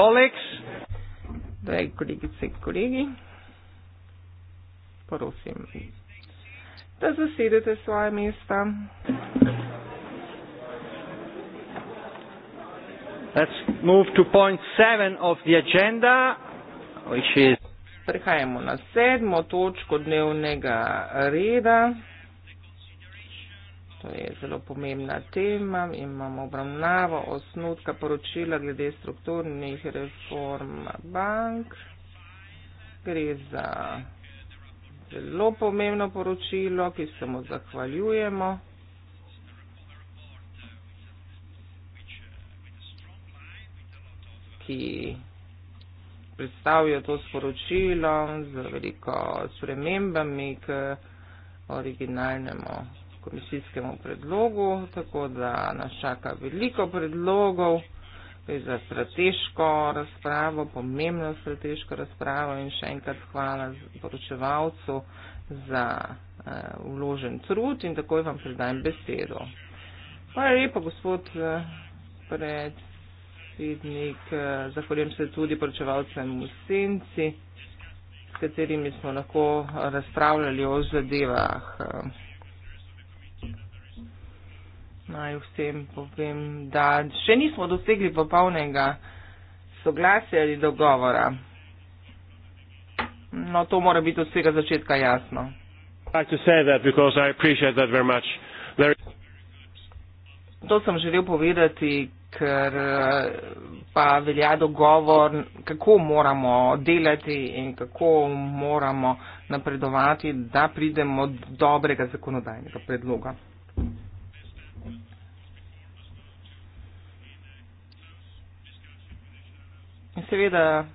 Colleagues, drage kolegice in kolegi, prosim, da zasedete svoje mesta. Let's move to point seven of the agenda, which is. Prehajamo na sedmo točko dnevnega reda. To je zelo pomembna tema. Imamo obravnavo osnutka poročila glede strukturnih reform bank. Gre za zelo pomembno poročilo, ki se mu zahvaljujemo. Ki predstavijo to sporočilo z veliko spremembami k originalnemu komisijskemu predlogu, tako da nas čaka veliko predlogov za strateško razpravo, pomembno strateško razpravo in še enkrat hvala poročevalcu za uh, vložen trud in takoj vam predajem besedo. Hvala lepa, gospod uh, predsednik. Uh, zahvaljujem se tudi poročevalcem v senci, s katerimi smo lahko razpravljali o zadevah. Uh, naj vsem povem, da še nismo dosegli popolnega soglasja ali dogovora. No, to mora biti od vsega začetka jasno. To sem želel povedati, ker eh, pa velja dogovor, kako moramo delati in kako moramo napredovati, da pridemo do dobrega zakonodajnega predloga. Seveda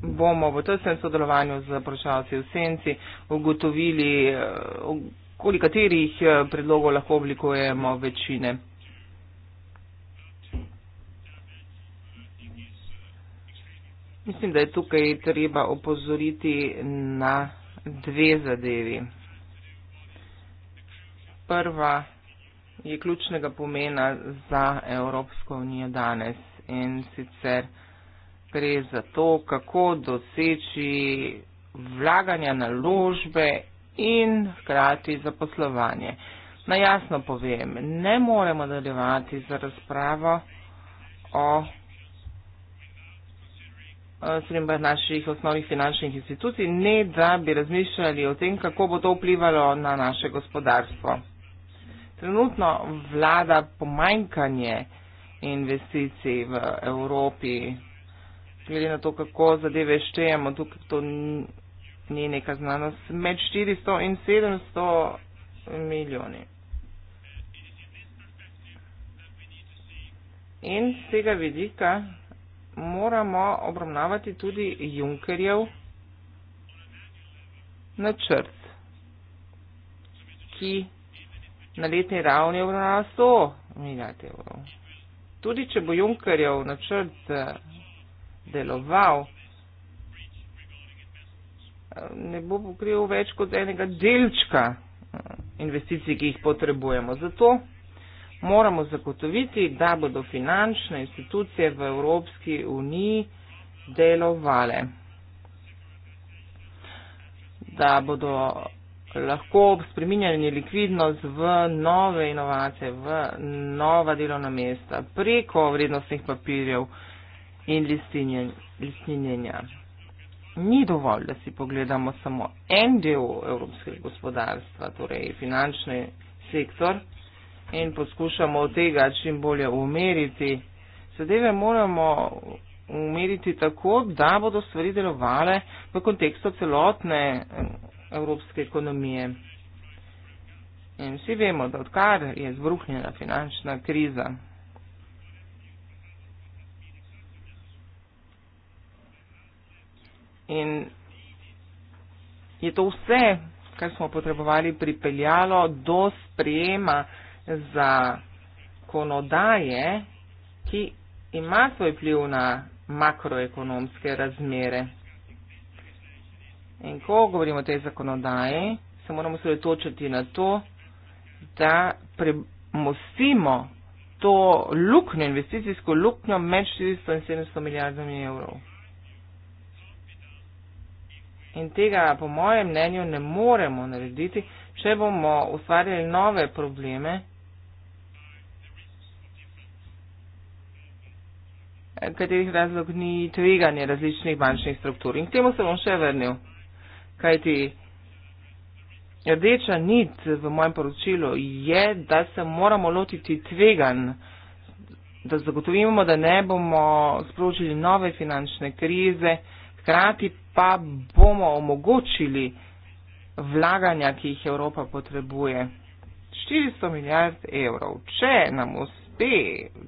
bomo v tem sodelovanju z vprašalci v senci ugotovili, eh, koli katerih eh, predlogov lahko oblikujemo večine. Mislim, da je tukaj treba opozoriti na dve zadevi. Prva je ključnega pomena za Evropsko unijo danes in sicer gre za to, kako doseči vlaganja na ložbe in hkrati zaposlovanje. Na jasno povem, ne moremo nadaljevati za razpravo o sprembah naših osnovnih finančnih institucij, ne da bi razmišljali o tem, kako bo to vplivalo na naše gospodarstvo. Trenutno vlada pomanjkanje investicij v Evropi glede na to, kako zadeve štejemo, tukaj to ni neka znanost, med 400 in 700 milijoni. In z tega vidika moramo obravnavati tudi Junkerjev načrt, ki na letni ravni obravnava 100 milijard evrov. Tudi če bo Junkerjev načrt deloval, ne bo pokril več kot enega delčka eh, investicij, ki jih potrebujemo. Zato moramo zagotoviti, da bodo finančne institucije v Evropski uniji delovale. Da bodo lahko spreminjali likvidnost v nove inovacije, v nova delovna mesta, preko vrednostnih papirjev, in listinjenja. Ni dovolj, da si pogledamo samo en del evropskega gospodarstva, torej finančni sektor, in poskušamo od tega čim bolje umeriti. Zadeve moramo umeriti tako, da bodo stvari delovale v kontekstu celotne eh, evropske ekonomije. In vsi vemo, da odkar je zbruhnjena finančna kriza, in je to vse, kar smo potrebovali, pripeljalo do sprejema zakonodaje, ki ima svoj vpliv na makroekonomske razmere. In ko govorimo o tej zakonodaji, se moramo sredotočiti na to, da premosimo to luknjo, investicijsko luknjo med 400 in 700 milijardami evrov. In tega, po mojem mnenju, ne moremo narediti, če bomo ustvarjali nove probleme. katerih razlog ni tveganje različnih bančnih struktur. In k temu se bom še vrnil, kajti rdeča nit v mojem poročilu je, da se moramo lotiti tvegan, da zagotovimo, da ne bomo sprožili nove finančne krize, hkrati pa bomo omogočili vlaganja, ki jih Evropa potrebuje. 400 milijard evrov. Če nam uspe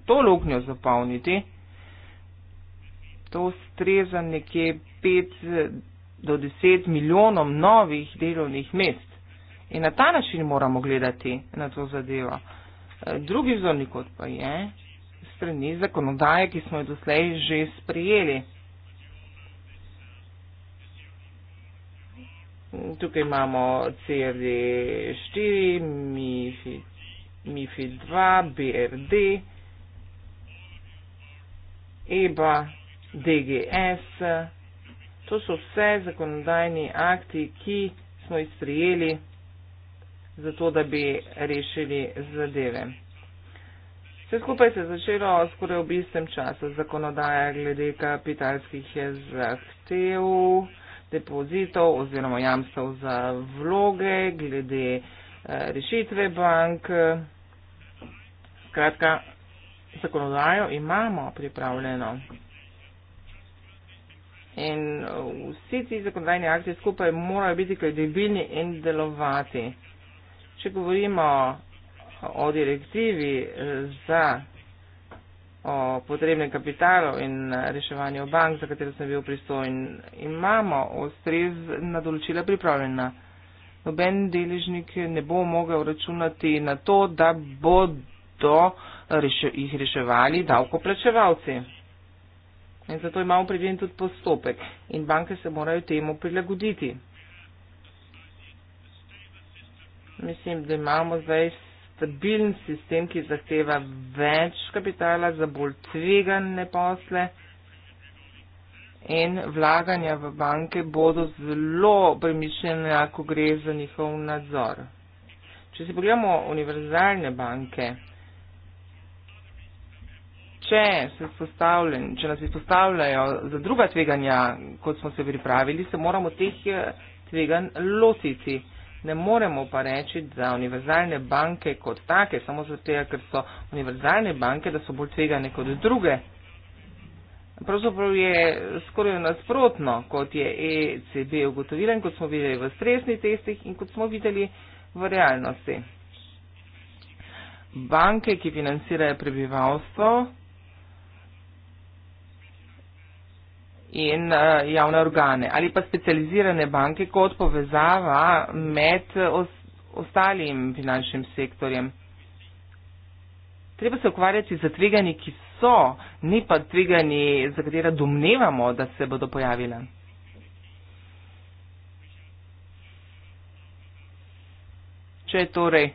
to luknjo zapolniti, to streza nekje 5 do 10 milijonom novih delovnih mest. In na ta način moramo gledati na to zadevo. Drugi vzornik pa je strani zakonodaje, ki smo jo doslej že sprejeli. tukaj imamo CRD4, MIFI, MIFI 2, BRD, EBA, DGS. To so vse zakonodajni akti, ki smo jih sprijeli zato, da bi rešili zadeve. Vse skupaj se je začelo skoraj v istem času zakonodaja glede kapitalskih zahtev depozitov oziroma jamstv za vloge, glede eh, rešitve bank. Skratka, zakonodajo imamo pripravljeno. In eh, vsi ti zakonodajni akti skupaj morajo biti kredibilni in delovati. Če govorimo o direktivi eh, za o potrebnem kapitalu in reševanju bank, za katero sem bil pristojen. Imamo ustrezna določila pripravljena. Noben deležnik ne bo mogel računati na to, da bodo jih reševali davkoplačevalci. In zato imamo predviden tudi postopek in banke se morajo temu prilagoditi. Mislim, da imamo zdaj stabilen sistem, ki zahteva več kapitala za bolj tvegane posle in vlaganja v banke bodo zelo premišljene, ako gre za njihov nadzor. Če si pogledamo univerzalne banke, če, se če nas izpostavljajo za druga tveganja, kot smo se pripravili, se moramo teh eh, tvegan lotiti ne moremo pa reči za univerzalne banke kot take, samo zato, ker so univerzalne banke, da so bolj tvegane kot druge. Pravzaprav je skoraj nasprotno, kot je ECB ugotovila in kot smo videli v stresnih testih in kot smo videli v realnosti. Banke, ki financirajo prebivalstvo, in uh, javne organe ali pa specializirane banke kot povezava med os, ostalim finančnim sektorjem. Treba se ukvarjati z tvegani, ki so, ni pa tvegani, za katera domnevamo, da se bodo pojavile. Če je torej.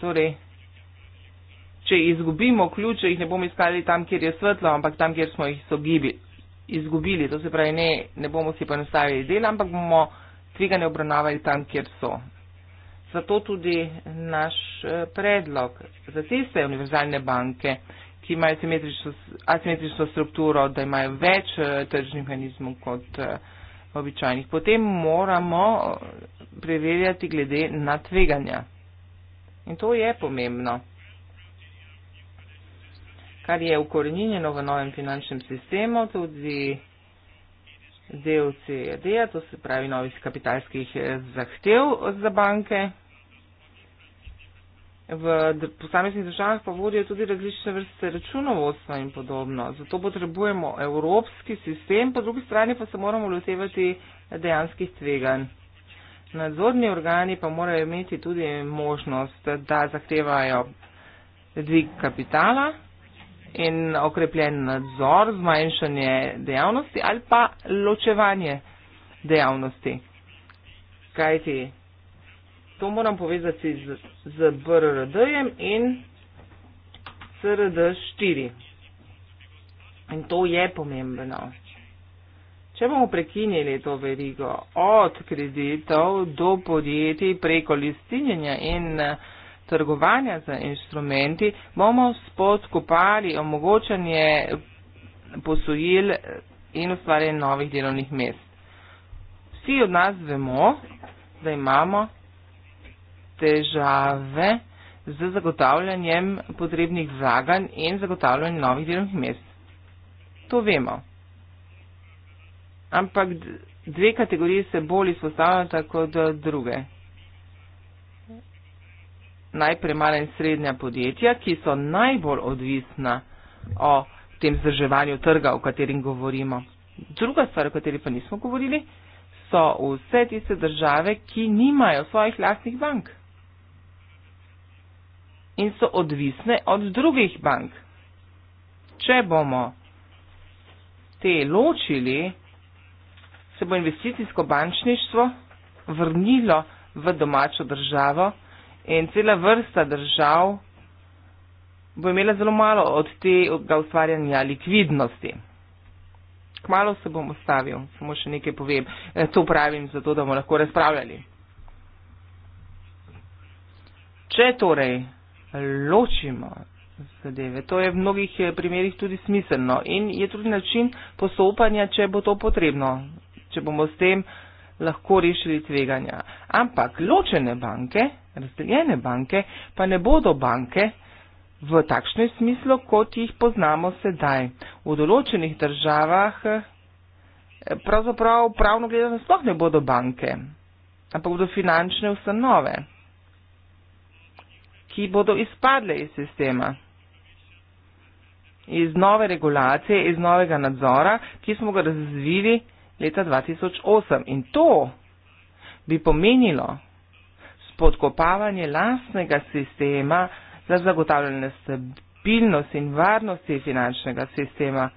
Torej če izgubimo ključe, jih ne bomo iskali tam, kjer je svetlo, ampak tam, kjer smo jih izgubili. To se pravi, ne, ne bomo si poenostavili dela, ampak bomo tvegane obravnavali tam, kjer so. Zato tudi naš eh, predlog za tiste univerzalne banke, ki imajo asimetrično strukturo, da imajo več eh, tržnih mehanizmov kot eh, običajnih. Potem moramo preverjati glede na tveganja. In to je pomembno kar je ukorenjeno v novem finančnem sistemu, tudi del CED-a, to se pravi novih kapitalskih eh, zahtev za banke. V posameznih državah pa vodijo tudi različne vrste računovodstva in podobno. Zato potrebujemo evropski sistem, po drugi strani pa se moramo lotevati dejanskih tveganj. Nadzorni organi pa morajo imeti tudi možnost, da zahtevajo dvig kapitala, in okrepljen nadzor, zmanjšanje dejavnosti ali pa ločevanje dejavnosti. Kaj ti? To moram povezati z, z BRRD-jem in CRD-4. In to je pomembno. Če bomo prekinili to verigo od kreditov do podjetij preko listinjenja in uh, trgovanja z inštrumenti, bomo spodkopali omogočanje posojil in ustvarjanje novih delovnih mest. Vsi od nas vemo, da imamo težave z zagotavljanjem potrebnih vlaganj in zagotavljanjem novih delovnih mest. To vemo. Ampak dve kategorije se bolj izpostavljata kot druge najprej mala in srednja podjetja, ki so najbolj odvisna o tem zdrževanju trga, o katerim govorimo. Druga stvar, o kateri pa nismo govorili, so vse tiste države, ki nimajo svojih lastnih bank in so odvisne od drugih bank. Če bomo te ločili, se bo investicijsko bančništvo vrnilo v domačo državo in cela vrsta držav bo imela zelo malo od tega ustvarjanja likvidnosti. Kmalo se bom ustavil, samo še nekaj povem. Eh, to pravim zato, da bomo lahko razpravljali. Če torej ločimo zadeve, to je v mnogih eh, primerjih tudi smiselno in je tudi način postopanja, če bo to potrebno, če bomo s tem lahko rešili tveganja. Ampak ločene banke Razdeljene banke pa ne bodo banke v takšnem smislu, kot jih poznamo sedaj. V določenih državah eh, pravzaprav pravno gledano sploh ne bodo banke, ampak bodo finančne ustanove, ki bodo izpadle iz sistema, iz nove regulacije, iz novega nadzora, ki smo ga razvili leta 2008. In to bi pomenilo, podkopavanje lastnega sistema za zagotavljanje stabilnosti in varnosti finančnega sistema.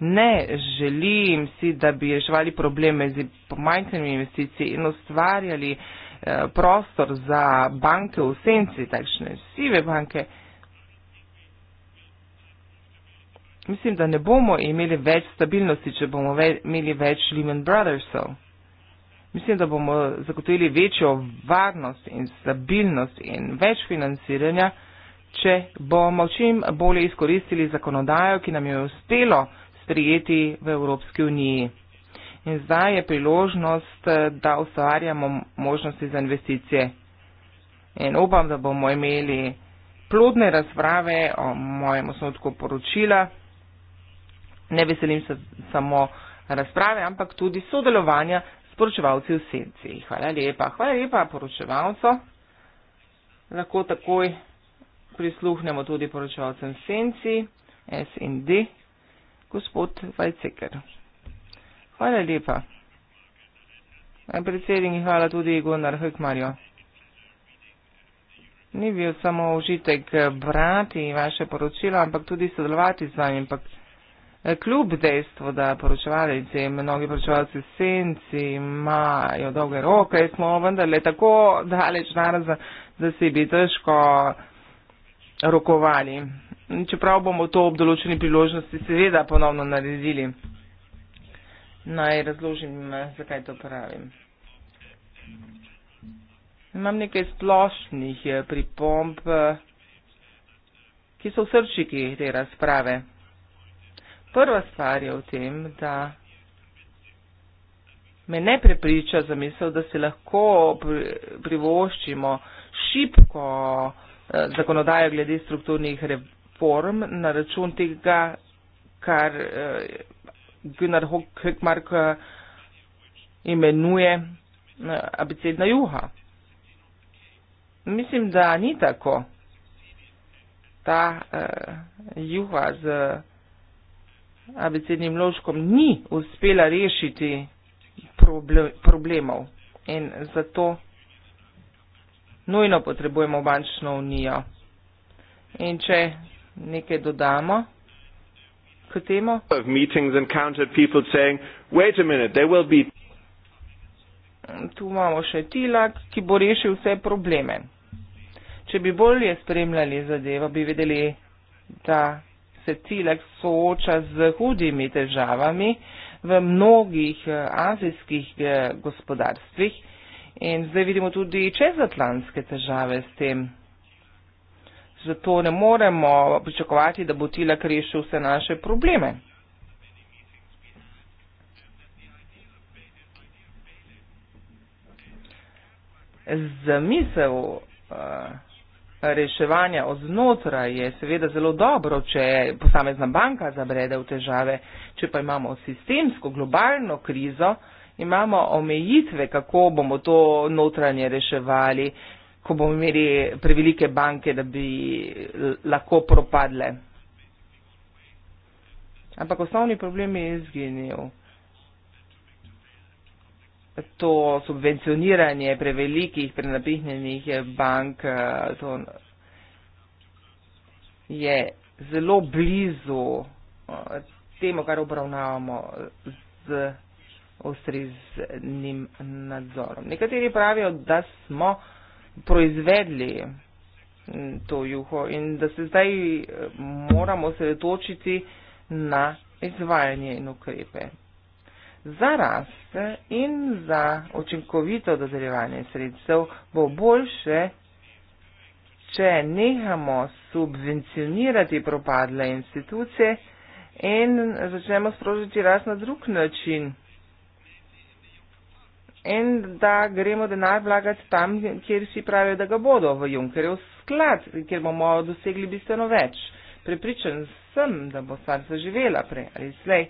Ne želim si, da bi reševali probleme z pomanjkanjem investicij in ustvarjali eh, prostor za banke v senci, takšne sive banke. Mislim, da ne bomo imeli več stabilnosti, če bomo imeli več Lehman Brothersov. Mislim, da bomo zagotovili večjo varnost in stabilnost in več financiranja, če bomo čim bolje izkoristili zakonodajo, ki nam je uspelo sprijeti v Evropski uniji. In zdaj je priložnost, da ustvarjamo možnosti za investicije. In upam, da bomo imeli plodne razprave o mojem osnotku poročila. Ne veselim se samo razprave, ampak tudi sodelovanja sporočevalci v senci. Hvala lepa, hvala lepa poročevalcu. Lahko takoj prisluhnemo tudi poročevalcem senci, SND, gospod Vajceker. Hvala lepa. Predsednik, hvala tudi Gunnar Hrkmarjo. Ni bil samo užitek brati vaše poročilo, ampak tudi sodelovati z vami. Ampak... Eh, kljub dejstvu, da poročevalci, mnogi poročevalci senci imajo dolge roke, smo vendarle tako daleč naraz, da se bi težko rokovali. Čeprav bomo to ob določeni priložnosti seveda ponovno naredili. Naj razložim, eh, zakaj to pravim. Imam nekaj splošnih eh, pripomp, ki so v srčiki te razprave prva stvar je v tem, da me ne prepriča za misel, da si lahko privoščimo šipko eh, zakonodajo glede strukturnih reform na račun tega, kar eh, Gunnar Hockmark eh, imenuje abecedna juha. Mislim, da ni tako. Ta uh, juha z abecednim ložkom ni uspela rešiti problemov in zato nujno potrebujemo bančno unijo. In če nekaj dodamo k temu. Tu imamo še tilak, ki bo rešil vse probleme. Če bi bolje spremljali zadevo, bi vedeli, da se Tilek sooča z hudimi težavami v mnogih eh, azijskih eh, gospodarstvih in zdaj vidimo tudi čezatlantske težave s tem. Zato ne moremo pričakovati, da bo Tilek rešil vse naše probleme. Zamisel. Uh, reševanja oznotraj je seveda zelo dobro, če posamezna banka zabrede v težave, če pa imamo sistemsko globalno krizo, imamo omejitve, kako bomo to notranje reševali, ko bomo imeli prevelike banke, da bi lahko propadle. Ampak osnovni problem je izginil to subvencioniranje prevelikih prenapihnjenih bank eh, to je zelo blizu eh, temu, kar obravnavamo z ostriznim nadzorom. Nekateri pravijo, da smo proizvedli mm, to juho in da se zdaj eh, moramo sredotočiti na izvajanje in ukrepe za rast in za očinkovito dodeljevanje sredstev bo boljše, če nehamo subvencionirati propadle institucije in začnemo sprožiti rast na drug način. In da gremo denar vlagati tam, kjer si pravijo, da ga bodo v Junkerjev sklad, kjer bomo dosegli bistveno več. Prepričan sem, da bo stvar zaživela prej ali slej.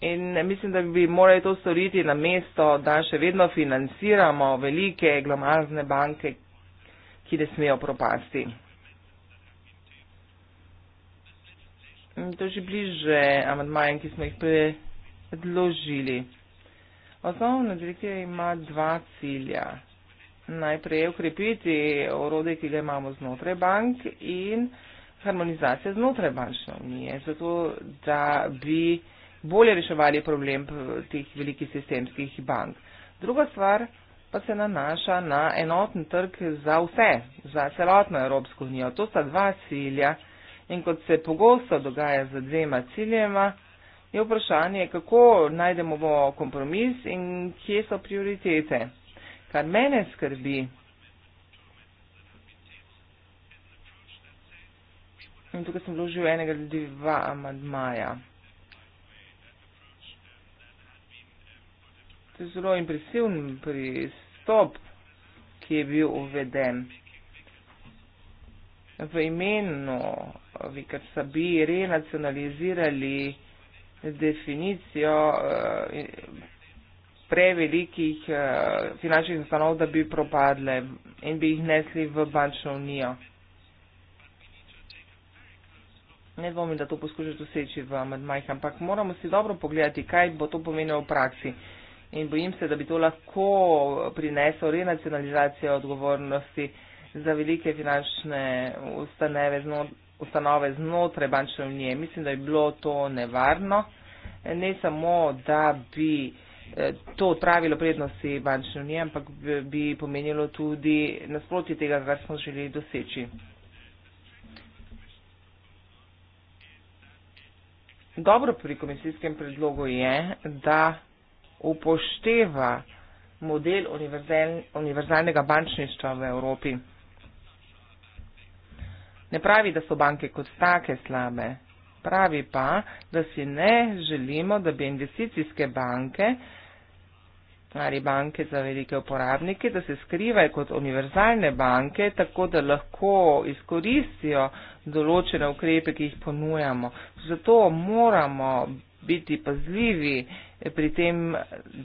In mislim, da bi morali to storiti na mesto, da še vedno financiramo velike glomazne banke, ki ne smejo propasti. In to je že bliže amadmajem, ki smo jih predložili. Osnovna direktiva ima dva cilja. Najprej je ukrepiti orode, ki ga imamo znotraj bank in harmonizacija znotraj bančne unije, zato da bi bolje reševali problem teh velikih sistemskih bank. Druga stvar pa se nanaša na enoten trg za vse, za celotno Evropsko unijo. To sta dva cilja in kot se pogosto dogaja za dvema ciljema, je vprašanje, kako najdemo kompromis in kje so prioritete. Kar mene skrbi, in tukaj sem vložil enega ljudi dva amadmaja. zelo impresivn pristop, ki je bil uveden. V imenu, vi kar se bi renacionalizirali definicijo eh, prevelikih eh, finančnih ustanov, da bi propadle in bi jih nesli v bančno unijo. Ne dvomim, da to poskušate doseči v amadmajh, ampak moramo si dobro pogledati, kaj bo to pomenilo v praksi in bojim se, da bi to lahko prineslo renacionalizacijo odgovornosti za velike finančne ustanove znotraj bančne unije. Mislim, da bi bilo to nevarno. Ne samo, da bi eh, to odpravilo prednosti bančne unije, ampak bi pomenilo tudi nasproti tega, kar smo želeli doseči. Dobro pri komisijskem predlogu je, da upošteva model univerzel, univerzalnega bančništva v Evropi. Ne pravi, da so banke kot take slabe, pravi pa, da si ne želimo, da bi investicijske banke, ali banke za velike uporabnike, da se skrivajo kot univerzalne banke, tako da lahko izkoristijo določene ukrepe, ki jih ponujamo. Zato moramo biti pazljivi, pri tem,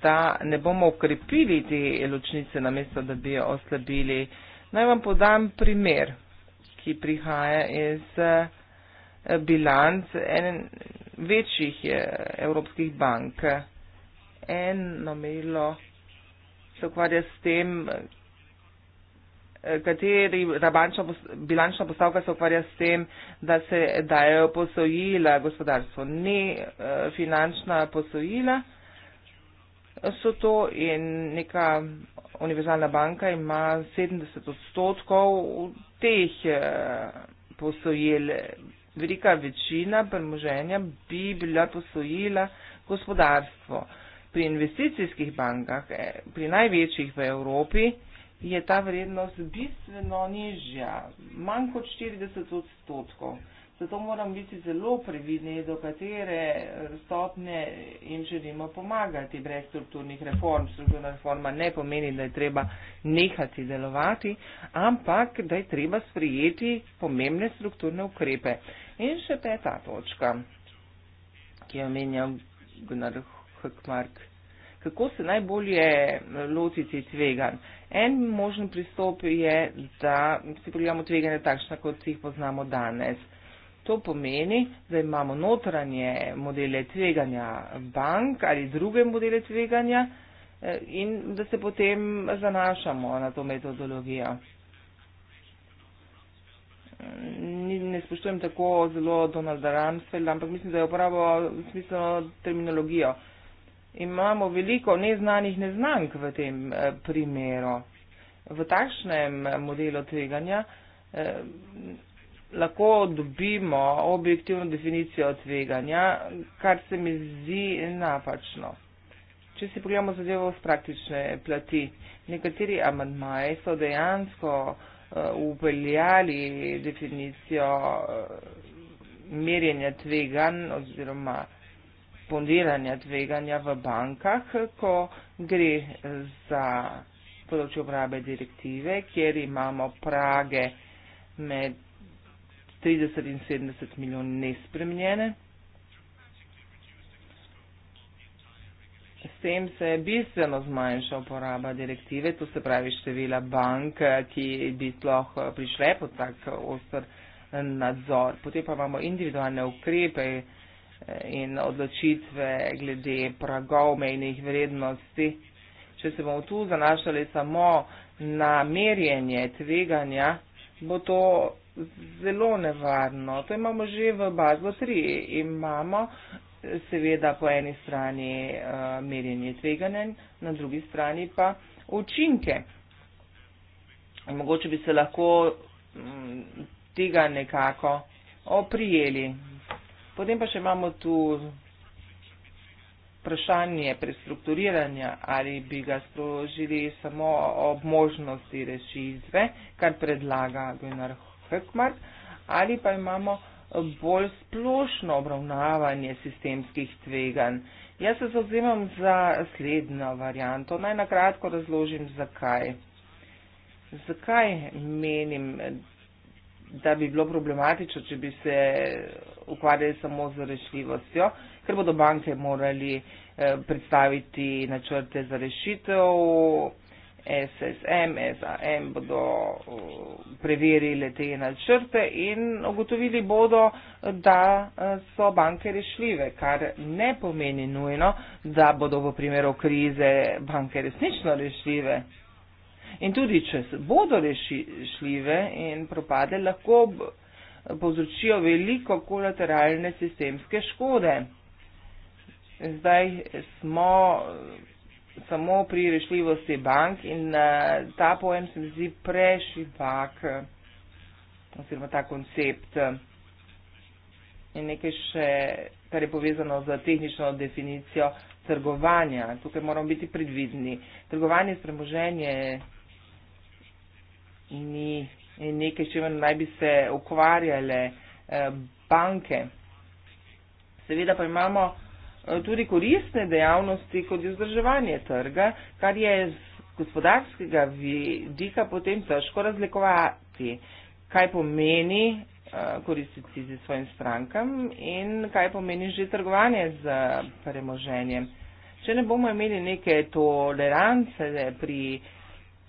da ne bomo ukrepili te ločnice, namesto da bi jo oslabili. Naj vam podam primer, ki prihaja iz eh, bilanc enen večjih eh, evropskih bank. Eno melo se ukvarja s tem, Eh, kateri bilančna postavka se ukvarja s tem, da se dajo posojila gospodarstvu. Ne eh, finančna posojila so to in neka univerzalna banka ima 70 odstotkov teh eh, posojil. Velika večina premoženja bi bila posojila gospodarstvu. Pri investicijskih bankah, pri največjih v Evropi, je ta vrednost bistveno nižja, manj kot 40 odstotkov. Zato moramo biti zelo previdni, do katere stopnje jim želimo pomagati brez strukturnih reform. Strukturna reforma ne pomeni, da je treba nehati delovati, ampak da je treba sprejeti pomembne strukturne ukrepe. In še peta točka, ki jo menja Gunnar Hökmark kako se najbolje lotiti tvegan. En možen pristop je, da si pogledamo tveganja takšna, kot jih poznamo danes. To pomeni, da imamo notranje modele tveganja bank ali druge modele tveganja eh, in da se potem zanašamo na to metodologijo. Ne spoštujem tako zelo Donalda Ramsfelda, ampak mislim, da je uporabo smiselno terminologijo imamo veliko neznanih neznank v tem eh, primeru. V takšnem eh, modelu tveganja eh, lahko dobimo objektivno definicijo tveganja, kar se mi zdi napačno. Če si pogledamo zadevo z praktične plati, nekateri amandmaji so dejansko upeljali definicijo merjenja tvegan oziroma eksponiranja tveganja v bankah, ko gre za področje uporabe direktive, kjer imamo prage med 30 in 70 milijon nespremljene. S tem se je bistveno zmanjša uporaba direktive, to se pravi števila bank, ki bi sploh prišle pod tak ostar nadzor. Potem pa imamo individualne ukrepe, in odločitve glede pragov mejnih vrednosti. Če se bomo tu zanašali samo na merjenje tveganja, bo to zelo nevarno. To imamo že v bazo 3. Imamo seveda po eni strani uh, merjenje tveganja, na drugi strani pa učinke. Mogoče bi se lahko m, mm, tega nekako oprijeli. Potem pa še imamo tu vprašanje prestrukturiranja, ali bi ga sprožili samo ob možnosti rešitve, kar predlaga Gunnar Hökmark, ali pa imamo bolj splošno obravnavanje sistemskih tveganj. Jaz se zauzemam za slednjo varianto. Naj na kratko razložim, zakaj. Zakaj menim, da bi bilo problematično, če bi se ukvarjali samo z rešljivostjo, ker bodo banke morali eh, predstaviti načrte za rešitev, SSM, SAM bodo eh, preverili te načrte in ugotovili bodo, da eh, so banke rešljive, kar ne pomeni nujno, da bodo v primeru krize banke resnično rešljive. In tudi, če bodo rešljive in propade, lahko povzročijo veliko kolateralne sistemske škode. Zdaj smo samo pri rešljivosti bank in eh, ta pojem se mi zdi prešivak oziroma ta koncept in nekaj še, kar je povezano z tehnično definicijo trgovanja. Tukaj moramo biti predvidni. Trgovanje s premoženjem ni nekaj, če vam naj bi se ukvarjale eh, banke. Seveda pa imamo eh, tudi koristne dejavnosti, kot je vzdrževanje trga, kar je z gospodarskega vidika potem težko razlikovati, kaj pomeni eh, koristiti z svojim strankam in kaj pomeni že trgovanje z premoženjem. Če ne bomo imeli neke tolerance pri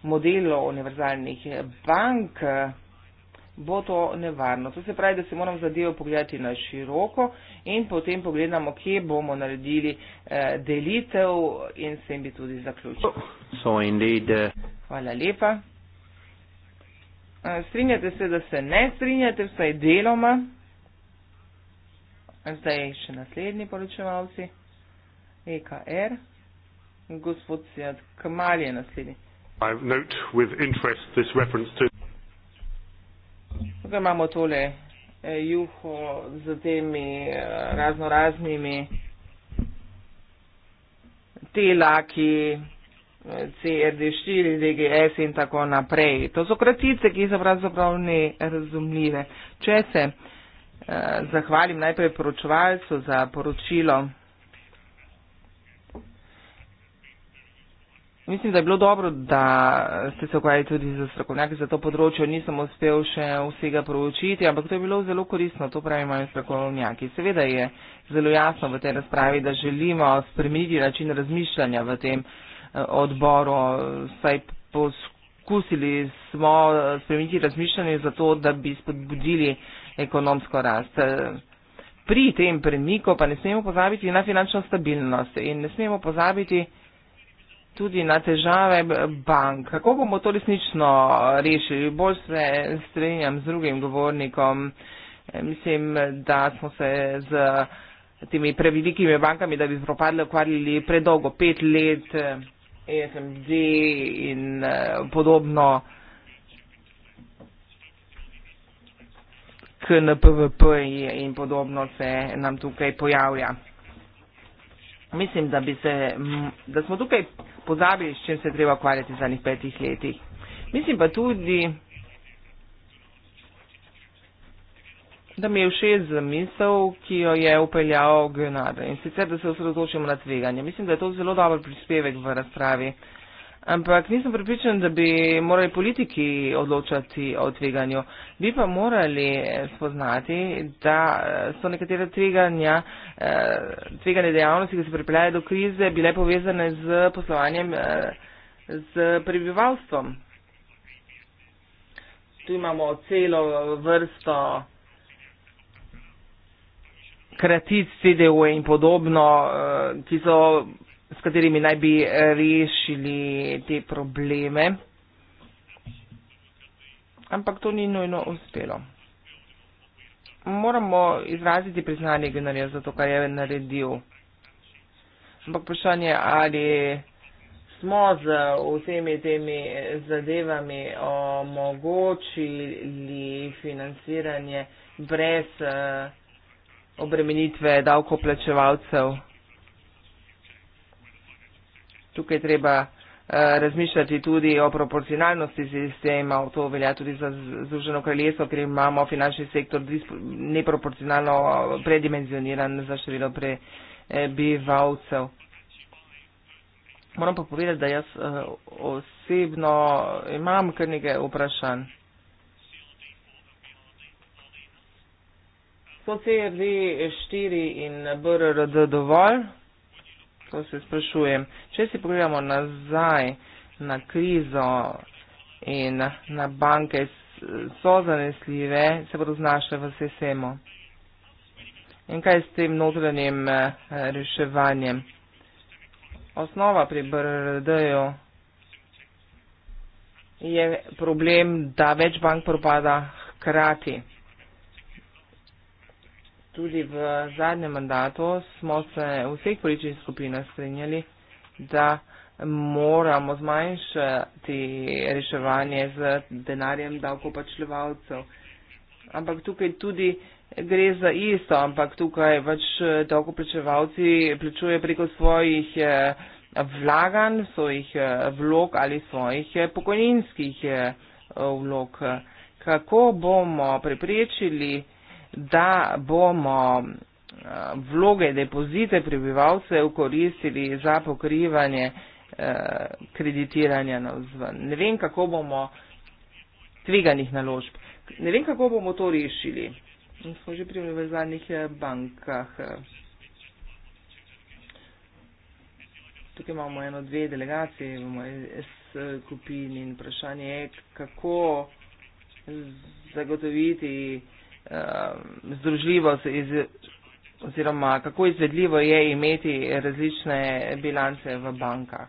modelov univerzalnih bank, bo to nevarno. To se pravi, da se moramo zadevo pogledati na široko in potem pogledamo, kje bomo naredili eh, delitev in s tem bi tudi zaključili. So indeed, uh... Hvala lepa. Eh, strinjate se, da se ne strinjate, vsaj deloma. Zdaj še naslednji poročevalci. EKR. Er. Gospod Sijad Kmal je naslednji. I note with interest this reference to. Zdaj imamo tole e, juho z temi e, razno raznimi telaki, e, CRD4, DGS in tako naprej. To so kratice, ki so pravzaprav nerazumljive. Če se eh, zahvalim najprej poročevalcu za poročilo. Mislim, da je bilo dobro, da ste se ukvarjali tudi z strokovnjaki za to področje. Nisem uspel še vsega proučiti, ampak to je bilo zelo koristno, to pravi moji strokovnjaki. Seveda je zelo jasno v tej razpravi, da želimo spremeniti način razmišljanja v tem eh, odboru. Saj poskusili smo spremeniti razmišljanje zato, da bi spodbudili ekonomsko rast. Pri tem premiku pa ne smemo pozabiti na finančno stabilnost in ne smemo pozabiti tudi na težave bank. Kako bomo to resnično rešili? Bolj se strenjam z drugim govornikom. E, mislim, da smo se z temi prevelikimi bankami, da bi propadli, ukvarjali predolgo, pet let, e, e SMD in podobno. KNPVP in podobno se nam tukaj pojavlja mislim, da, se, da smo tukaj pozabili, s čim se treba ukvarjati v zadnjih petih letih. Mislim pa tudi, da mi je všeč zamisel, ki jo je upeljal Gönade in sicer, da se osredotočimo na tveganje. Mislim, da je to zelo dober prispevek v razpravi. Uh, Ampak nisem pripričan, da bi morali politiki odločati o tveganju. Bi pa morali eh, spoznati, da eh, so nekatere tveganja, eh, tvegane dejavnosti, ki so pripeljale do krize, bile povezane z poslovanjem z prebivalstvom. Tu imamo celo vrsto kratic CDO in podobno, ki so s katerimi naj bi eh, rešili te probleme. Ampak to ni nujno uspelo. Moramo izraziti priznanje Gunnarja za to, kar je naredil. Ampak vprašanje, ali smo z vsemi temi zadevami omogočili financiranje brez eh, obremenitve davkoplačevalcev. Tukaj treba eh, razmišljati tudi o proporcionalnosti sistema, to velja tudi za Združeno kraljestvo, ker imamo finančni sektor neproporcionalno eh, predimenzioniran za število prebivalcev. Moram pa povedati, da jaz eh, osebno imam kar nekaj vprašanj. So CRD 4 e, in BRRD dovolj? to se sprašujem. Če si pogledamo nazaj na krizo in na banke, so zanesljive, se bodo znašle v SSM-u. In kaj s tem notranjem eh, reševanjem? Osnova pri BRD-ju je problem, da več bank propada hkrati. Tudi v zadnjem mandatu smo se v vseh političnih skupinah strinjali, da moramo zmanjšati reševanje z denarjem davkoplačljivalcev. Ampak tukaj tudi gre za isto, ampak tukaj več davkoplačevalci plačuje preko svojih eh, vlagan, svojih eh, vlog ali svojih eh, pokojninskih vlog. Kako bomo preprečili da bomo eh, vloge depozite prebivalcev koristili za pokrivanje eh, kreditiranja na vzven. Ne vem, kako bomo tveganih naložb. Ne vem, kako bomo to rešili. Smo že pri univerzalnih eh, bankah. Tukaj imamo eno, dve delegacije v moji skupini in vprašanje je, kako zagotoviti Eh, združljivost iz, oziroma kako izvedljivo je imeti različne bilance v bankah.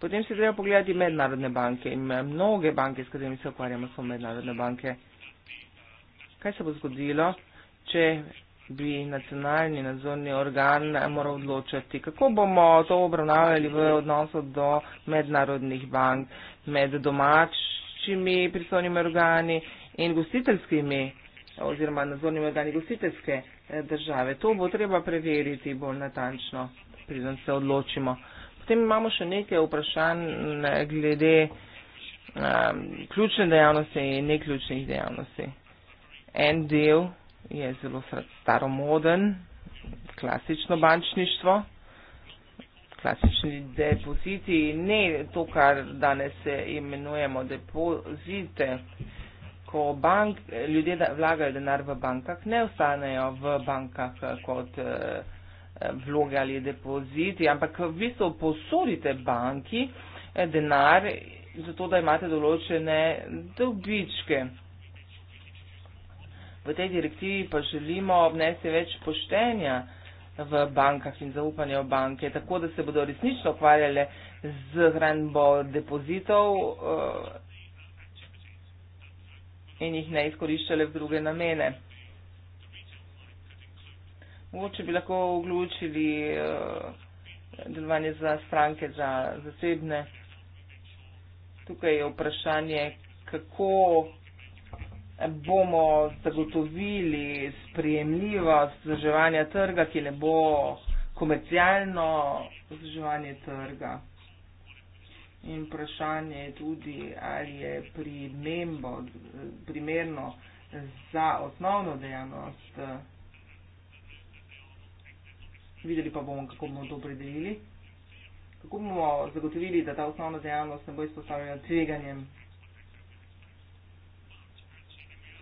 Potem se treba pogledati mednarodne banke in mnoge banke, s katerimi se ukvarjamo, so mednarodne banke. Kaj se bo zgodilo, če bi nacionalni nadzorni organ moral odločati, kako bomo to obravnavali v odnosu do mednarodnih bank, med domačimi pristojnimi organi in gostiteljski ime oziroma nadzorni organi gostiteljske eh, države. To bo treba preveriti bolj natančno, preden se odločimo. Potem imamo še nekaj vprašanj eh, glede um, ključne dejavnosti in neključnih dejavnosti. En del je zelo staromoden, klasično bančništvo, klasični depoziti, ne to, kar danes imenujemo depozite ko bank, ljudje vlagajo denar v bankah, ne ostanejo v bankah eh, kot eh, eh, vloge ali depoziti, ampak v bistvu posodite banki denar, zato da imate določene dobičke. V tej direktivi pa želimo obnesti več poštenja v bankah in zaupanje v banke, tako da se bodo resnično ukvarjale z hranbo depozitov. Uh, in jih ne izkoriščale v druge namene. Mogoče bi lahko vključili eh, delovanje za stranke, za zasebne. Tukaj je vprašanje, kako bomo zagotovili sprejemljivost vzdrževanja trga, ki ne bo komercialno vzdrževanje trga. In vprašanje je tudi, ali je primembo, primerno za osnovno dejavnost. Videli pa bomo, kako bomo to predelili. Kako bomo zagotovili, da ta osnovna dejavnost ne bo izpostavljena tveganjem.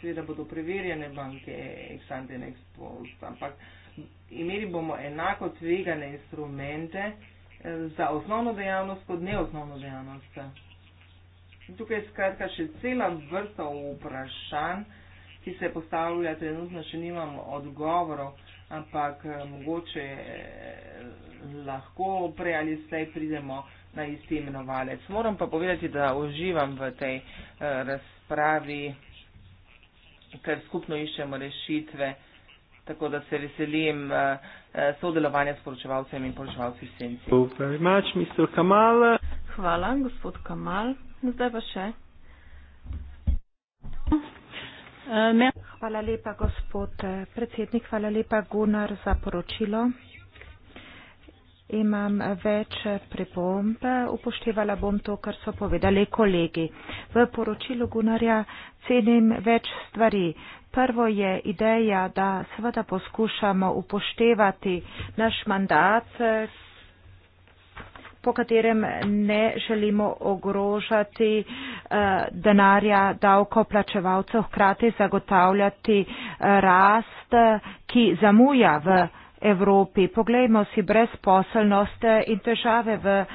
Seveda bodo preverjene banke Exante in Expo, ampak imeli bomo enako tvegane instrumente, za osnovno dejavnost kot neosnovno dejavnost. In tukaj je skratka še cela vrsta vprašanj, ki se postavlja, trenutno še nimam odgovorov, ampak eh, mogoče eh, lahko prej ali slej pridemo na isti imenovalec. Moram pa povedati, da uživam v tej eh, razpravi, ker skupno iščemo rešitve tako da se veselim uh, sodelovanja s poročevalcem in poročevalci Senci. Much, Hvala, gospod Kamal. Zdaj pa še. Hvala lepa, gospod eh, predsednik. Hvala lepa, Gunnar, za poročilo. Imam več pripomb. Upoštevala bom to, kar so povedali kolegi. V poročilu Gunarja cenim več stvari. Prvo je ideja, da seveda poskušamo upoštevati naš mandat, po katerem ne želimo ogrožati eh, denarja davkoplačevalcev, hkrati zagotavljati eh, rast, ki zamuja v Evropi. Poglejmo si brezposelnost eh, in težave v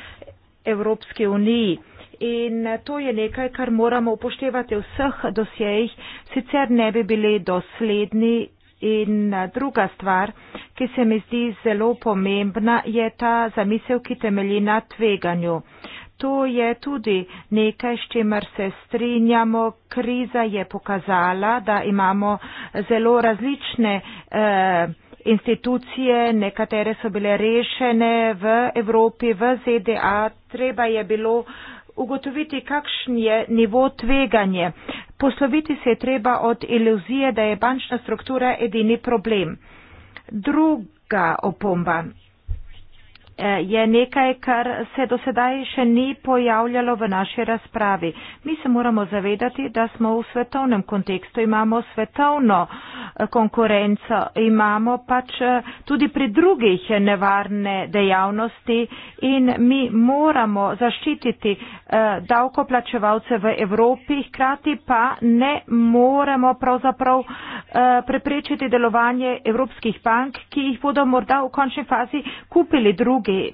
Evropski uniji in to je nekaj, kar moramo upoštevati v vseh dosjejih, sicer ne bi bili dosledni. In eh, druga stvar, ki se mi zdi zelo pomembna, je ta zamisel, ki temelji na tveganju. To je tudi nekaj, s čimer se strinjamo. Kriza je pokazala, da imamo zelo različne eh, institucije, nekatere so bile rešene v Evropi, v ZDA. Treba je bilo eh, ugotoviti, kakšen je nivo tveganje. Posloviti se je treba od iluzije, da je bančna struktura edini problem. Druga opomba. Eh, je nekaj, kar se do sedaj še ni pojavljalo v naši razpravi. Mi se moramo zavedati, da smo v svetovnem kontekstu, imamo svetovno eh, konkurenco, imamo pač eh, tudi pri drugih nevarne dejavnosti in mi moramo zaščititi davkoplačevalce v Evropi, hkrati pa ne moremo pravzaprav preprečiti delovanje evropskih bank, ki jih bodo morda v končni fazi kupili drugi ljudi.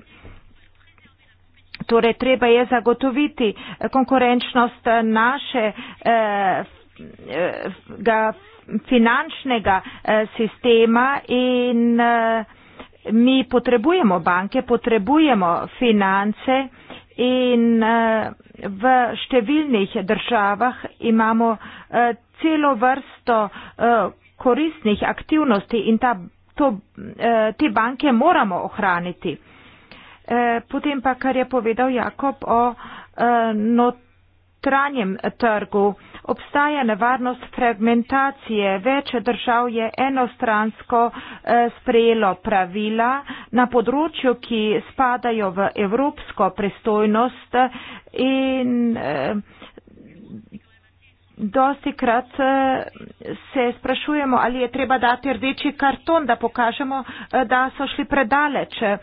Torej, treba je zagotoviti konkurenčnost našega eh, eh, finančnega eh, sistema in mi potrebujemo banke, potrebujemo finance in v številnih državah imamo celo vrsto koristnih aktivnosti in ta, to, te banke moramo ohraniti. Eh, potem pa, kar je povedal Jakob o eh, notranjem trgu, obstaja nevarnost fragmentacije. Več držav je enostransko eh, sprejelo pravila na področju, ki spadajo v evropsko pristojnost in Dosti krat eh, se sprašujemo, ali je treba dati rdeči karton, da pokažemo, eh, da so šli predaleč. Eh,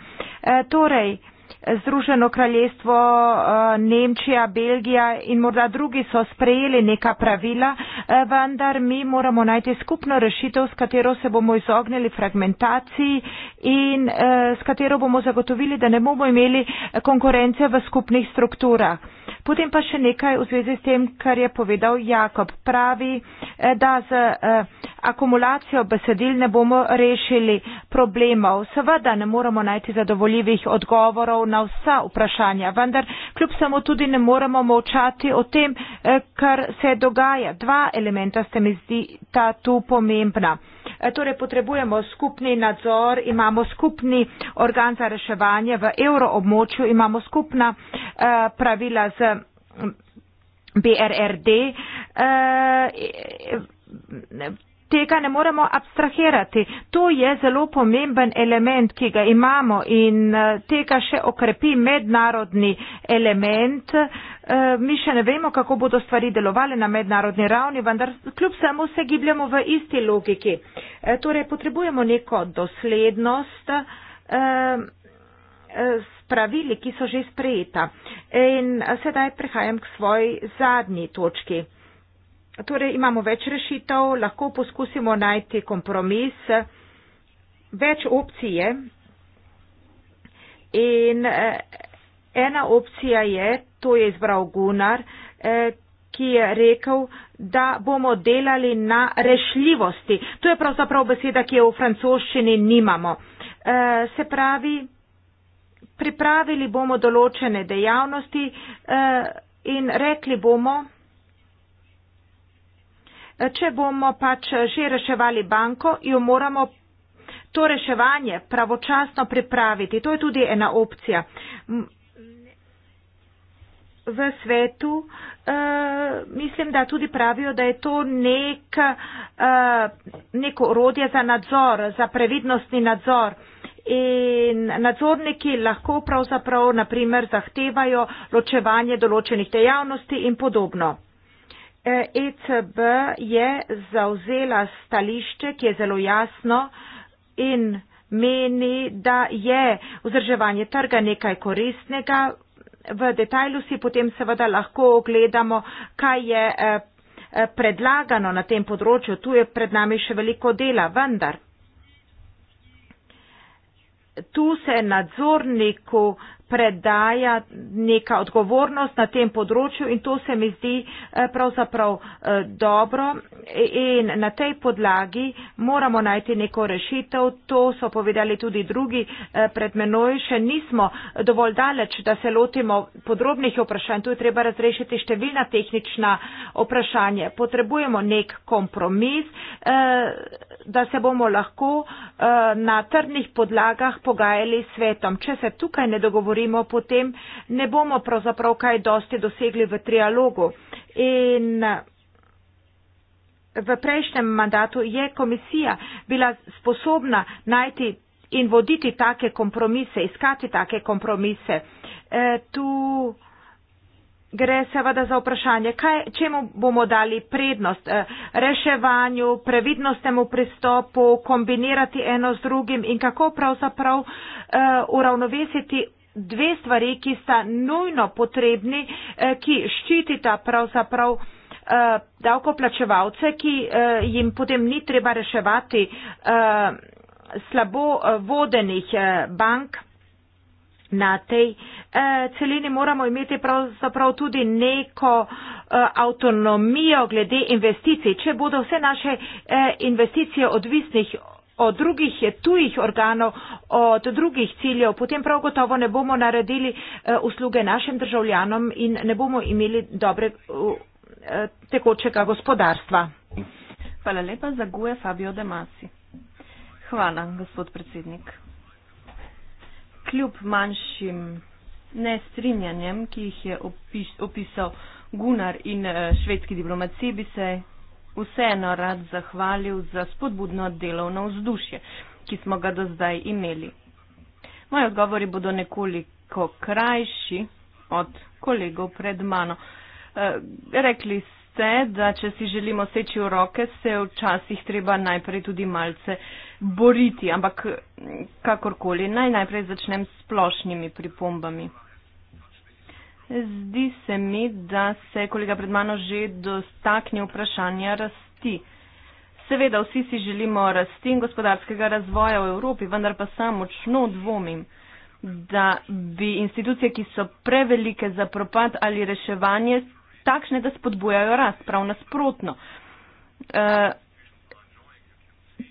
torej, Združeno kraljestvo, Nemčija, Belgija in morda drugi so sprejeli neka pravila, vendar mi moramo najti skupno rešitev, s katero se bomo izognili fragmentaciji in s katero bomo zagotovili, da ne bomo imeli konkurence v skupnih strukturah. Potem pa še nekaj v zvezi s tem, kar je povedal Jakob. Pravi, eh, da z eh, akumulacijo besedil ne bomo rešili problemov. Seveda ne moramo najti zadovoljivih odgovorov na vsa vprašanja, vendar kljub samo tudi ne moramo močati o tem, eh, kar se dogaja. Dva elementa se mi zdi ta tu pomembna. E, torej potrebujemo skupni nadzor, imamo skupni organ za reševanje v euroobmočju, imamo skupna uh, pravila z mm, BRRD. Uh, e, tega ne moremo abstrahirati. To je zelo pomemben element, ki ga imamo in eh, tega še okrepi mednarodni element. Eh, mi še ne vemo, kako bodo stvari delovali na mednarodni ravni, vendar kljub samo se gibljamo v isti logiki. Eh, torej, potrebujemo neko doslednost s pravili, ki so že sprejeta. In sedaj prihajam k svoji zadnji točki. Torej imamo več rešitev, lahko poskusimo najti kompromis, več opcije. In eh, ena opcija je, to je izbral Gunnar, eh, ki je rekel, da bomo delali na rešljivosti. To je pravzaprav beseda, ki jo v francoščini nimamo. Eh, se pravi, pripravili bomo določene dejavnosti eh, in rekli bomo, če bomo pač že reševali banko, jo moramo to reševanje pravočasno pripraviti. To je tudi ena opcija. V svetu uh, mislim, da tudi pravijo, da je to nek, uh, neko orodje za nadzor, za previdnostni nadzor. In nadzorniki lahko pravzaprav, naprimer, zahtevajo ločevanje določenih dejavnosti in podobno. ECB e je zauzela stališče, ki je zelo jasno in meni, da je vzdrževanje trga nekaj koristnega. V detajlu si potem seveda lahko ogledamo, kaj je e, e, predlagano na tem področju. Tu je pred nami še veliko dela, vendar. Tu se nadzorniku predaja neka odgovornost na tem področju in to se mi zdi eh, pravzaprav eh, dobro in na tej podlagi moramo najti neko rešitev. To so povedali tudi drugi eh, pred menoj. Še nismo dovolj daleč, da se lotimo podrobnih vprašanj. Tu je treba razrešiti številna tehnična vprašanja. Potrebujemo nek kompromis, da se bomo lahko na trdnih podlagah pogajali s svetom. Če se tukaj ne dogovorimo, govorimo, potem ne bomo pravzaprav kaj dosti dosegli v trialogu. In v prejšnjem mandatu je komisija bila sposobna najti in voditi take kompromise, iskati take kompromise. E, tu gre seveda za vprašanje, kaj, čemu bomo dali prednost, e, reševanju, previdnostnemu pristopu, kombinirati eno z drugim in kako pravzaprav e, uravnovesiti dve stvari, ki sta nujno potrebni, eh, ki ščitita pravzaprav eh, davkoplačevalce, ki eh, jim potem ni treba reševati slabo vodenih bank. Na tej celini moramo imeti pravzaprav tudi neko avtonomijo glede investicij. Če bodo vse naše investicije odvisnih od drugih tujih organov, od drugih ciljev, potem prav gotovo ne bomo naredili eh, usluge našim državljanom in ne bomo imeli dobre eh, tekočega gospodarstva. Hvala lepa za guje Fabio De Masi. Hvala, gospod predsednik. Kljub manjšim nestrinjanjem, ki jih je opis, opisal Gunnar in eh, švedski diplomaciji, bi se vseeno rad zahvalil za spodbudno delovno vzdušje, ki smo ga do zdaj imeli. Moji odgovori bodo nekoliko krajši od kolegov pred mano. E, rekli ste, da če si želimo seči v roke, se včasih treba najprej tudi malce boriti, ampak kakorkoli naj najprej začnem s splošnimi pripombami. Zdi se mi, da se je kolega pred mano že dostaknil vprašanja rasti. Seveda vsi si želimo rasti in gospodarskega razvoja v Evropi, vendar pa sam močno dvomim, da bi institucije, ki so prevelike za propad ali reševanje, takšne, da spodbujajo rast, prav nasprotno. E,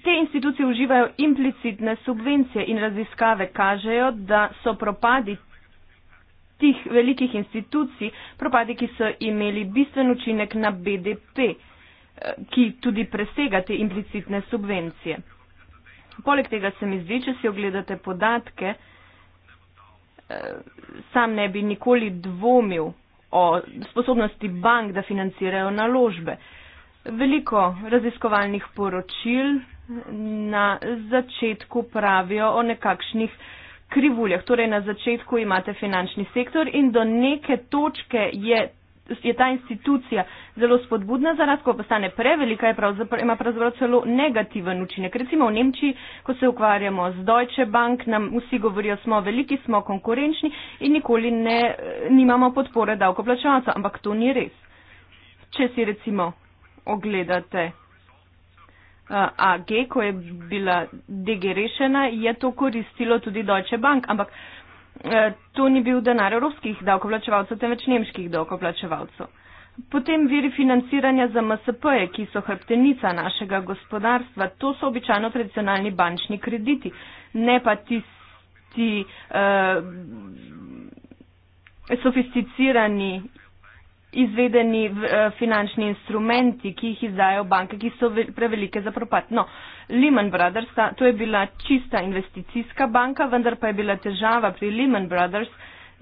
te institucije uživajo implicitne subvencije in raziskave kažejo, da so propadi tistih velikih institucij, propadi, ki so imeli bistven učinek na BDP, eh, ki tudi presega te implicitne subvencije. Poleg tega se mi zdi, če si ogledate podatke, eh, sam ne bi nikoli dvomil o sposobnosti bank, da financirajo naložbe. Veliko raziskovalnih poročil na začetku pravijo o nekakšnih krivuljah. Torej, na začetku imate finančni sektor in do neke točke je, je ta institucija zelo spodbudna, zaradi ko postane prevelika, pravzaprav, ima pravzaprav celo negativen učinek. Recimo v Nemčiji, ko se ukvarjamo z Deutsche Bank, nam vsi govorijo, smo veliki, smo konkurenčni in nikoli ne, nimamo podpore davkoplačevalcev, ampak to ni res. Če si recimo ogledate uh, eh, AG, ko je bila degerešena, je to koristilo tudi Deutsche Bank, ampak uh, to ni bil denar evropskih davkoplačevalcev, temveč nemških davkoplačevalcev. Potem viri financiranja za MSP-je, ki so hrbtenica našega gospodarstva, to so običajno tradicionalni bančni krediti, ne pa tisti uh, sofisticirani izvedeni eh, finančni instrumenti, ki jih izdajo banke, ki so prevelike za propad. No, Lehman Brothers, to je bila čista investicijska banka, vendar pa je bila težava pri Lehman Brothers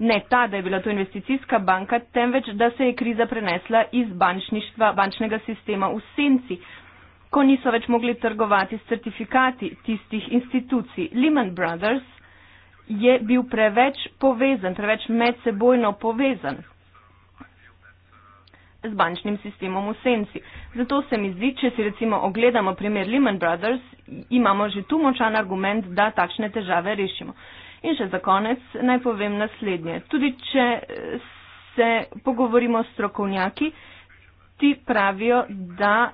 ne ta, da je bila to investicijska banka, temveč, da se je kriza prenesla iz bančništva, bančnega sistema v senci, ko niso več mogli trgovati s certifikati tistih institucij. Lehman Brothers je bil preveč povezan, preveč medsebojno povezan z bančnim sistemom v senci. Zato se mi zdi, če si recimo ogledamo primer Lehman Brothers, imamo že tu močan argument, da takšne težave rešimo. In še za konec naj povem naslednje. Tudi če eh, se pogovorimo s strokovnjaki, ti pravijo, da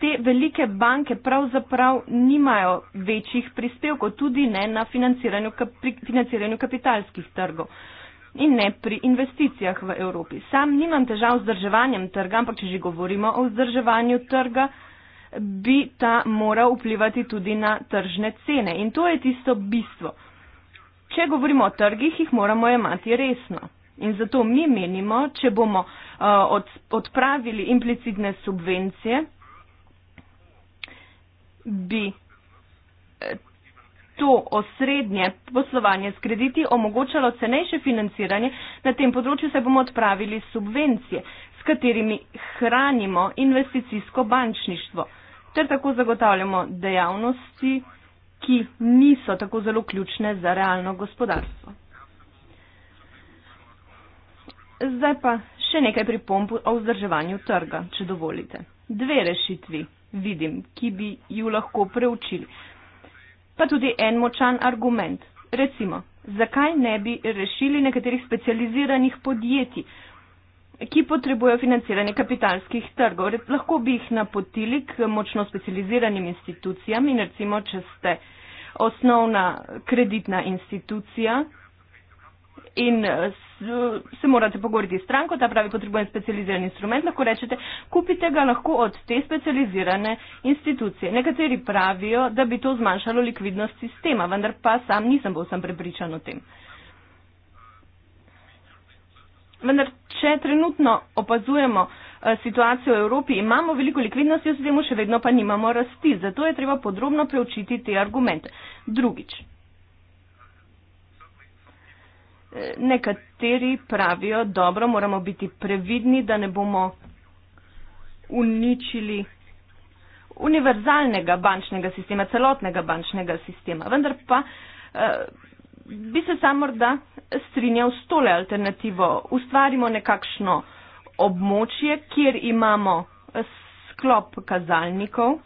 te velike banke pravzaprav nimajo večjih prispevkov, tudi ne na financiranju, kap, financiranju kapitalskih trgov in ne pri investicijah v Evropi. Sam nimam težav z vzdrževanjem trga, ampak če že govorimo o vzdrževanju trga, bi ta moral vplivati tudi na tržne cene. In to je tisto bistvo. Če govorimo o trgih, jih moramo imati resno. In zato mi menimo, če bomo uh, od, odpravili implicitne subvencije, bi eh, to osrednje poslovanje s krediti omogočalo cenejše financiranje, na tem področju se bomo odpravili subvencije, s katerimi hranimo investicijsko bančništvo, ter tako zagotavljamo dejavnosti, ki niso tako zelo ključne za realno gospodarstvo. Zdaj pa še nekaj pripomp o vzdrževanju trga, če dovolite. Dve rešitvi vidim, ki bi ju lahko preučili pa tudi en močan argument. Recimo, zakaj ne bi rešili nekaterih specializiranih podjetij, ki potrebujejo financiranje kapitalskih trgov? Re, lahko bi jih napotili k močno specializiranim institucijam in recimo, če ste osnovna kreditna institucija, in eh, se morate pogovoriti s stranko, ta pravi potrebuje specializiran instrument, lahko rečete, kupite ga lahko od te specializirane institucije. Nekateri pravijo, da bi to zmanjšalo likvidnost sistema, vendar pa sam nisem bolj sem prepričan o tem. Vendar, če trenutno opazujemo eh, situacijo v Evropi, imamo veliko likvidnosti, v sistemu še vedno pa nimamo rasti, zato je treba podrobno preučiti te argumente. Drugič nekateri pravijo, dobro, moramo biti previdni, da ne bomo uničili univerzalnega bančnega sistema, celotnega bančnega sistema. Vendar pa eh, bi se sam morda strinjal s tole alternativo. Ustvarimo nekakšno območje, kjer imamo eh, sklop kazalnikov,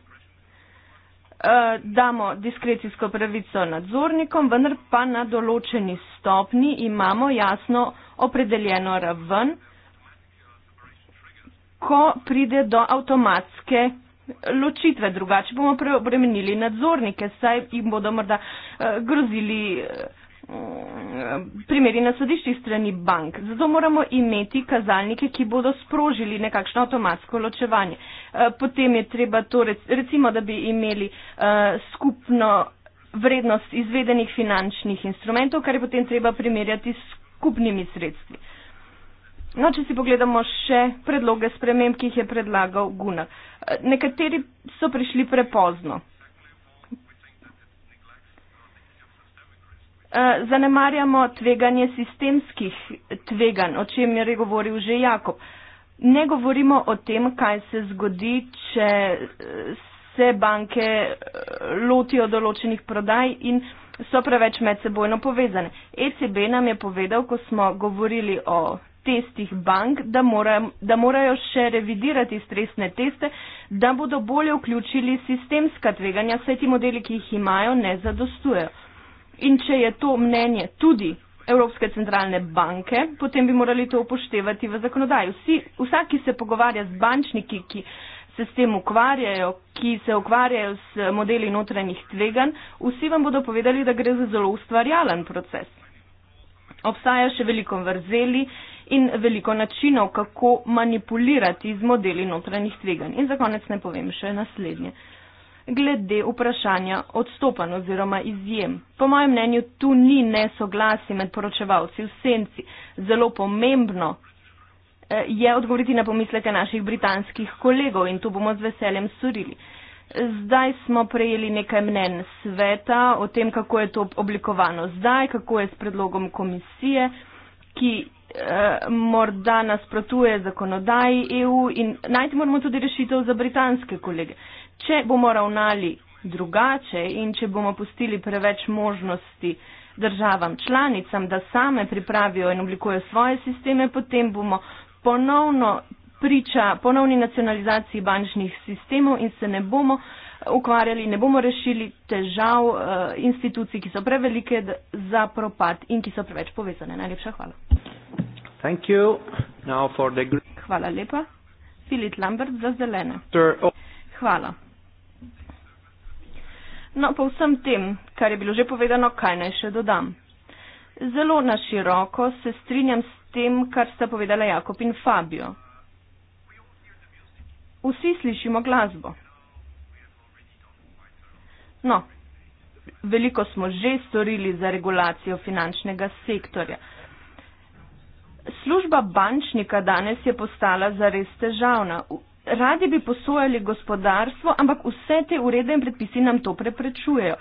Eh, damo diskrecijsko pravico nadzornikom, vendar pa na določeni stopni imamo jasno opredeljeno raven, ko pride do avtomatske ločitve. Drugače bomo preobremenili nadzornike, saj jim bodo morda eh, grozili eh, Eh, primeri na sodiščih strani bank. Zato moramo imeti kazalnike, ki bodo sprožili nekakšno avtomatsko ločevanje. Eh, potem je treba to recimo, da bi imeli eh, skupno vrednost izvedenih finančnih instrumentov, kar je potem treba primerjati s skupnimi sredstvi. No, če si pogledamo še predloge sprememb, ki jih je predlagal Gunnar. Nekateri so prišli prepozno. Eh, zanemarjamo tveganje sistemskih tveganj, o čem je govoril že Jakob. Ne govorimo o tem, kaj se zgodi, če eh, se banke eh, lotijo določenih prodaj in so preveč medsebojno povezane. ECB nam je povedal, ko smo govorili o testih bank, da, mora, da morajo še revidirati stresne teste, da bodo bolje vključili sistemska tveganja, saj ti modeli, ki jih imajo, ne zadostujejo. In če je to mnenje tudi Evropske centralne banke, potem bi morali to upoštevati v zakonodaji. Vsi, vsak, ki se pogovarja z bančniki, ki se s tem ukvarjajo, ki se ukvarjajo s modeli notranjih tveganj, vsi vam bodo povedali, da gre za zelo ustvarjalen proces. Obstaja še veliko vrzeli in veliko načinov, kako manipulirati z modeli notranjih tveganj. In za konec ne povem še naslednje. Uh, glede vprašanja odstopanj oziroma izjem. Po mojem mnenju tu ni nesoglasje med poročevalci v senci. Zelo pomembno eh, je odgovoriti na pomisleke naših britanskih kolegov in to bomo z veseljem surili. Zdaj smo prejeli nekaj mnen sveta o tem, kako je to oblikovano zdaj, kako je s predlogom komisije, ki eh, morda nasprotuje zakonodaji EU in najti moramo tudi rešitev za britanske kolege če bomo ravnali drugače in če bomo pustili preveč možnosti državam članicam, da same pripravijo in oblikujejo svoje sisteme, potem bomo ponovno priča ponovni nacionalizaciji bančnih sistemov in se ne bomo ukvarjali, ne bomo rešili težav uh, institucij, ki so prevelike za propad in ki so preveč povezane. Najlepša hvala. Hvala lepa. Filip Lambert za zelene. Oh. Hvala. No, pa vsem tem, kar je bilo že povedano, kaj naj še dodam. Zelo naširoko se strinjam s tem, kar sta povedala Jakob in Fabio. Vsi slišimo glasbo. No, veliko smo že storili za regulacijo finančnega sektorja. Služba bančnika danes je postala zares težavna radi bi posojali gospodarstvo, ampak vse te urede in predpisi nam to preprečujejo.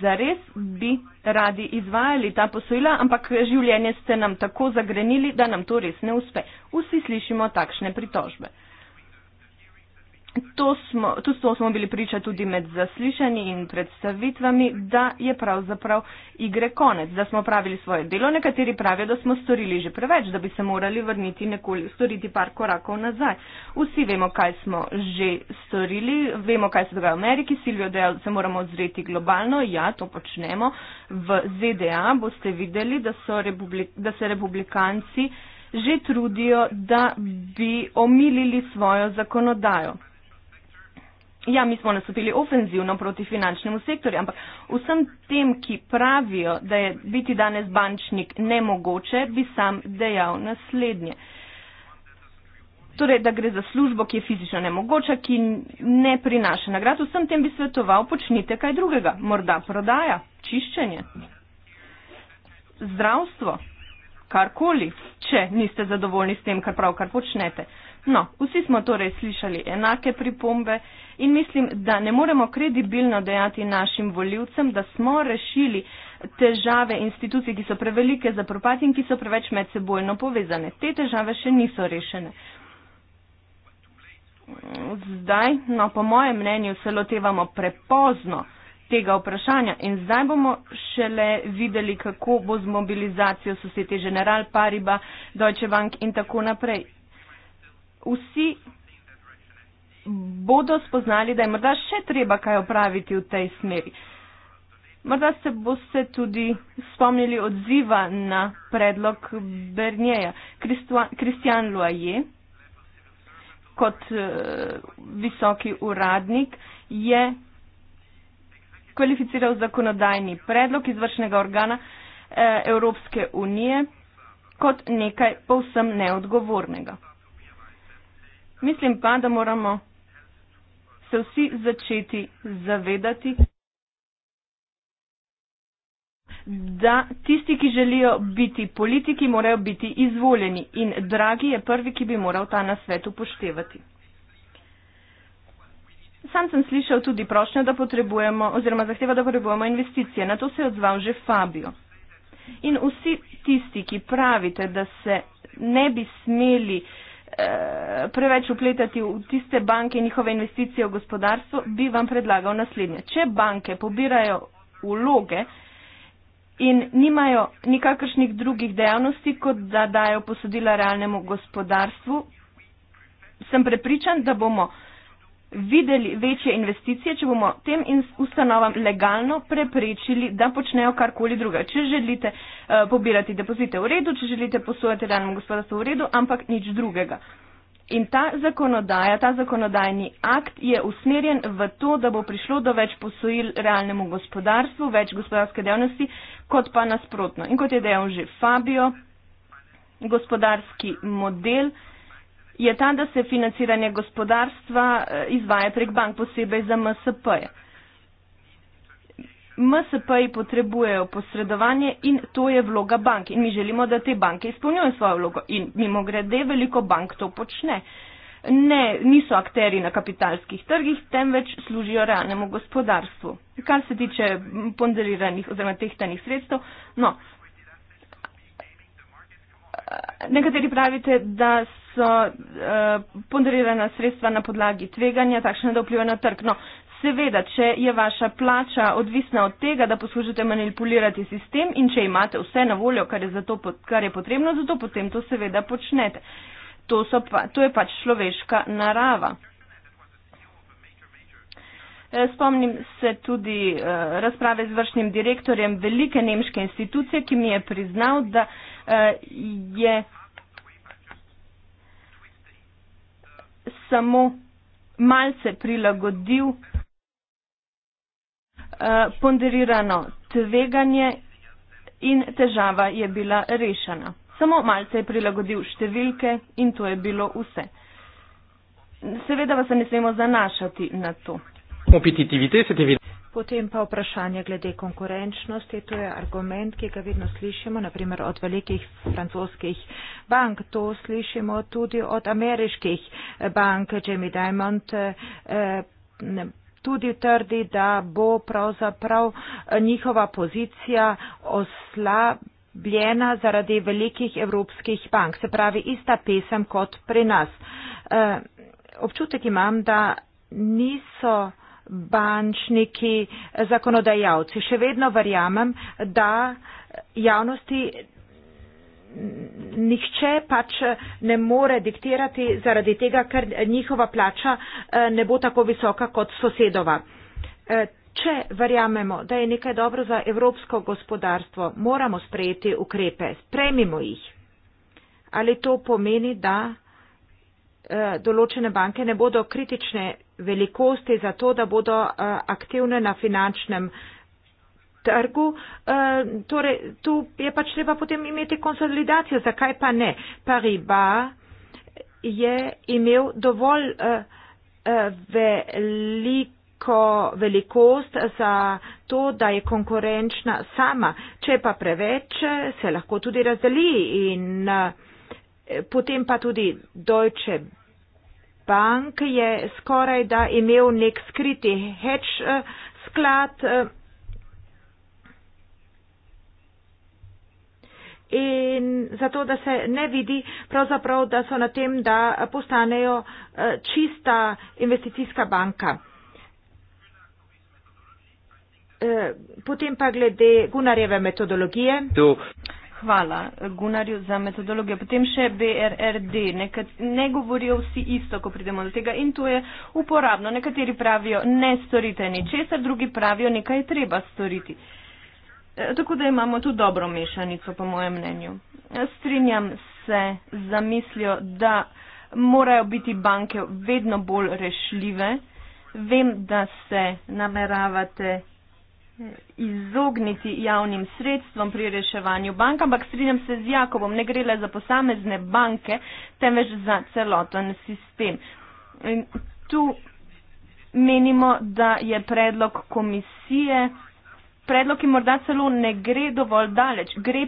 Zares bi radi izvajali ta posojila, ampak življenje ste nam tako zagrenili, da nam to res ne uspe. Vsi slišimo takšne pritožbe. To smo, to smo bili priča tudi med zaslišanji in predstavitvami, da je pravzaprav igre konec, da smo pravili svoje delo. Nekateri pravijo, da smo storili že preveč, da bi se morali vrniti nekoli, storiti par korakov nazaj. Vsi vemo, kaj smo že storili, vemo, kaj se dogaja v Ameriki. Silvio dejal, da se moramo odzreti globalno. Ja, to počnemo. V ZDA boste videli, da, republik da se republikanci že trudijo, da bi omilili svojo zakonodajo. Ja, mi smo nastopili ofenzivno proti finančnemu sektorju, ampak vsem tem, ki pravijo, da je biti danes bančnik nemogoče, bi sam dejal naslednje. Torej, da gre za službo, ki je fizično nemogoča, ki ne prinaša nagrad, vsem tem bi svetoval, počnite kaj drugega. Morda prodaja, čiščenje, zdravstvo, karkoli, če niste zadovoljni s tem, kar pravkar počnete. No, vsi smo torej slišali enake pripombe in mislim, da ne moremo kredibilno dejati našim voljivcem, da smo rešili težave institucij, ki so prevelike za propad in ki so preveč medsebojno povezane. Te težave še niso rešene. Zdaj, no, po mojem mnenju, se lotevamo prepozno tega vprašanja in zdaj bomo šele videli, kako bo z mobilizacijo sosede General Pariba, Deutsche Bank in tako naprej vsi bodo spoznali, da je morda še treba kaj opraviti v tej smeri. Morda se boste tudi spomnili odziva na predlog Bernjeja. Kristjan Loaje, kot eh, visoki uradnik, je kvalificiral zakonodajni predlog izvršnega organa eh, Evropske unije kot nekaj povsem neodgovornega. Mislim pa, da moramo se vsi začeti zavedati, da tisti, ki želijo biti politiki, morajo biti izvoljeni in dragi je prvi, ki bi moral ta nasvet upoštevati. Sam sem slišal tudi prošnjo, da potrebujemo oziroma zahteva, da potrebujemo investicije. Na to se je odzval že Fabio. In vsi tisti, ki pravite, da se ne bi smeli uh, Eh, preveč upletati v tiste banke in njihove investicije v gospodarstvo, bi vam predlagal naslednje. Če banke pobirajo vloge in nimajo nikakršnih drugih dejavnosti, kot da dajo posodila realnemu gospodarstvu, sem prepričan, da bomo videli večje investicije, če bomo tem ustanovam legalno preprečili, da počnejo karkoli druga. Če želite uh, pobirati depozite v redu, če želite posojati danem gospodarstvu v redu, ampak nič drugega. In ta zakonodaja, ta zakonodajni akt je usmerjen v to, da bo prišlo do več posojil realnemu gospodarstvu, več gospodarske dejavnosti, kot pa nasprotno. In kot je dejal že Fabio, gospodarski model. Uh, je ta, da se financiranje gospodarstva eh, izvaja prek bank, posebej za MSP. -je. MSP potrebujejo posredovanje in to je vloga bank in mi želimo, da te banke izpolnjujejo svojo vlogo in mimo grede veliko bank to počne. Ne, niso akteri na kapitalskih trgih, temveč služijo realnemu gospodarstvu. Kar se tiče ponderiranih oziroma tehtanih sredstev, no, Nekateri pravite, da so uh, ponderirana sredstva na podlagi tveganja, takšne, da vplivajo na trg. No, seveda, če je vaša plača odvisna od tega, da poslužite manipulirati sistem in če imate vse na voljo, kar je, to, kar je potrebno, zato potem to seveda počnete. To, so, to je pač človeška narava. Eh, spomnim se tudi uh, razprave z vršnim direktorjem velike nemške institucije, ki mi je priznal, da uh, je samo malce prilagodil eh, ponderirano tveganje in težava je bila rešena. Samo malce je prilagodil številke in to je bilo vse. Seveda pa se ne smemo zanašati na to. Kompetitivitet se tevi. Potem pa vprašanje glede konkurenčnosti. To je argument, ki ga vedno slišimo, naprimer od velikih francoskih bank. To slišimo tudi od ameriških bank. Jamie Diamond eh, tudi trdi, da bo pravzaprav njihova pozicija oslabljena bljena zaradi velikih evropskih bank. Se pravi, ista pesem kot pri nas. E, občutek imam, da niso bančniki, zakonodajalci. Še vedno verjamem, da javnosti nihče pač ne more diktirati zaradi tega, ker njihova plača eh, ne bo tako visoka kot sosedova. Eh, če verjamemo, da je nekaj dobro za evropsko gospodarstvo, moramo sprejeti ukrepe, sprejmimo jih. Ali to pomeni, da Eh, določene banke ne bodo kritične velikosti za to, da bodo eh, aktivne na finančnem trgu. Eh, torej, tu je pač treba potem imeti konsolidacijo, zakaj pa ne. Pariba je imel dovolj veliko velikost za to, da je konkurenčna sama. Če pa preveč, se lahko tudi razdeli in Eh, potem pa tudi Deutsche Bank je skoraj da imel nek skriti hedž eh, sklad. Eh, in zato, da se ne vidi, pravzaprav, da so na tem, da postanejo čista investicijska banka. Potem pa glede Gunarjeve metodologije. Do hvala Gunarju za metodologijo. Potem še BRRD. Nekat, ne govorijo vsi isto, ko pridemo do tega in to je uporabno. Nekateri pravijo, ne storite ničesar, drugi pravijo, nekaj je treba storiti. E, tako da imamo tu dobro mešanico, po mojem mnenju. Ja, strinjam se za mislijo, da morajo biti banke vedno bolj rešljive. Vem, da se nameravate izogniti javnim sredstvom pri reševanju bank, ampak strinjam se z Jakobom, ne gre le za posamezne banke, temveč za celoten sistem. In tu menimo, da je predlog komisije, predlog, ki morda celo ne gre dovolj daleč, gre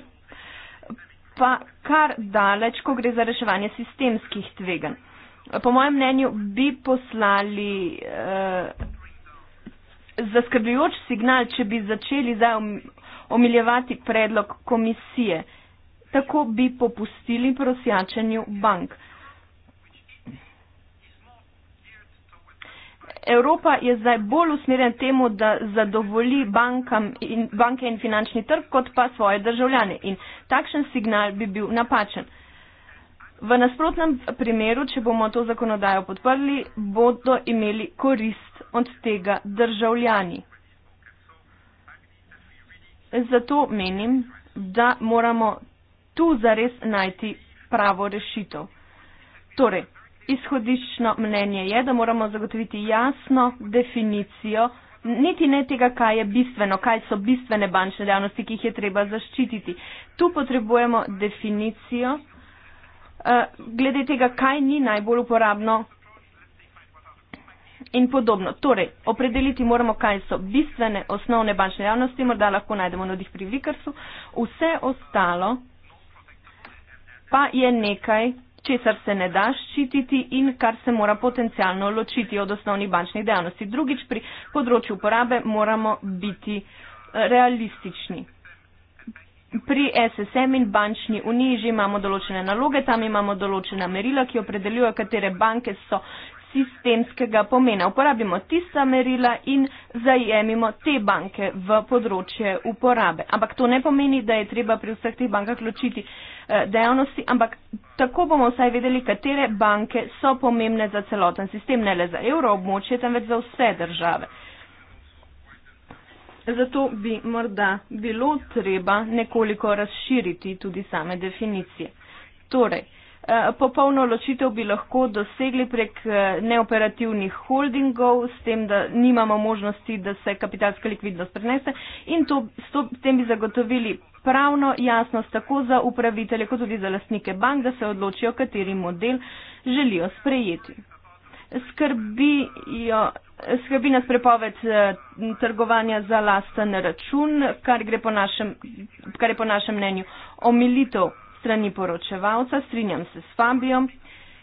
pa kar daleč, ko gre za reševanje sistemskih tvegan. Po mojem mnenju bi poslali. Eh, zaskrbljujoč signal, če bi začeli zdaj omiljevati predlog komisije. Tako bi popustili prosjačanju bank. Evropa je zdaj bolj usmerjena temu, da zadovoli in, banke in finančni trg, kot pa svoje državljane. In takšen signal bi bil napačen. V nasprotnem primeru, če bomo to zakonodajo podprli, bodo imeli korist od tega državljani. Zato menim, da moramo tu zares najti pravo rešitev. Torej, izhodiščno mnenje je, da moramo zagotoviti jasno definicijo, niti ne tega, kaj je bistveno, kaj so bistvene bančne dejavnosti, ki jih je treba zaščititi. Tu potrebujemo definicijo. Eh, glede tega, kaj ni najbolj uporabno in podobno. Torej, opredeliti moramo, kaj so bistvene osnovne bančne javnosti, morda lahko najdemo nodih pri Vikersu. Vse ostalo pa je nekaj, česar se ne da ščititi in kar se mora potencialno ločiti od osnovnih bančnih dejavnosti. Drugič, pri področju uporabe moramo biti eh, realistični. Pri SSM in bančni uniji že imamo določene naloge, tam imamo določena merila, ki opredeljujejo, katere banke so sistemskega pomena. Uporabimo tista merila in zajemimo te banke v področje uporabe. Ampak to ne pomeni, da je treba pri vseh teh bankah ločiti eh, dejavnosti, ampak tako bomo vsaj vedeli, katere banke so pomembne za celoten sistem, ne le za evroobmočje, temveč za vse države. Zato bi morda bilo treba nekoliko razširiti tudi same definicije. Torej, eh, popolno ločitev bi lahko dosegli prek eh, neoperativnih holdingov, s tem, da nimamo možnosti, da se kapitalska likvidnost prenese in to, s to, tem bi zagotovili pravno jasnost tako za upravitelje kot tudi za lastnike bank, da se odločijo, kateri model želijo sprejeti. Skrbijo Skrbi nas prepoved eh, trgovanja za lasten račun, kar, gre po našem, kar je po našem mnenju omilitev strani poročevalca, strinjam se s Fabijo,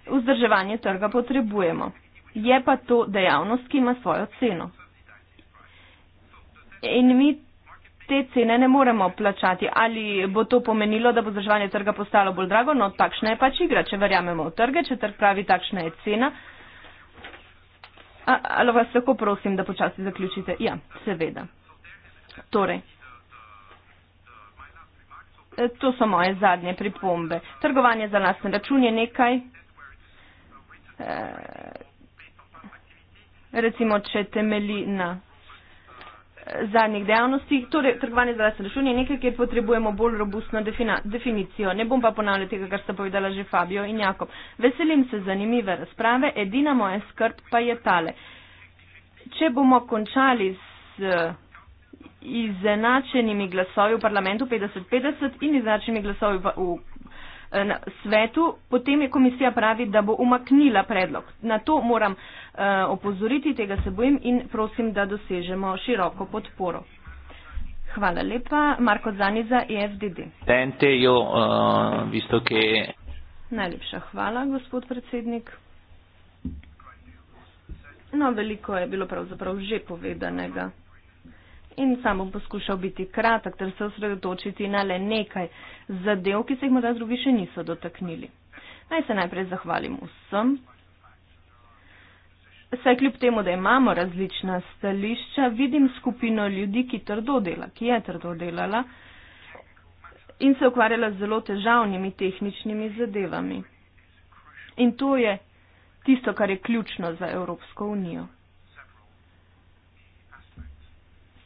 vzdrževanje trga potrebujemo. Je pa to dejavnost, ki ima svojo ceno. In mi te cene ne moremo plačati. Ali bo to pomenilo, da bo vzdrževanje trga postalo bolj drago? No, takšna je pač igra, če verjamemo v trge, če trg pravi, takšna je cena. Ali vas lahko prosim, da počasi zaključite? Ja, seveda. Torej, e, to so moje zadnje pripombe. Trgovanje za lasten račun je nekaj. E, recimo, če temeli na zadnjih dejavnostih. Torej, trgovanje zdravstvene rešitve je nekaj, kjer potrebujemo bolj robustno defina, definicijo. Ne bom pa ponavljal tega, kar sta povedala že Fabio in Jakob. Veselim se zanimive razprave, edina moja skrb pa je tale. Če bomo končali s izenačenimi glasovi v parlamentu 50-50 in izenačenimi glasovi v, v eh, svetu, potem je komisija pravi, da bo umaknila predlog. Na to moram. Eh, opozoriti, tega se bojim in prosim, da dosežemo široko podporo. Hvala lepa. Marko Zani za EFDD. Jo, uh, ke... Najlepša hvala, gospod predsednik. No, veliko je bilo pravzaprav že povedanega. In sam bom poskušal biti kratek ter se osredotočiti na le nekaj zadev, ki se jih morda drugi še niso dotaknili. Naj se najprej zahvalim vsem, Saj kljub temu, da imamo različna stališča, vidim skupino ljudi, ki trdo dela, ki je trdo delala in se ukvarjala z zelo težavnimi tehničnimi zadevami. In to je tisto, kar je ključno za Evropsko unijo.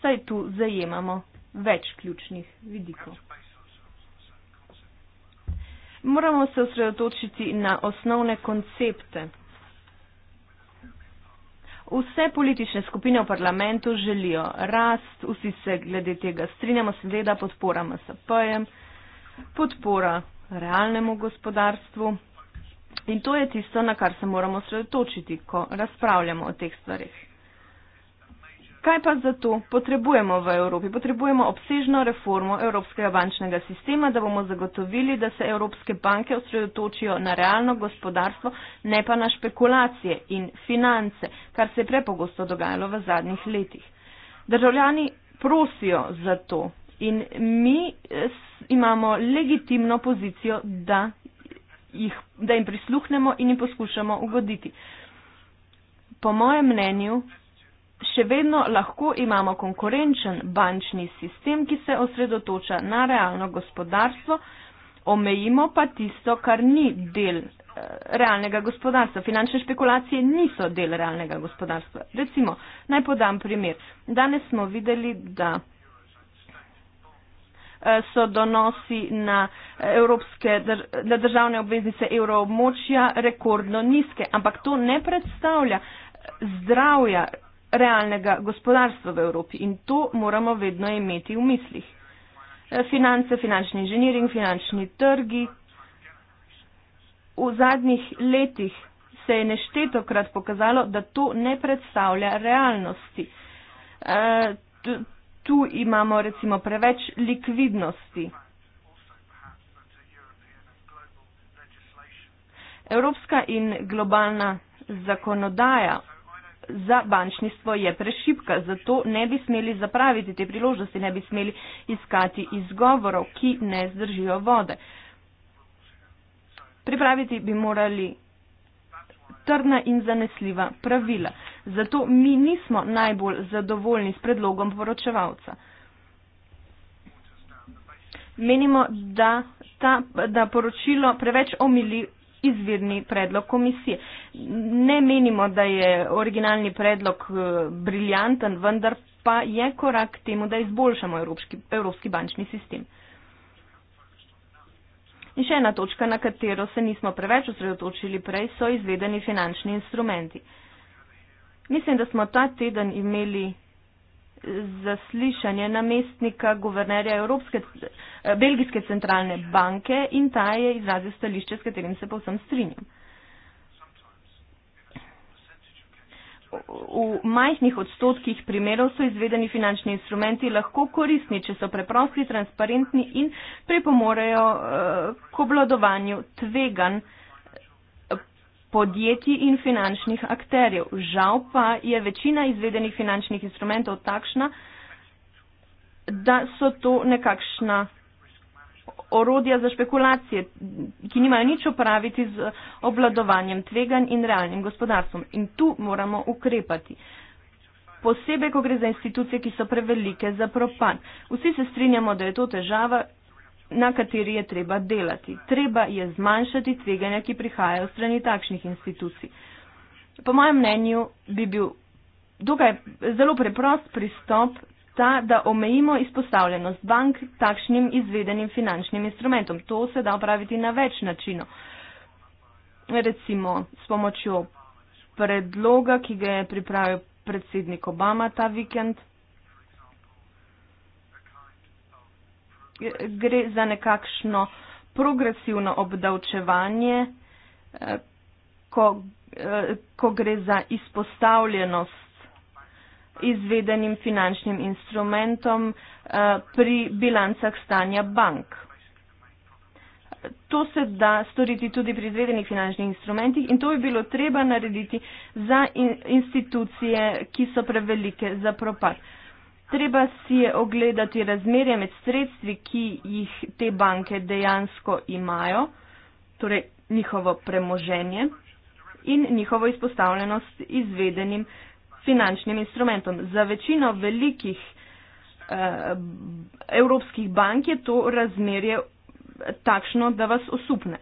Saj tu zajemamo več ključnih vidikov. Moramo se osredotočiti na osnovne koncepte. Vse politične skupine v parlamentu želijo rast, vsi se glede tega strinjamo, seveda podpora MSP-jem, podpora realnemu gospodarstvu. In to je tisto, na kar se moramo sredotočiti, ko razpravljamo o teh stvarih. Kaj pa zato potrebujemo v Evropi? Potrebujemo obsežno reformo Evropskega bančnega sistema, da bomo zagotovili, da se Evropske banke osredotočijo na realno gospodarstvo, ne pa na špekulacije in finance, kar se je prepogosto dogajalo v zadnjih letih. Državljani prosijo za to in mi eh, imamo legitimno pozicijo, da, jih, da jim prisluhnemo in jim poskušamo ugoditi. Po mojem mnenju še vedno lahko imamo konkurenčen bančni sistem, ki se osredotoča na realno gospodarstvo, omejimo pa tisto, kar ni del eh, realnega gospodarstva. Finančne špekulacije niso del realnega gospodarstva. Recimo, naj podam primer. Danes smo videli, da eh, so donosi na, eh, evropske, na državne obveznice evroobmočja rekordno nizke, ampak to ne predstavlja zdravja realnega gospodarstva v Evropi in to moramo vedno imeti v mislih. E, finance, finančni inženiring, finančni trgi. V zadnjih letih se je neštetokrat pokazalo, da to ne predstavlja realnosti. E, tu imamo recimo preveč likvidnosti. Evropska in globalna zakonodaja za bančništvo je prešipka, zato ne bi smeli zapraviti te priložnosti, ne bi smeli iskati izgovorov, ki ne zdržijo vode. Pripraviti bi morali trdna in zanesljiva pravila. Zato mi nismo najbolj zadovoljni s predlogom poročevalca. Menimo, da, ta, da poročilo preveč omili izvirni predlog komisije. Ne menimo, da je originalni predlog eh, briljanten, vendar pa je korak k temu, da izboljšamo evropski, evropski bančni sistem. In še ena točka, na katero se nismo preveč osredotočili prej, so izvedeni finančni instrumenti. Mislim, da smo ta teden imeli zaslišanje namestnika guvernerja Evropske, Belgijske centralne banke in ta je izrazil stališče, s katerim se povsem strinjam. V majhnih odstotkih primerov so izvedeni finančni instrumenti lahko koristni, če so preprosti, transparentni in pripomorejo eh, k obladovanju tveganj podjetij in finančnih akterjev. Žal pa je večina izvedenih finančnih instrumentov takšna, da so to nekakšna orodja za špekulacije, ki nimajo nič opraviti z obladovanjem tvegan in realnim gospodarstvom. In tu moramo ukrepati. Posebej, ko gre za institucije, ki so prevelike za propad. Vsi se strinjamo, da je to težava, na kateri je treba delati. Treba je zmanjšati tveganja, ki prihajajo strani takšnih institucij. Po mojem mnenju bi bil dokaj zelo preprost pristop ta, da omejimo izpostavljenost bank takšnim izvedenim finančnim instrumentom. To se da upraviti na več načinov. Recimo s pomočjo predloga, ki ga je pripravil predsednik Obama ta vikend, gre za nekakšno progresivno obdavčevanje, eh, ko, eh, ko gre za izpostavljenost izvedenim finančnim instrumentom eh, pri bilancah stanja bank. To se da storiti tudi pri izvedenih finančnih instrumentih in to bi bilo treba narediti za institucije, ki so prevelike za propad. Treba si je ogledati razmerje med sredstvi, ki jih te banke dejansko imajo, torej njihovo premoženje in njihovo izpostavljenost izvedenim finančnim instrumentom. Za večino velikih eh, evropskih bank je to razmerje takšno, da vas osupne.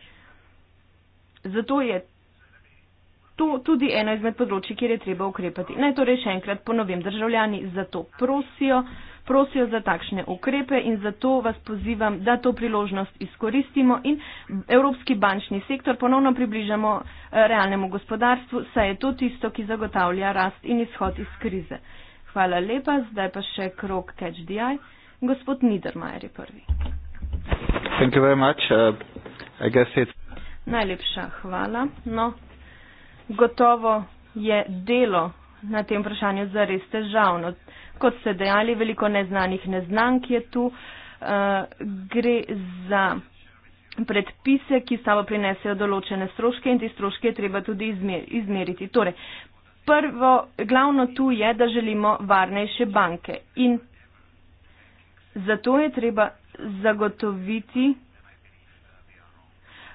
Zato je to tudi eno izmed področji, kjer je treba ukrepati. Naj torej še enkrat ponovim, državljani zato prosijo, prosijo za takšne ukrepe in zato vas pozivam, da to priložnost izkoristimo in Evropski bančni sektor ponovno približamo eh, realnemu gospodarstvu, saj je to tisto, ki zagotavlja rast in izhod iz krize. Hvala lepa, zdaj pa še krok Catch the Eye. Gospod Niedermayer je prvi. Uh, Najlepša hvala. No, Gotovo je delo na tem vprašanju zares težavno. Kot ste dejali, veliko neznanih neznank je tu. Eh, gre za predpise, ki samo prinesejo določene stroške in ti stroške je treba tudi izmeriti. Torej, prvo, glavno tu je, da želimo varnejše banke in zato je treba zagotoviti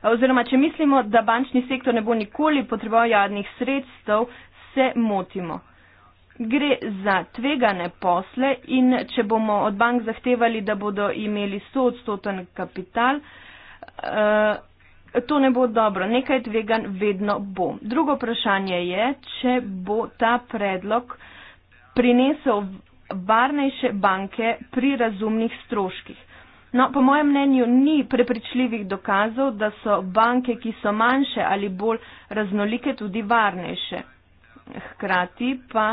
oziroma če mislimo, da bančni sektor ne bo nikoli potreboval javnih sredstev, se motimo. Gre za tvegane posle in če bomo od bank zahtevali, da bodo imeli 100 odstoten kapital, eh, to ne bo dobro. Nekaj tvegan vedno bo. Drugo vprašanje je, če bo ta predlog prinesel varnejše banke pri razumnih stroških. No, po mojem mnenju ni prepričljivih dokazov, da so banke, ki so manjše ali bolj raznolike, tudi varnejše. Hkrati pa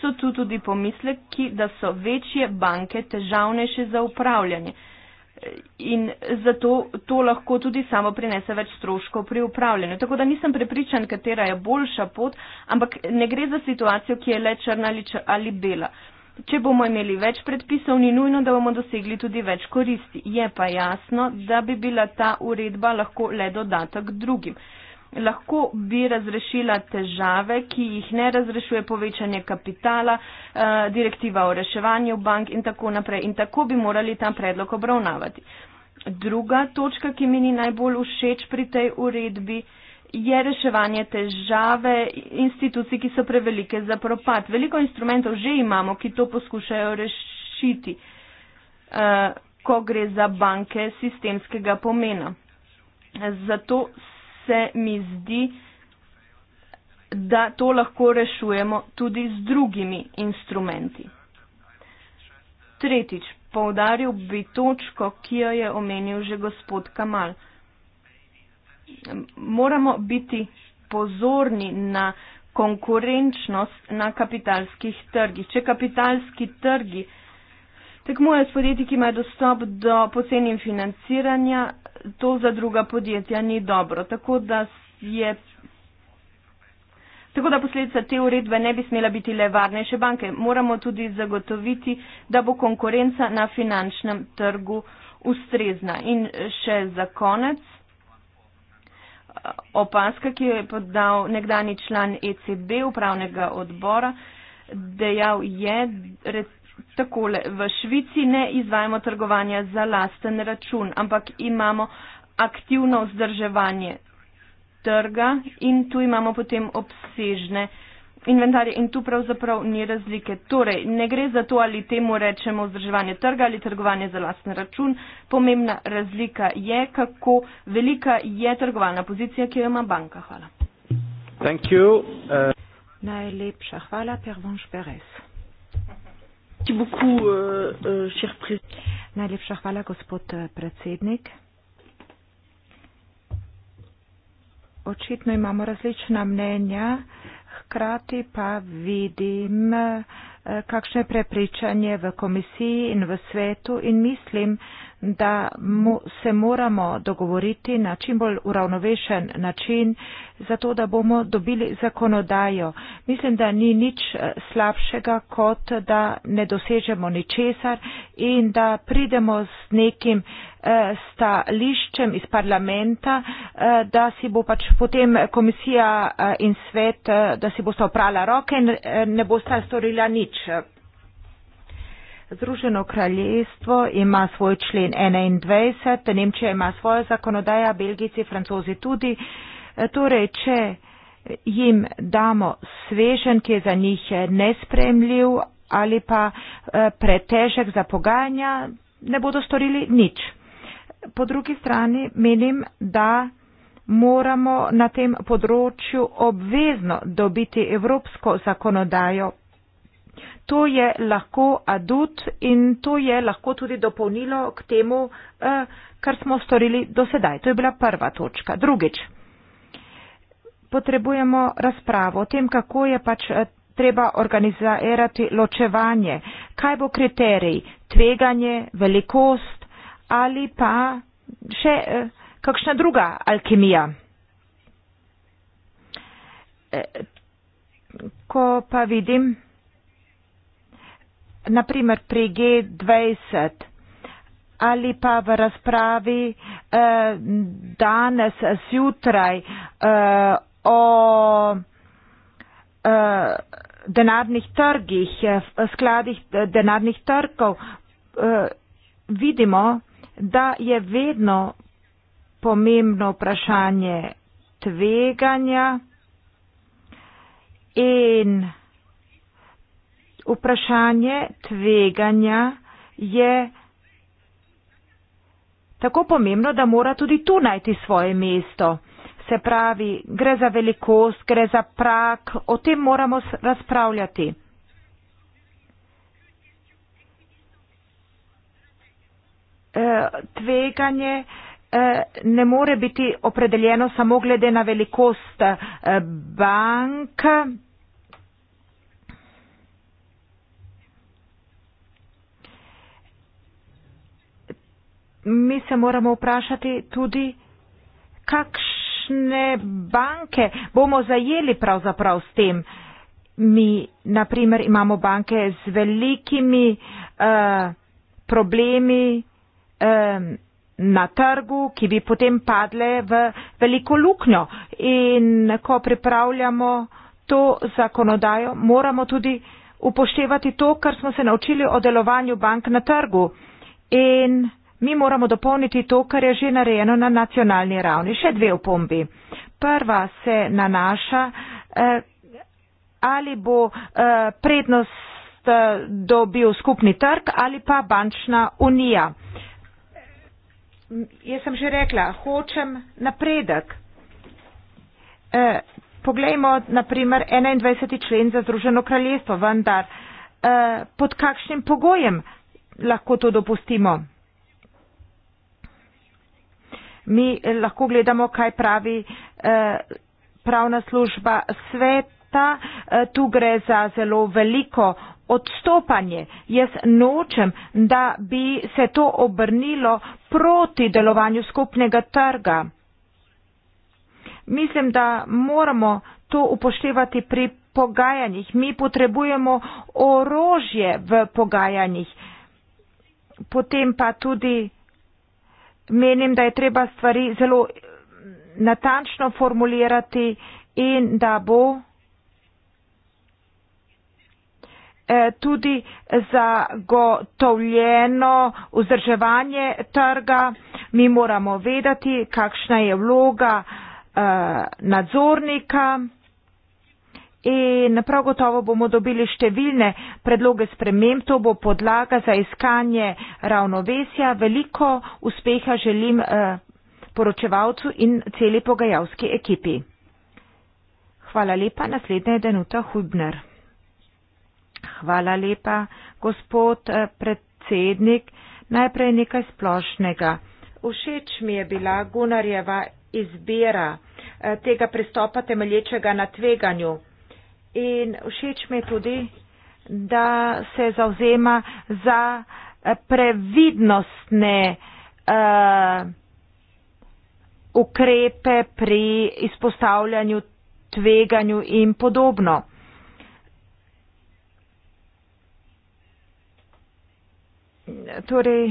so tu tudi pomisleki, da so večje banke težavnejše za upravljanje. In zato to lahko tudi samo prinese več stroškov pri upravljanju. Tako da nisem prepričan, katera je boljša pot, ampak ne gre za situacijo, ki je le črna ali, črna ali bela če bomo imeli več predpisov, ni nujno, da bomo dosegli tudi več koristi. Je pa jasno, da bi bila ta uredba lahko le dodatek drugim. Lahko bi razrešila težave, ki jih ne razrešuje povečanje kapitala, eh, direktiva o reševanju bank in tako naprej. In tako bi morali ta predlog obravnavati. Druga točka, ki mi ni najbolj všeč pri tej uredbi, je reševanje težave institucij, ki so prevelike za propad. Veliko instrumentov že imamo, ki to poskušajo rešiti, eh, ko gre za banke sistemskega pomena. Zato se mi zdi, da to lahko rešujemo tudi z drugimi instrumenti. Tretjič, poudaril bi točko, ki jo je omenil že gospod Kamal moramo biti pozorni na konkurenčnost na kapitalskih trgih. Če kapitalski trgi tekmujejo s podjetji, ki imajo dostop do pocenim financiranja, to za druga podjetja ni dobro. Tako da, je, tako da posledica te uredbe ne bi smela biti le varnejše banke. Moramo tudi zagotoviti, da bo konkurenca na finančnem trgu ustrezna. In še za konec opaska, ki jo je podal nekdani član ECB upravnega odbora, dejal je re, takole, v Švici ne izvajamo trgovanja za lasten račun, ampak imamo aktivno vzdrževanje trga in tu imamo potem obsežne inventarje in tu pravzaprav ni razlike. Torej, ne gre za to, ali temu rečemo vzdrževanje trga ali trgovanje za lasten račun. Pomembna razlika je, kako velika je trgovalna pozicija, ki jo ima banka. Hvala. Thank you. Uh... Najlepša hvala, Pervonš Perez. Uh, uh, Najlepša hvala, gospod uh, predsednik. Očitno imamo različna mnenja. Uh, hkrati pa vidim, eh, kakšno je prepričanje v komisiji in v svetu in mislim, da mu se moramo dogovoriti na čim bolj uravnovešen način, zato da bomo dobili zakonodajo. Mislim, da ni nič eh, slabšega, kot da ne dosežemo ničesar in da pridemo z nekim eh, stališčem iz parlamenta, eh, da si bo pač potem komisija in svet, da si bosta oprala roke in ne bosta storila nič. Združeno kraljestvo ima svoj člen 21, Nemčija ima svojo zakonodajo, Belgici, Francozi tudi. E, torej, če jim damo svežen, ki je za njih e, nespremljiv ali pa e, pretežek za pogajanja, ne bodo storili nič. Po drugi strani menim, da moramo na tem področju obvezno dobiti evropsko zakonodajo to je lahko adut in to je lahko tudi dopolnilo k temu, eh, kar smo storili do sedaj. To je bila prva točka. Drugič, potrebujemo razpravo o tem, kako je pač eh, treba organizirati ločevanje, kaj bo kriterij, tveganje, velikost ali pa še eh, kakšna druga alkimija. Ko pa vidim, naprimer pri G20 ali pa v razpravi eh, danes zjutraj eh, o eh, denarnih trgih, eh, skladih eh, denarnih trgov, eh, vidimo, da je vedno pomembno vprašanje tveganja in vprašanje tveganja je tako pomembno, da mora tudi tu najti svoje mesto. Se pravi, gre za velikost, gre za prak, o tem moramo razpravljati. Eh, tveganje eh, ne more biti opredeljeno samo glede na velikost eh, bank. mi se moramo vprašati tudi, kakšne banke bomo zajeli pravzaprav s tem. Mi, naprimer, imamo banke z velikimi uh, problemi uh, na trgu, ki bi potem padle v veliko luknjo. In ko pripravljamo to zakonodajo, moramo tudi upoštevati to, kar smo se naučili o delovanju bank na trgu. In Mi moramo dopolniti to, kar je že narejeno na nacionalni ravni. Še dve opombi. Prva se nanaša, eh, ali bo eh, prednost eh, dobil skupni trg ali pa bančna unija. Jaz sem že rekla, hočem napredek. Eh, poglejmo, naprimer, 21. člen za Združeno kraljestvo, vendar eh, pod kakšnim pogojem lahko to dopustimo? mi lahko gledamo, kaj pravi eh, pravna služba sveta. Eh, tu gre za zelo veliko odstopanje. Jaz nočem, da bi se to obrnilo proti delovanju skupnega trga. Mislim, da moramo to upoštevati pri pogajanjih. Mi potrebujemo orožje v pogajanjih. Potem pa tudi menim, da je treba stvari zelo mm, natančno formulirati in da bo eh, tudi zagotovljeno vzdrževanje trga. Mi moramo vedeti, kakšna je vloga eh, nadzornika in prav gotovo bomo dobili številne predloge sprememb. To bo podlaga za iskanje ravnovesja. Veliko uspeha želim eh, poročevalcu in celi pogajalski ekipi. Hvala lepa. Naslednja je Denuta Hubner. Hvala lepa, gospod eh, predsednik. Najprej nekaj splošnega. Všeč mi je bila Gunarjeva izbira eh, tega pristopa temelječega na tveganju in všeč mi je tudi, da se zavzema za eh, previdnostne uh, ukrepe pri izpostavljanju tveganju in podobno. Torej,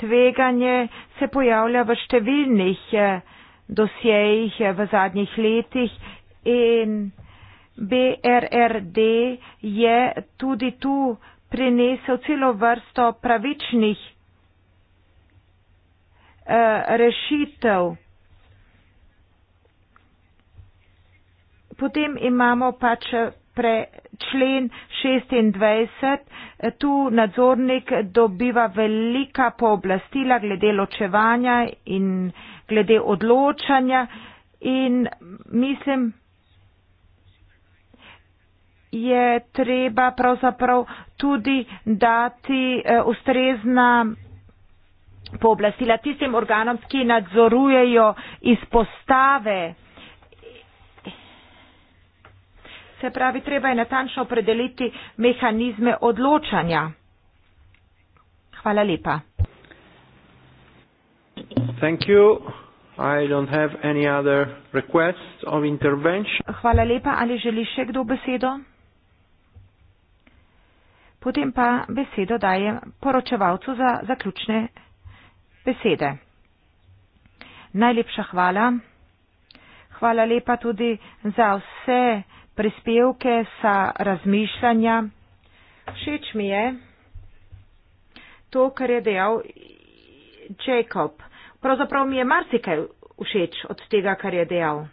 tveganje se pojavlja v številnih eh, dosjejih v zadnjih letih in BRRD je tudi tu prinesel celo vrsto pravičnih eh, rešitev. Potem imamo pač pre, člen 26. Tu nadzornik dobiva velika pooblastila glede ločevanja in glede odločanja in mislim, je treba pravzaprav tudi dati eh, ustrezna pooblastila tistim organom, ki nadzorujejo izpostave. Se pravi, treba je natančno opredeliti mehanizme odločanja. Hvala lepa. Thank you. I don't have any other requests of intervention. Hvala lepa. Ali želi še kdo besedo? Potem pa besedo dajem poročevalcu za zaključne besede. Najlepša hvala. Hvala lepa tudi za vse prispevke, za razmišljanja. Všeč mi je to, kar je dejal Jacob. Pravzaprav mi je marsikaj všeč od tega, kar je dejal.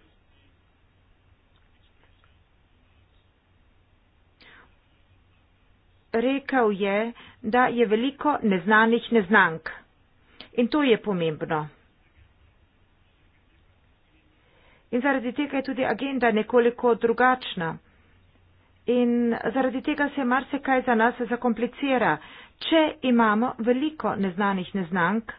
rekel je, da je veliko neznanih neznank. In to je pomembno. In zaradi tega je tudi agenda nekoliko drugačna. In zaradi tega se marsikaj za nas zakomplicira. Če imamo veliko neznanih neznank,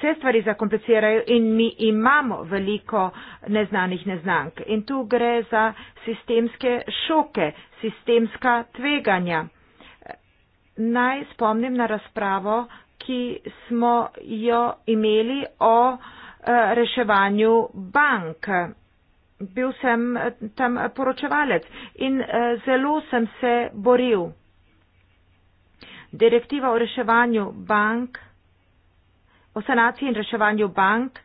se stvari zakomplicirajo in mi imamo veliko neznanih neznank. In tu gre za sistemske šoke, sistemska tveganja. Naj spomnim na razpravo, ki smo jo imeli o eh, reševanju bank. Bil sem eh, tam poročevalec in eh, zelo sem se boril. Direktiva o reševanju bank o sanaciji in reševanju bank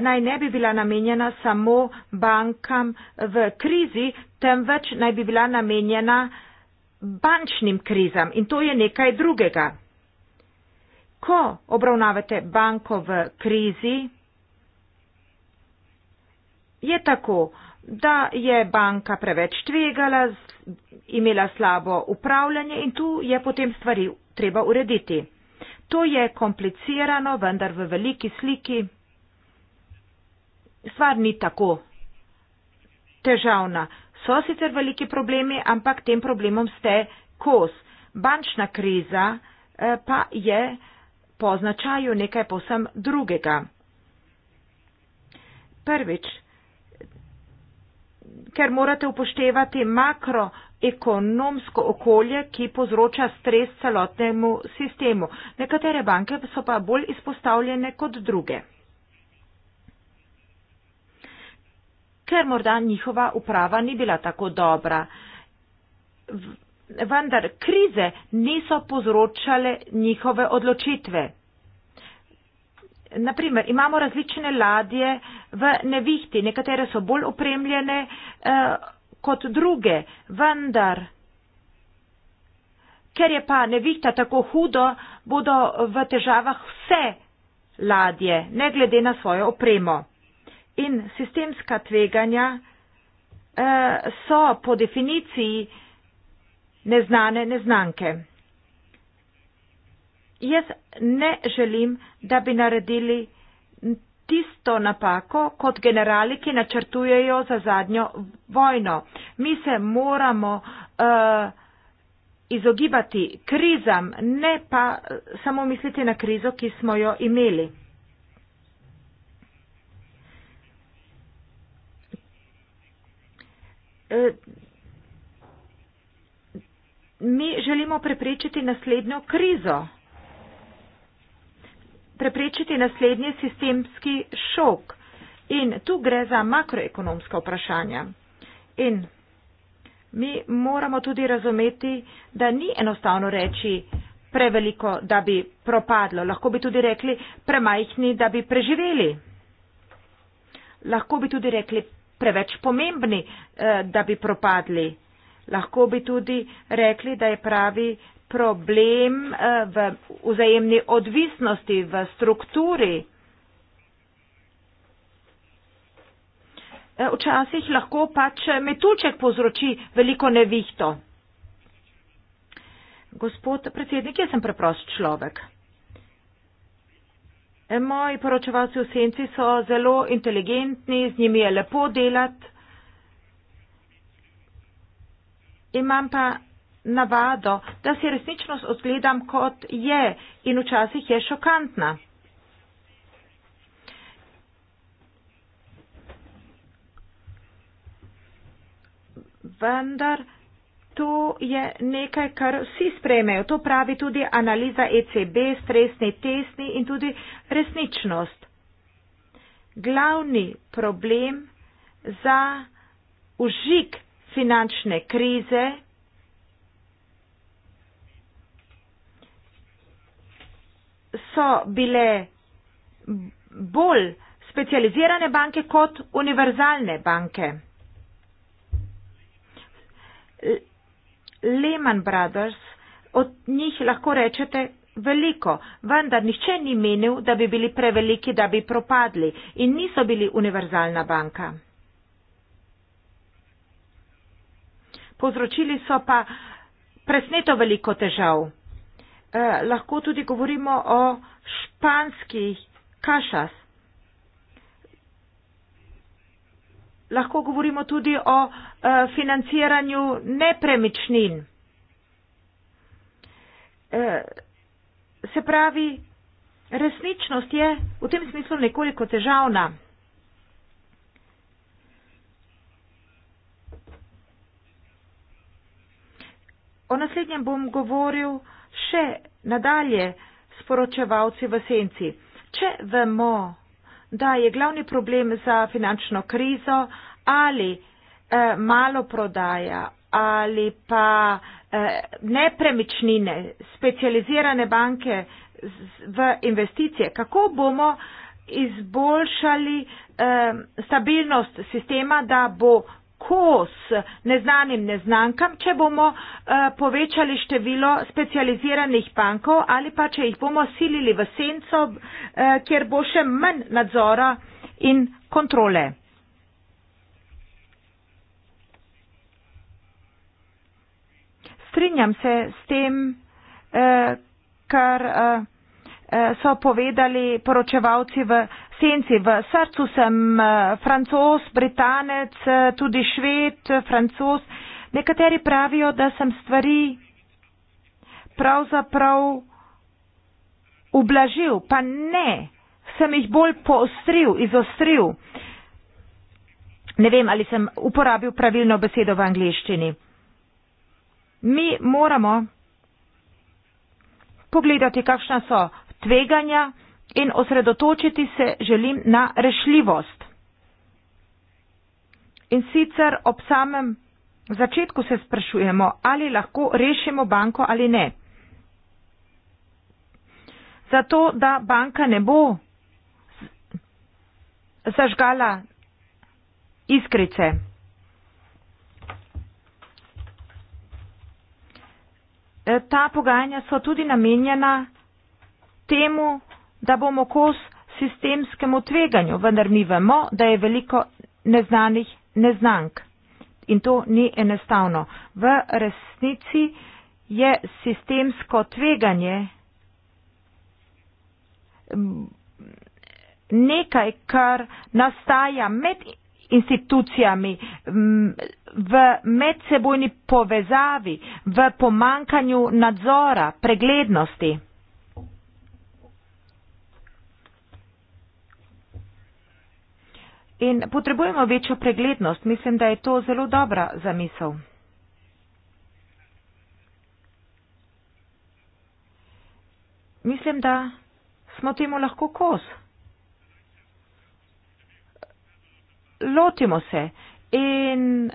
naj ne bi bila namenjena samo bankam v krizi, temveč naj bi bila namenjena bančnim krizam in to je nekaj drugega. Ko obravnavate banko v krizi, je tako, da je banka preveč tvegala, imela slabo upravljanje in tu je potem stvari treba urediti to je komplicirano, vendar v veliki sliki stvar ni tako težavna. So sicer veliki problemi, ampak tem problemom ste kos. Bančna kriza eh, pa je po značaju nekaj posem drugega. Prvič, ker morate upoštevati makro ekonomsko okolje, ki povzroča stres celotnemu sistemu. Nekatere banke so pa bolj izpostavljene kot druge. Ker morda njihova uprava ni bila tako dobra. Vendar krize niso povzročale njihove odločitve. Naprimer, imamo različne ladje v nevihti, nekatere so bolj opremljene, eh, kot druge, vendar, ker je pa nevihta tako hudo, bodo v težavah vse ladje, ne glede na svojo opremo. In sistemska tveganja eh, so po definiciji neznane neznanke. Jaz ne želim, da bi naredili tisto napako, kot generali, ki načrtujejo za zadnjo vojno. Mi se moramo uh, izogibati krizam, ne pa eh, samo misliti na krizo, ki smo jo imeli. Eh, mi želimo preprečiti naslednjo krizo preprečiti naslednji sistemski šok. In tu gre za makroekonomska vprašanja. In mi moramo tudi razumeti, da ni enostavno reči preveliko, da bi propadlo. Lahko bi tudi rekli premajhni, da bi preživeli. Lahko bi tudi rekli preveč pomembni, eh, da bi propadli. Lahko bi tudi rekli, da je pravi problem eh, v vzajemni odvisnosti, v strukturi. Eh, včasih lahko pač metulček povzroči veliko nevihto. Gospod predsednik, jaz sem preprost človek. Eh, moji poročevalci v senci so zelo inteligentni, z njimi je lepo delati. Imam pa navado, da si resničnost odgledam kot je in včasih je šokantna. Vendar to je nekaj, kar vsi sprejmejo. To pravi tudi analiza ECB, stresni testni in tudi resničnost. Glavni problem za užik finančne krize so bile bolj specializirane banke kot univerzalne banke. Lehman Brothers, od njih lahko rečete veliko, vendar nihče ni menil, da bi bili preveliki, da bi propadli in niso bili univerzalna banka. Povzročili so pa presneto veliko težav. Eh, lahko tudi govorimo o španskih kašas. Lahko govorimo tudi o eh, financiranju nepremičnin. Eh, se pravi, resničnost je v tem smislu nekoliko težavna. O naslednjem bom govoril še nadalje sporočevalci v senci. Če vemo, da je glavni problem za finančno krizo ali eh, malo prodaja ali pa eh, nepremičnine, specializirane banke z, v investicije, kako bomo izboljšali eh, stabilnost sistema, da bo kos neznanim neznankam, če bomo eh, povečali število specializiranih bankov ali pa če jih bomo silili v senco, eh, kjer bo še manj nadzora in kontrole. Strinjam se s tem, eh, kar so povedali poročevalci v senci, v srcu sem eh, francos, britanec, eh, tudi šved, francos. Nekateri pravijo, da sem stvari pravzaprav ublažil, pa ne, sem jih bolj poostril, izostril. Ne vem, ali sem uporabil pravilno besedo v angliščini. Mi moramo pogledati, kakšna so tveganja, in osredotočiti se želim na rešljivost. In sicer ob samem začetku se sprašujemo, ali lahko rešimo banko ali ne. Zato, da banka ne bo zažgala iskrice. Ta pogajanja so tudi namenjena temu, da bomo kos sistemskemu tveganju, vendar mi vemo, da je veliko neznanih neznank. In to ni enostavno. V resnici je sistemsko tveganje nekaj, kar nastaja med institucijami, v medsebojni povezavi, v pomankanju nadzora, preglednosti. In potrebujemo večjo preglednost. Mislim, da je to zelo dobra zamisel. Mislim, da smo temu lahko kos. Lotimo se in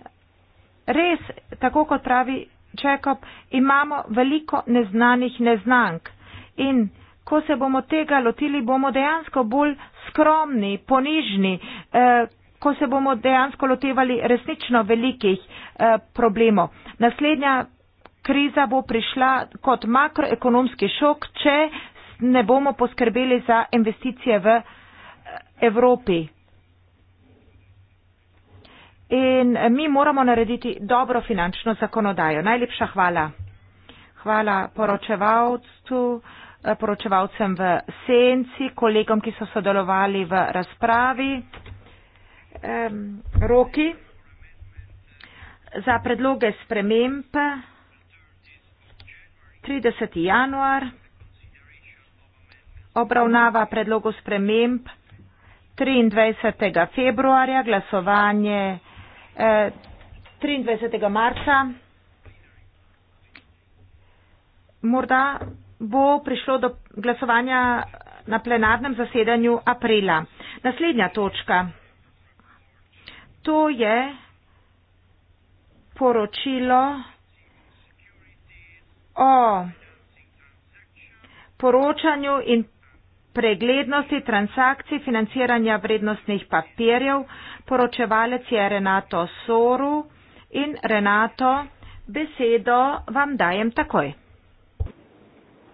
res, tako kot pravi Čekop, imamo veliko neznanih neznank in ko se bomo tega lotili, bomo dejansko bolj skromni, ponižni, eh, ko se bomo dejansko lotevali resnično velikih eh, problemov. Naslednja kriza bo prišla kot makroekonomski šok, če ne bomo poskrbeli za investicije v eh, Evropi. In eh, mi moramo narediti dobro finančno zakonodajo. Najlepša hvala. Hvala poročevalcu poročevalcem v senci, kolegom, ki so sodelovali v razpravi. Roki za predloge sprememb 30. januar obravnava predlogu sprememb 23. februarja, glasovanje 23. E, marca. Morda bo prišlo do glasovanja na plenarnem zasedanju aprila. Naslednja točka. To je poročilo o poročanju in preglednosti transakcij financiranja vrednostnih papirjev. Poročevalec je Renato Soru in Renato, besedo vam dajem takoj.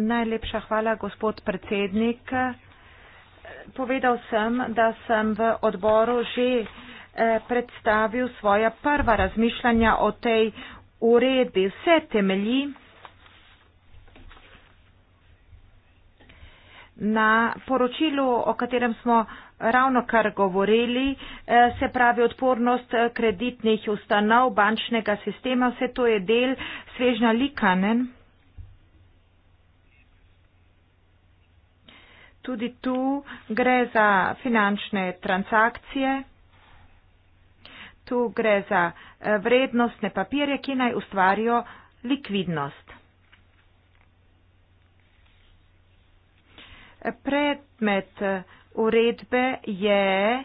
Najlepša hvala, gospod predsednik. Povedal sem, da sem v odboru že eh, predstavil svoja prva razmišljanja o tej uredbi. Vse temelji na poročilu, o katerem smo ravno kar govorili, eh, se pravi odpornost eh, kreditnih ustanov, bančnega sistema, vse to je del svežna likanen. tudi tu gre za finančne transakcije, tu gre za eh, vrednostne papirje, ki naj ustvarijo likvidnost. Predmet eh, uredbe je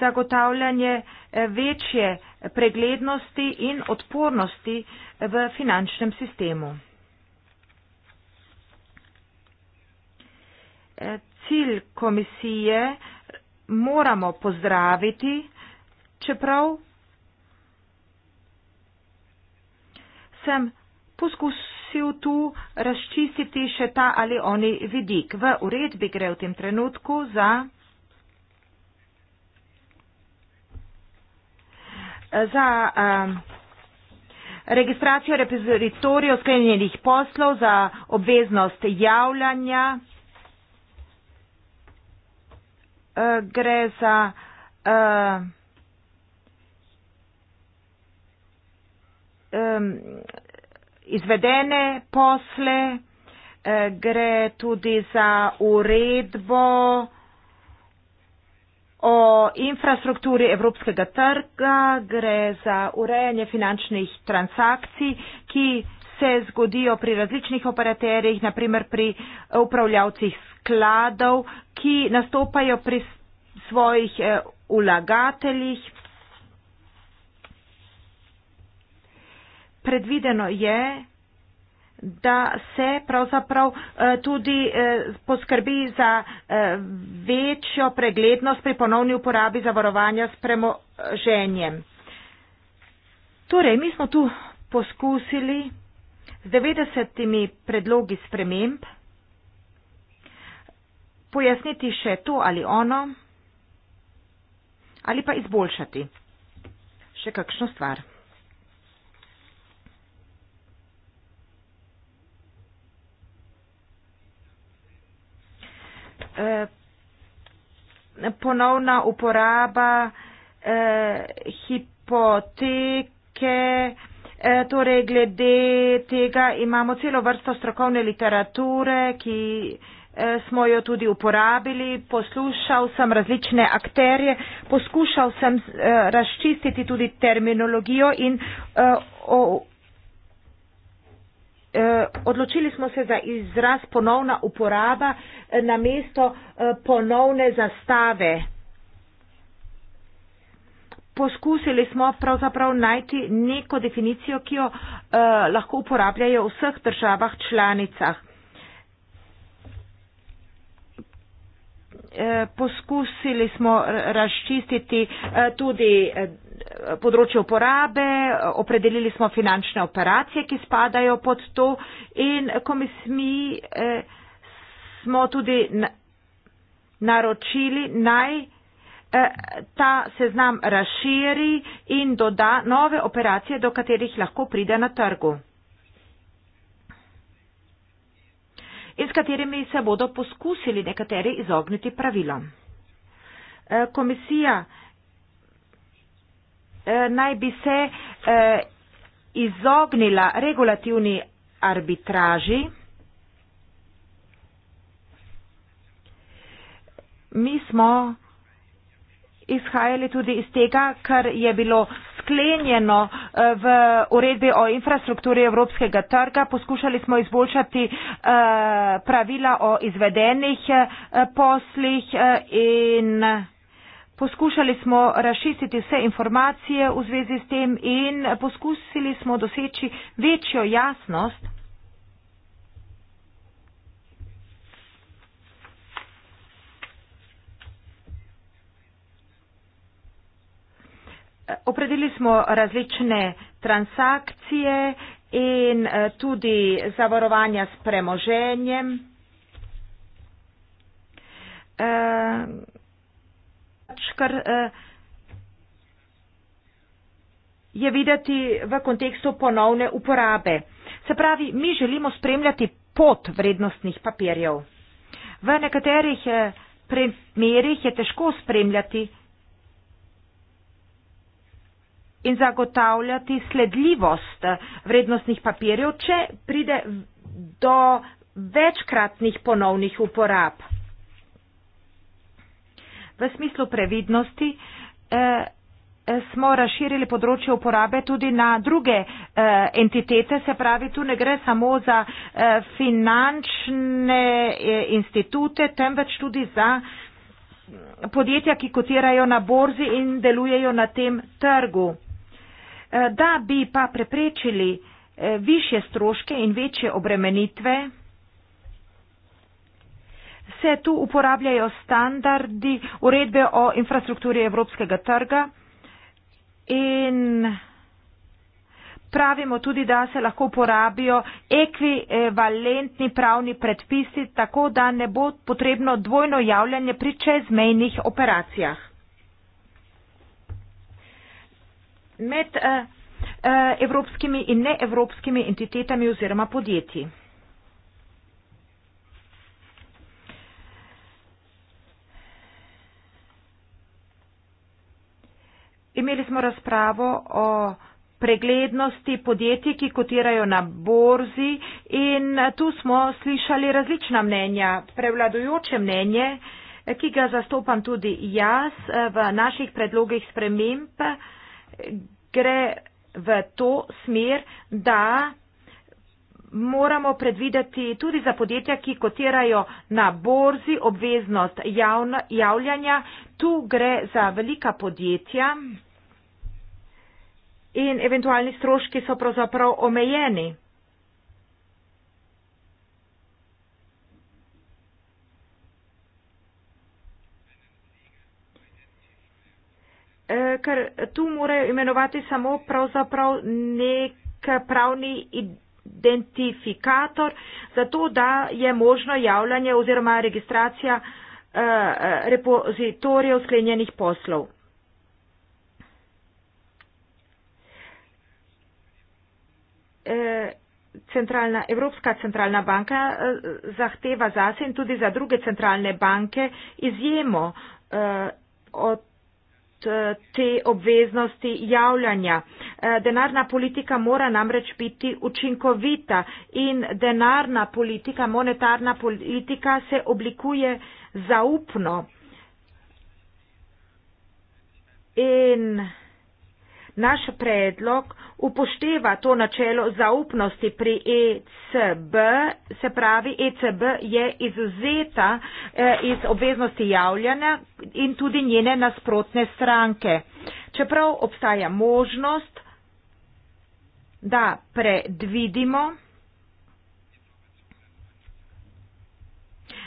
zagotavljanje eh, večje preglednosti in odpornosti v finančnem sistemu. cilj komisije moramo pozdraviti, čeprav sem poskusil tu razčistiti še ta ali oni vidik. V uredbi gre v tem trenutku za. za um, registracijo repozitorijev sklenjenih poslov za obveznost javljanja uh, gre za uh, um, izvedene posle, uh, gre tudi za uredbo o infrastrukturi evropskega trga, gre za urejanje finančnih transakcij, ki se zgodijo pri različnih operaterjih, naprimer pri upravljavcih skladov, ki nastopajo pri svojih ulagateljih. Eh, Predvideno je, da se pravzaprav eh, tudi eh, poskrbi za večjo preglednost pri ponovni uporabi zavarovanja s premoženjem. Torej, mi smo tu poskusili z 90 predlogi sprememb, pojasniti še to ali ono ali pa izboljšati še kakšno stvar. E, ponovna uporaba e, hipoteke, E, torej, glede tega imamo celo vrsto strokovne literature, ki e, smo jo tudi uporabili. Poslušal sem različne akterje, poskušal sem e, razčistiti tudi terminologijo in e, o, e, odločili smo se za izraz ponovna uporaba e, na mesto e, ponovne zastave poskusili smo pravzaprav najti neko definicijo, ki jo uh, lahko uporabljajo v vseh državah članicah. Eh, poskusili smo razčistiti eh, tudi področje uporabe, opredelili smo finančne operacije, ki spadajo pod to in komisiji smo tudi naročili naj. Eh, ta seznam razširi in doda nove operacije, do katerih lahko pride na trgu in s katerimi se bodo poskusili nekateri izogniti pravilom. Eh, komisija eh, naj bi se izognila regulativni arbitraži. Mi smo izhajali tudi iz tega, kar je bilo sklenjeno eh, v uredbi o infrastrukturi evropskega trga. Poskušali smo izboljšati eh, pravila o izvedenih eh, poslih in poskušali smo rašistiti vse informacije v zvezi s tem in poskusili smo doseči večjo jasnost Opredelili smo različne transakcije in eh, tudi zavarovanja s premoženjem. Eh, pač kar eh, je videti v kontekstu ponovne uporabe. Se pravi, mi želimo spremljati pot vrednostnih papirjev. V nekaterih primerih je težko spremljati in zagotavljati sledljivost vrednostnih papirjev, če pride do večkratnih ponovnih uporab. V smislu previdnosti eh, eh, smo razširili področje uporabe tudi na druge eh, entitete, se pravi, tu ne gre samo za eh, finančne eh, institute, temveč tudi za eh, podjetja, ki kotirajo na borzi in delujejo na tem trgu. Eh, da bi pa preprečili eh, više stroške in večje obremenitve, se tu uporabljajo standardi uredbe o infrastrukturi evropskega trga in pravimo tudi, da se lahko uporabijo ekvivalentni pravni predpisi, tako da ne bo potrebno dvojno javljanje pri čezmejnih operacijah. med eh, eh, evropskimi in neevropskimi entitetami oziroma podjetji. Imeli smo razpravo o preglednosti podjetij, ki kotirajo na borzi in tu smo slišali različna mnenja. Prevladujoče mnenje, ki ga zastopam tudi jaz eh, v naših predlogih sprememb, gre v to smer, da moramo predvideti tudi za podjetja, ki kotirajo na borzi obveznost javno, javljanja. Tu gre za velika podjetja in eventualni stroški so pravzaprav omejeni. Eh, ker tu morajo imenovati samo pravzaprav nek pravni identifikator, zato da je možno javljanje oziroma registracija eh, eh, repozitorijev sklenjenih poslov. Centralna, Evropska centralna banka zahteva zase in tudi za druge centralne banke izjemo eh, od Eh, te obveznosti javljanja. Eh, denarna politika mora namreč biti učinkovita in denarna politika, monetarna politika se oblikuje zaupno. In Naš predlog upošteva to načelo zaupnosti pri ECB, se pravi, ECB je izuzeta eh, iz obveznosti javljanja in tudi njene nasprotne stranke. Čeprav obstaja možnost, da predvidimo,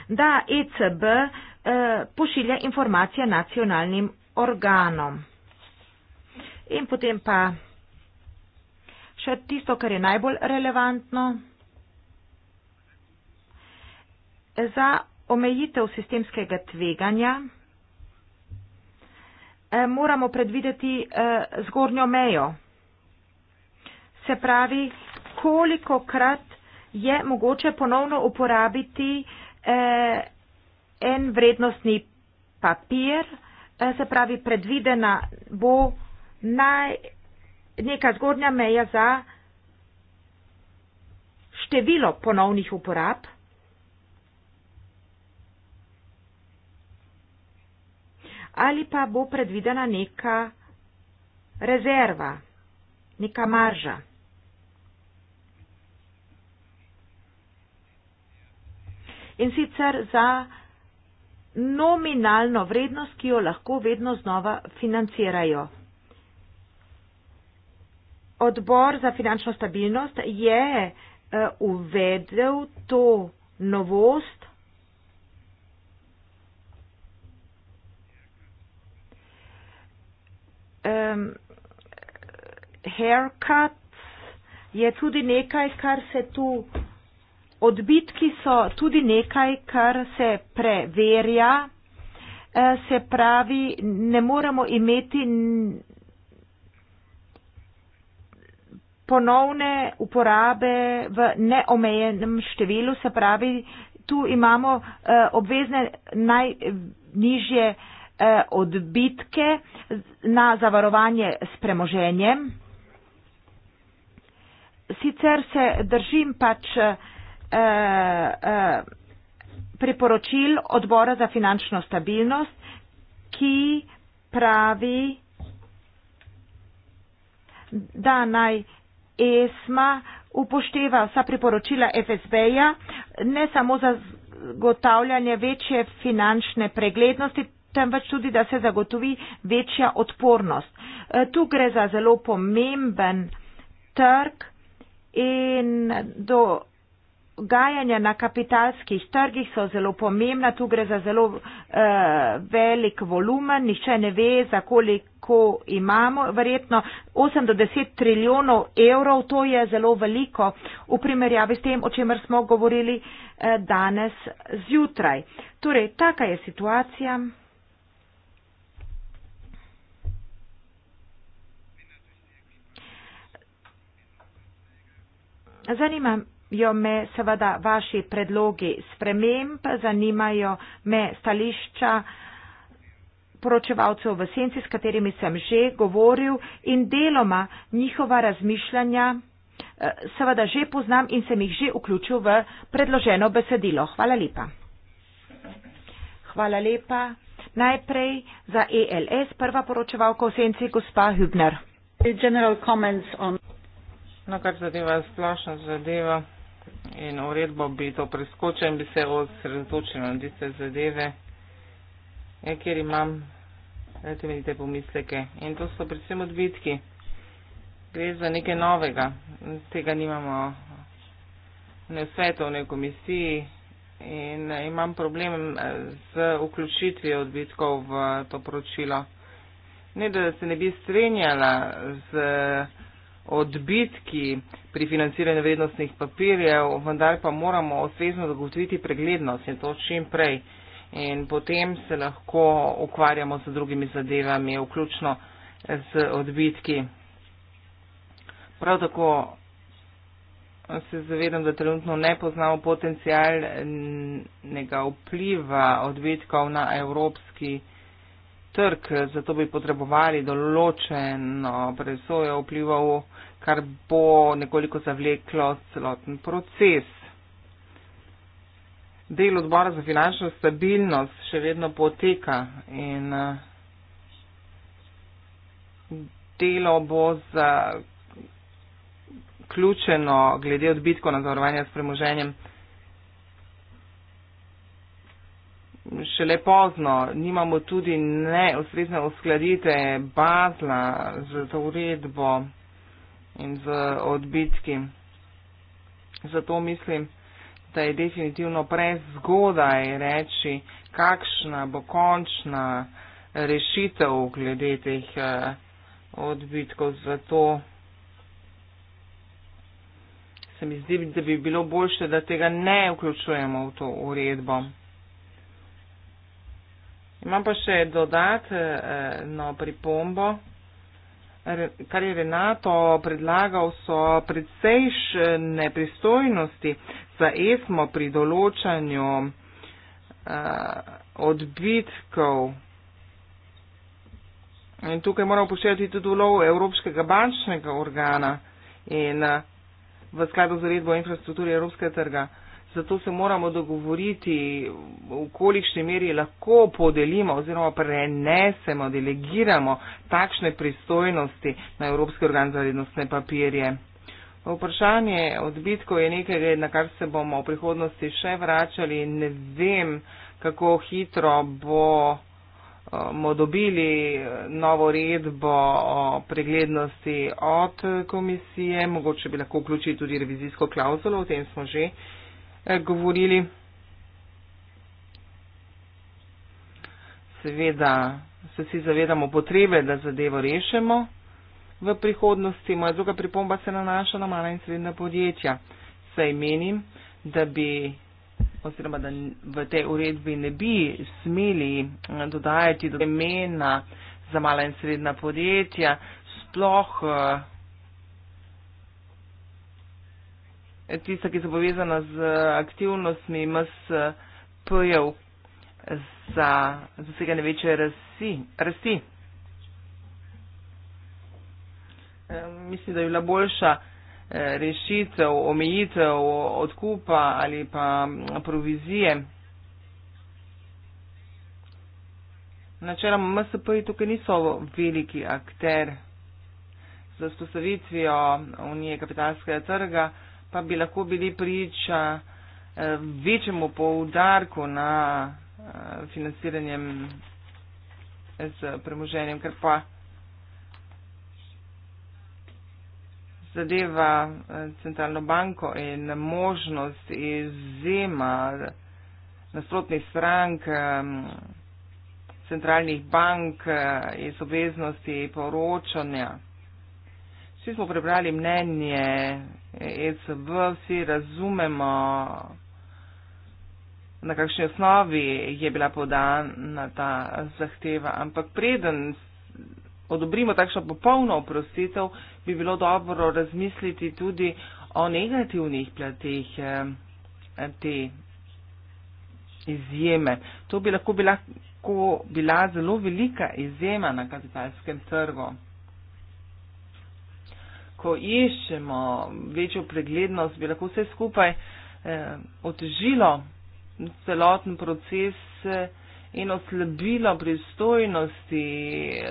da ECB eh, pošilja informacije nacionalnim organom. In potem pa še tisto, kar je najbolj relevantno. Za omejitev sistemskega tveganja eh, moramo predvideti eh, zgornjo mejo. Se pravi, koliko krat je mogoče ponovno uporabiti eh, en vrednostni papir, se pravi, predvidena bo naj, neka zgornja meja za število ponovnih uporab. Ali pa bo predvidena neka rezerva, neka marža. In sicer za nominalno vrednost, ki jo lahko vedno znova financirajo odbor za finančno stabilnost je eh, uvedel to novost, um, haircut je tudi nekaj, kar se tu, odbitki so tudi nekaj, kar se preverja, eh, se pravi, ne moremo imeti. N, ponovne uporabe v neomejenem številu, se pravi, tu imamo eh, obvezne najnižje eh, odbitke na zavarovanje s premoženjem. Sicer se držim pač eh, eh, priporočil odbora za finančno stabilnost, ki pravi, da naj ESMA upošteva vsa priporočila FSB-ja, ne samo za zagotavljanje večje finančne preglednosti, temveč tudi, da se zagotovi večja odpornost. E, tu gre za zelo pomemben trg in do dogajanja na kapitalskih trgih so zelo pomembna, tu gre za zelo eh, velik volumen, nišče ne ve, za koliko imamo, verjetno 8 do 10 trilijonov evrov, to je zelo veliko v primerjavi s tem, o čemer smo govorili eh, danes zjutraj. Torej, taka je situacija. Zanima me. Jo me seveda vaši predlogi sprememb, zanimajo me stališča poročevalcev v senci, s katerimi sem že govoril in deloma njihova razmišljanja eh, seveda že poznam in sem jih že vključil v predloženo besedilo. Hvala lepa. Hvala lepa. Najprej za ELS prva poročevalka v senci, gospa Hübner. General comments on. No, kar zadeva splošno zadevo in uredbo bi to preskočil in bi se osredotočil na tiste zadeve, eh, kjer imam eh, temeljite pomisleke. In to so predvsem odbitki. Gre za nekaj novega. Tega nimamo ne v svetu, ne v komisiji. In eh, imam problem z vključitvijo odbitkov v to poročilo. Ne, da se ne bi strenjala z odbitki pri financiranju vrednostnih papirjev, vendar pa moramo ustrezno zagotoviti preglednost in to čim prej. In potem se lahko ukvarjamo z drugimi zadevami, vključno z odbitki. Prav tako se zavedam, da trenutno ne poznamo potencijalnega vpliva odbitkov na evropski trg, zato bi potrebovali določeno presojo vplivov, kar bo nekoliko zavleklo celoten proces. Del odbora za finančno stabilnost še vedno poteka in delo bo zaključeno glede odbitkov na zavarovanje s premoženjem. šele pozno, nimamo tudi neustrezne uskladite bazla z to uredbo in z odbitki. Zato mislim, da je definitivno prezgodaj reči, kakšna bo končna rešitev glede teh eh, odbitkov. Zato se mi zdi, da bi bilo boljše, da tega ne vključujemo v to uredbo. Imam pa še dodatno eh, no, pripombo. Kar je Renato predlagal, so precejšne pristojnosti za ESMO pri določanju uh, odbitkov. In tukaj moramo upoštevati tudi vlogo Evropskega bančnega organa in uh, v skladu z redbo infrastrukture Evropskega trga. Uh, zato se moramo dogovoriti, v kolikšni meri lahko podelimo oziroma prenesemo, delegiramo takšne pristojnosti na Evropski organ za vrednostne papirje. Vprašanje odbitkov je nekaj, na kar se bomo v prihodnosti še vračali in ne vem, kako hitro bomo dobili novo redbo o preglednosti od komisije. Mogoče bi lahko vključili tudi revizijsko klauzulo, o tem smo že Eh, govorili. Seveda se vsi zavedamo potrebe, da zadevo rešimo v prihodnosti. Moja druga pripomba se nanaša na mala in srednja podjetja. Saj menim, da bi oziroma da v tej uredbi ne bi smeli eh, dodajati do imena za mala in srednja podjetja, sploh uh, tista, ki so povezana z aktivnostmi MSP-jev za doseganje večje rasi, rasti. E, mislim, da je bila boljša e, rešitev, omejitev odkupa ali pa provizije. Načeloma MSP-ji tukaj niso veliki akter za spostavitvijo unije kapitalskega trga pa bi lahko bili priča eh, večjemu poudarku na eh, financiranjem z premoženjem, ker pa zadeva eh, centralno banko in možnost izjema nasprotnih strank centralnih bank iz obveznosti poročanja. Vsi smo prebrali mnenje ECB, vsi razumemo, na kakšni osnovi je bila podana ta zahteva. Ampak preden odobrimo takšno popolno oprostitev, bi bilo dobro razmisliti tudi o negativnih platih eh, te izjeme. To bi lahko bila, bila zelo velika izjema na kapitalskem trgu ko iščemo večjo preglednost, bi lahko vse skupaj eh, otežilo celoten proces eh, in oslabilo pristojnosti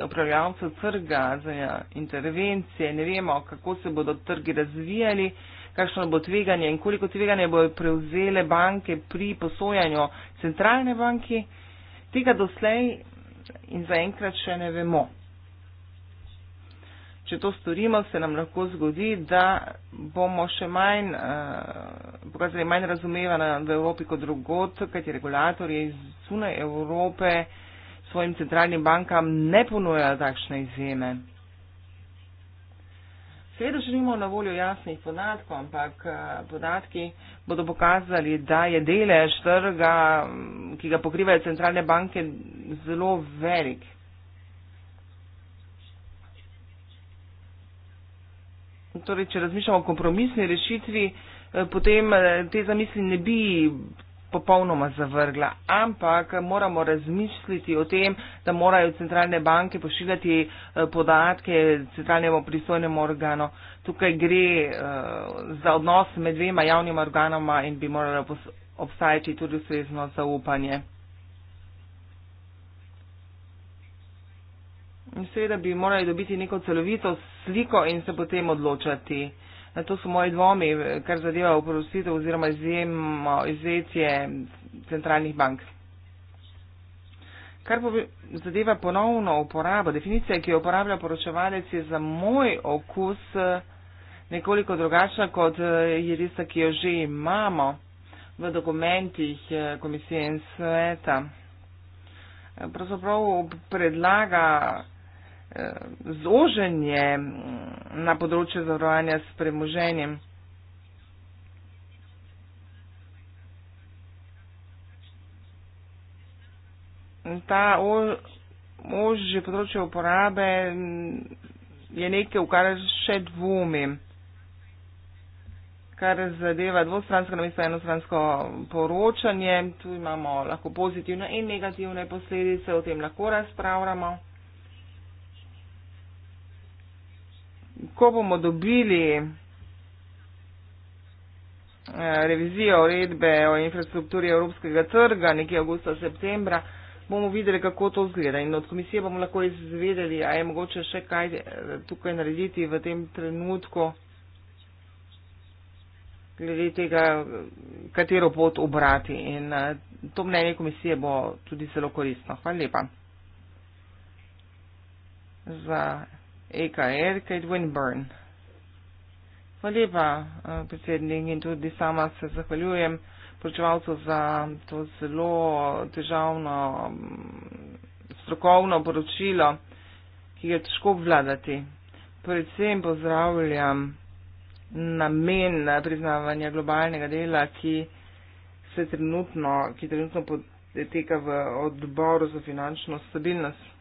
upravljavca trga za intervencije. Ne vemo, kako se bodo trgi razvijali, kakšno bo tveganje in koliko tveganja bo prevzele banke pri posojanju centralne banki. Tega doslej in zaenkrat še ne vemo če to storimo, se nam lahko zgodi, da bomo še manj, eh, pokazali manj razumevanja v Evropi kot drugot, kajti regulatorji iz sune Evrope svojim centralnim bankam ne ponujajo takšne izjeme. Seveda želimo na voljo jasnih podatkov, ampak eh, podatki bodo pokazali, da je delež trga, ki ga pokrivajo centralne banke, zelo velik. Torej, če razmišljamo o kompromisni rešitvi, eh, potem eh, te zamisli ne bi popolnoma zavrgla, ampak moramo razmišljati o tem, da morajo centralne banke pošiljati eh, podatke centralnemu pristojnemu organu. Tukaj gre za odnos med dvema javnima organoma in bi moralo obstajati tudi ustrezno zaupanje. In seveda bi morali dobiti neko celovito sliko in se potem odločati. Na to so moji dvomi, kar zadeva oprostitev oziroma izjemo izvecje centralnih bank. Kar bi, zadeva ponovno uporabo, definicija, ki jo uporablja poročevalec, je za moj okus nekoliko drugačna, kot je tista, ki jo že imamo v dokumentih komisije in sveta. Pravzaprav predlaga Eh, zoženje mm, na področju zavarovanja s premoženjem. Ta ožje področje uporabe mm, je nekaj, v kar še dvomim, kar zadeva dvostransko namesto enostransko poročanje. Tu imamo lahko pozitivne in negativne posledice, o tem lahko razpravljamo. ko bomo dobili eh, revizijo uredbe o infrastrukturi evropskega trga, nekje avgusta, septembra, bomo videli, kako to zgleda. In od komisije bomo lahko izvedeli, a je mogoče še kaj eh, tukaj narediti v tem trenutku, glede tega, katero pot obrati. In eh, to mnenje komisije bo tudi zelo koristno. Hvala lepa. 在。EKR, Kate Winburn. Hvala lepa, eh, predsednik, in tudi sama se zahvaljujem poročevalcu za to zelo težavno mm, strokovno poročilo, ki je težko obvladati. Predvsem pozdravljam namen priznavanja globalnega dela, ki se trenutno, ki trenutno poteka v odboru za finančno stabilnost.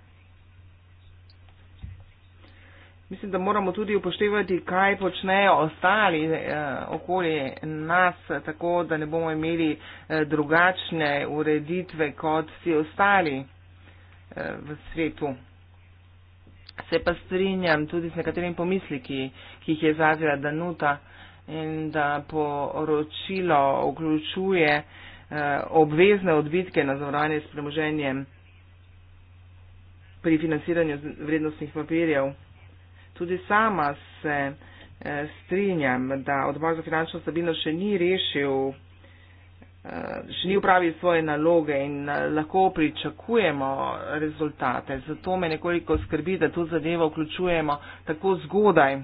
mislim, da moramo tudi upoštevati, kaj počnejo ostali eh, okoli nas, tako da ne bomo imeli eh, drugačne ureditve kot vsi ostali eh, v svetu. Se pa strinjam tudi z nekaterimi pomisliki, ki jih je zazila Danuta in da poročilo vključuje eh, obvezne odbitke na zavarovanje s premoženjem pri financiranju vrednostnih papirjev. Tudi sama se eh, strinjam, da odbor za finančno stabilnost še ni rešil, eh, še ni upravil svoje naloge in eh, lahko pričakujemo rezultate. Zato me nekoliko skrbi, da to zadevo vključujemo tako zgodaj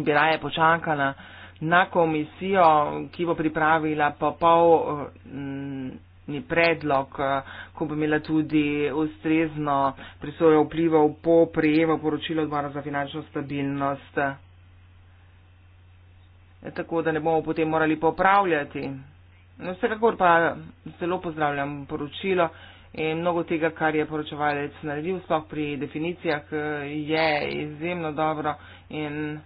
in bi raje počakala na komisijo, ki bo pripravila popol. Mm, ni predlog, eh, ko bo imela tudi ustrezno prisojo vplivov po prejemu poročila odbora za finančno stabilnost. Eh, tako da ne bomo potem morali popravljati. No, vsekakor pa zelo pozdravljam poročilo in mnogo tega, kar je poročevalec naredil, sploh pri definicijah, eh, je izjemno dobro in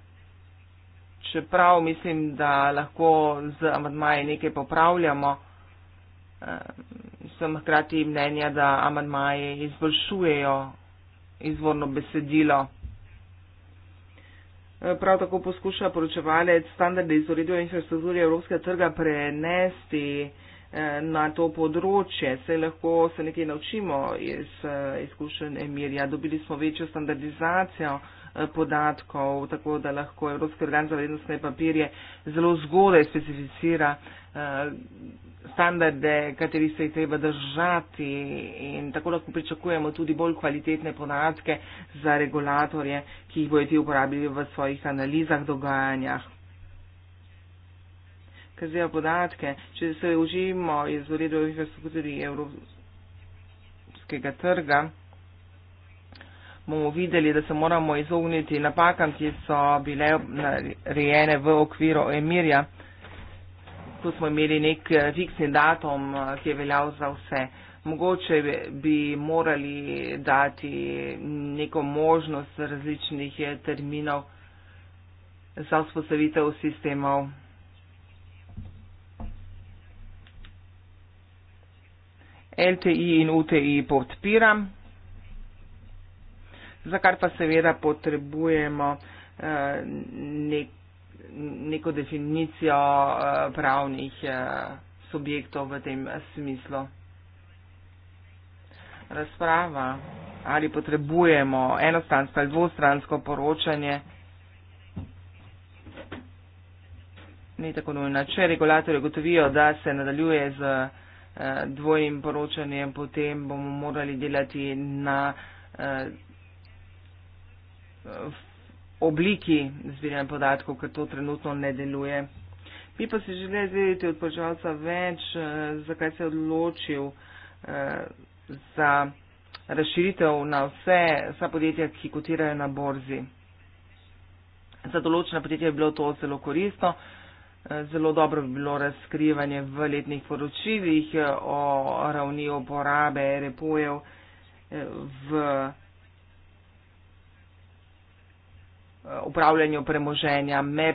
čeprav mislim, da lahko z amadmaji nekaj popravljamo sem hkrati mnenja, da amadmaje izboljšujejo izvorno besedilo. Prav tako poskuša poročevalec standarde iz uredbe o infrastrukturi evropskega trga prenesti eh, na to področje. Se lahko se nekaj naučimo iz eh, izkušenj Emirja. Dobili smo večjo standardizacijo eh, podatkov, tako da lahko Evropski organ za vrednostne papirje zelo zgodaj specificira standarde, kateri se je treba držati in tako lahko pričakujemo tudi bolj kvalitetne podatke za regulatorje, ki jih bojo ti uporabili v svojih analizah, dogajanjah. Ker zdaj podatke, če se užimo iz uredbe o infrastrukturi evropskega trga, bomo videli, da se moramo izogniti napakam, ki so bile narejene v okviru emirja tu smo imeli nek eh, fiksni datum, eh, ki je veljal za vse. Mogoče bi morali dati neko možnost različnih eh, terminov za vzpostavitev sistemov. LTI in UTI podpiram, za kar pa seveda potrebujemo nek neko definicijo eh, pravnih eh, subjektov v tem smislu. Razprava, ali potrebujemo enostransko ali dvostransko poročanje, ni tako nujno. Če regulatorji gotovijo, da se nadaljuje z eh, dvojnim poročanjem, potem bomo morali delati na obliki zbiranja podatkov, ker to trenutno ne deluje. Mi pa si želeli izvedeti od poslušalca več, eh, zakaj se je odločil eh, za razširitev na vse, vsa podjetja, ki kotirajo na borzi. Za določena podjetja je bilo to zelo koristno. Eh, zelo dobro bi bilo razkrivanje v letnih poročilih o ravni oporabe repojev v Eh, upravljanju premoženja. Me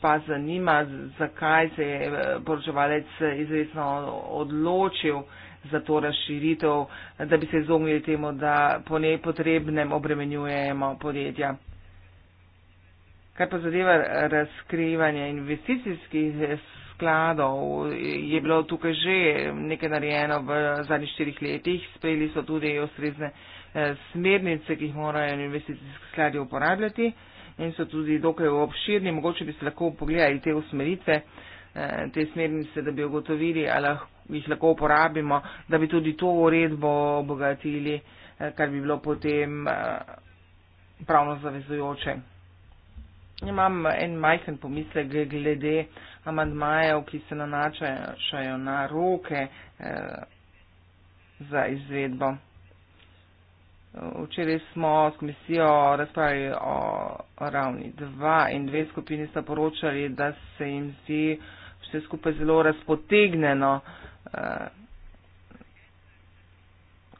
pa zanima, zakaj se je eh, poročevalec izredno odločil za to razširitev, da bi se izognili temu, da po nepotrebnem obremenjujemo podjetja. Kar pa zadeva razkrivanje investicijskih skladov, je bilo tukaj že nekaj narejeno v zadnjih štirih letih. Sprejeli so tudi ustrezne smernice, ki jih morajo investicijski skladi uporabljati in so tudi dokaj obširni. Mogoče bi se lahko pogledali te usmeritve, eh, te smernice, da bi ugotovili, ali jih lahko uporabimo, da bi tudi to uredbo obogatili, eh, kar bi bilo potem eh, pravno zavezujoče. Imam en majhen pomislek glede amandmajev, ki se nanačajo na roke eh, za izvedbo. Včeraj smo s komisijo razpravljali o ravni 2 in dve skupini sta poročali, da se jim zdi vse skupaj zelo razpotegneno, eh,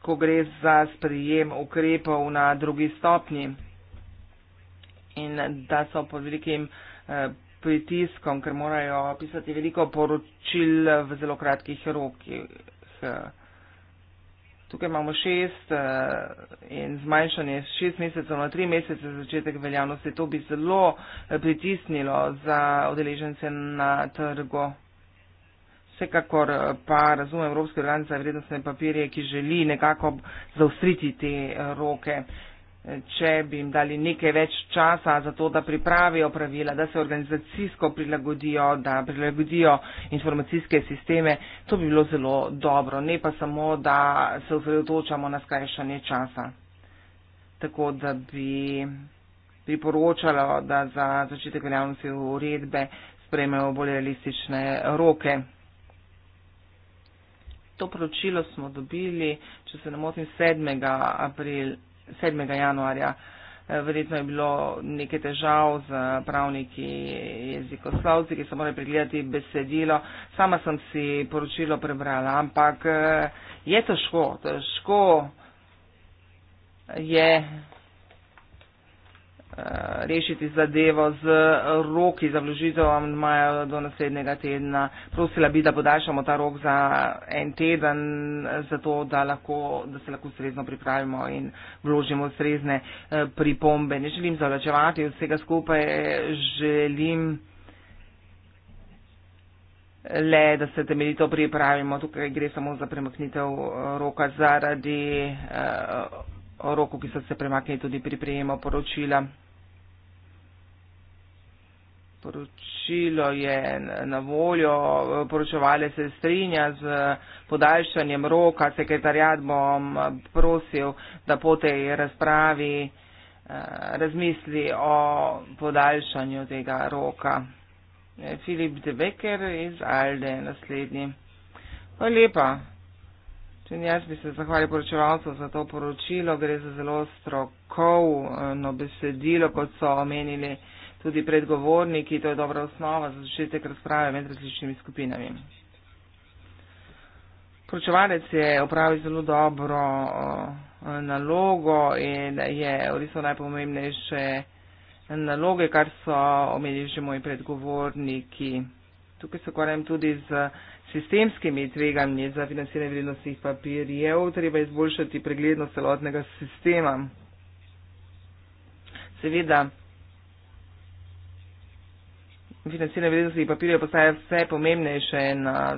ko gre za sprijem ukrepov na drugi stopni in da so pod velikim eh, pritiskom, ker morajo pisati veliko poročil v zelo kratkih rokih. Eh. Tukaj imamo šest eh, in zmanjšanje z šest mesecev na tri mesece za začetek veljavnosti. To bi zelo eh, pritisnilo za odeležence na trgu. Vsekakor eh, pa razume Evropske organizacije vrednostne papirje, ki želi nekako zaustriti te roke. Uh, če bi jim dali nekaj več časa za to, da pripravijo pravila, da se organizacijsko prilagodijo, da prilagodijo informacijske sisteme, to bi bilo zelo dobro, ne pa samo, da se osredotočamo na skrajšanje časa. Tako da bi priporočalo, da za začetek veljavnosti uredbe sprejmejo bolj realistične roke. To poročilo smo dobili, če se ne motim, 7. aprila. 7. januarja. Eh, verjetno je bilo nekaj težav z pravniki jezikoslavci, ki so morali pregledati besedilo. Sama sem si poročilo prebrala, ampak eh, je težko, težko je Eh, rešiti zadevo z roki za vložitev amandmaja do naslednjega tedna. Prosila bi, da podaljšamo ta rok za en teden, zato da, lahko, da se lahko ustrezno pripravimo in vložimo ustrezne eh, pripombe. Ne želim zavlačevati vsega skupaj, želim le, da se temeljito pripravimo. Tukaj gre samo za premaknitev eh, roka zaradi roku, ki so se premaknili tudi pri prejemu poročila poročilo je na voljo, poročevalec se strinja z podaljšanjem roka, sekretarjat bom prosil, da po tej razpravi eh, razmisli o podaljšanju tega roka. Filip De Becker iz Alde je naslednji. Pa lepa. Če ne jaz bi se zahvalil poročevalcu za to poročilo, gre za zelo strokovno besedilo, kot so omenili tudi predgovorniki, to je dobra osnova za začetek razprave med različnimi skupinami. Poročevalec je opravil zelo dobro eh, nalogo in je odisal najpomembnejše naloge, kar so omenili že moji predgovorniki. Tukaj se ukvarjam tudi z sistemskimi tveganji za financiranje vrednostnih papirjev. Treba izboljšati preglednost celotnega sistema. Seveda, finančne vrednosti papirja postaje vse pomembnejše na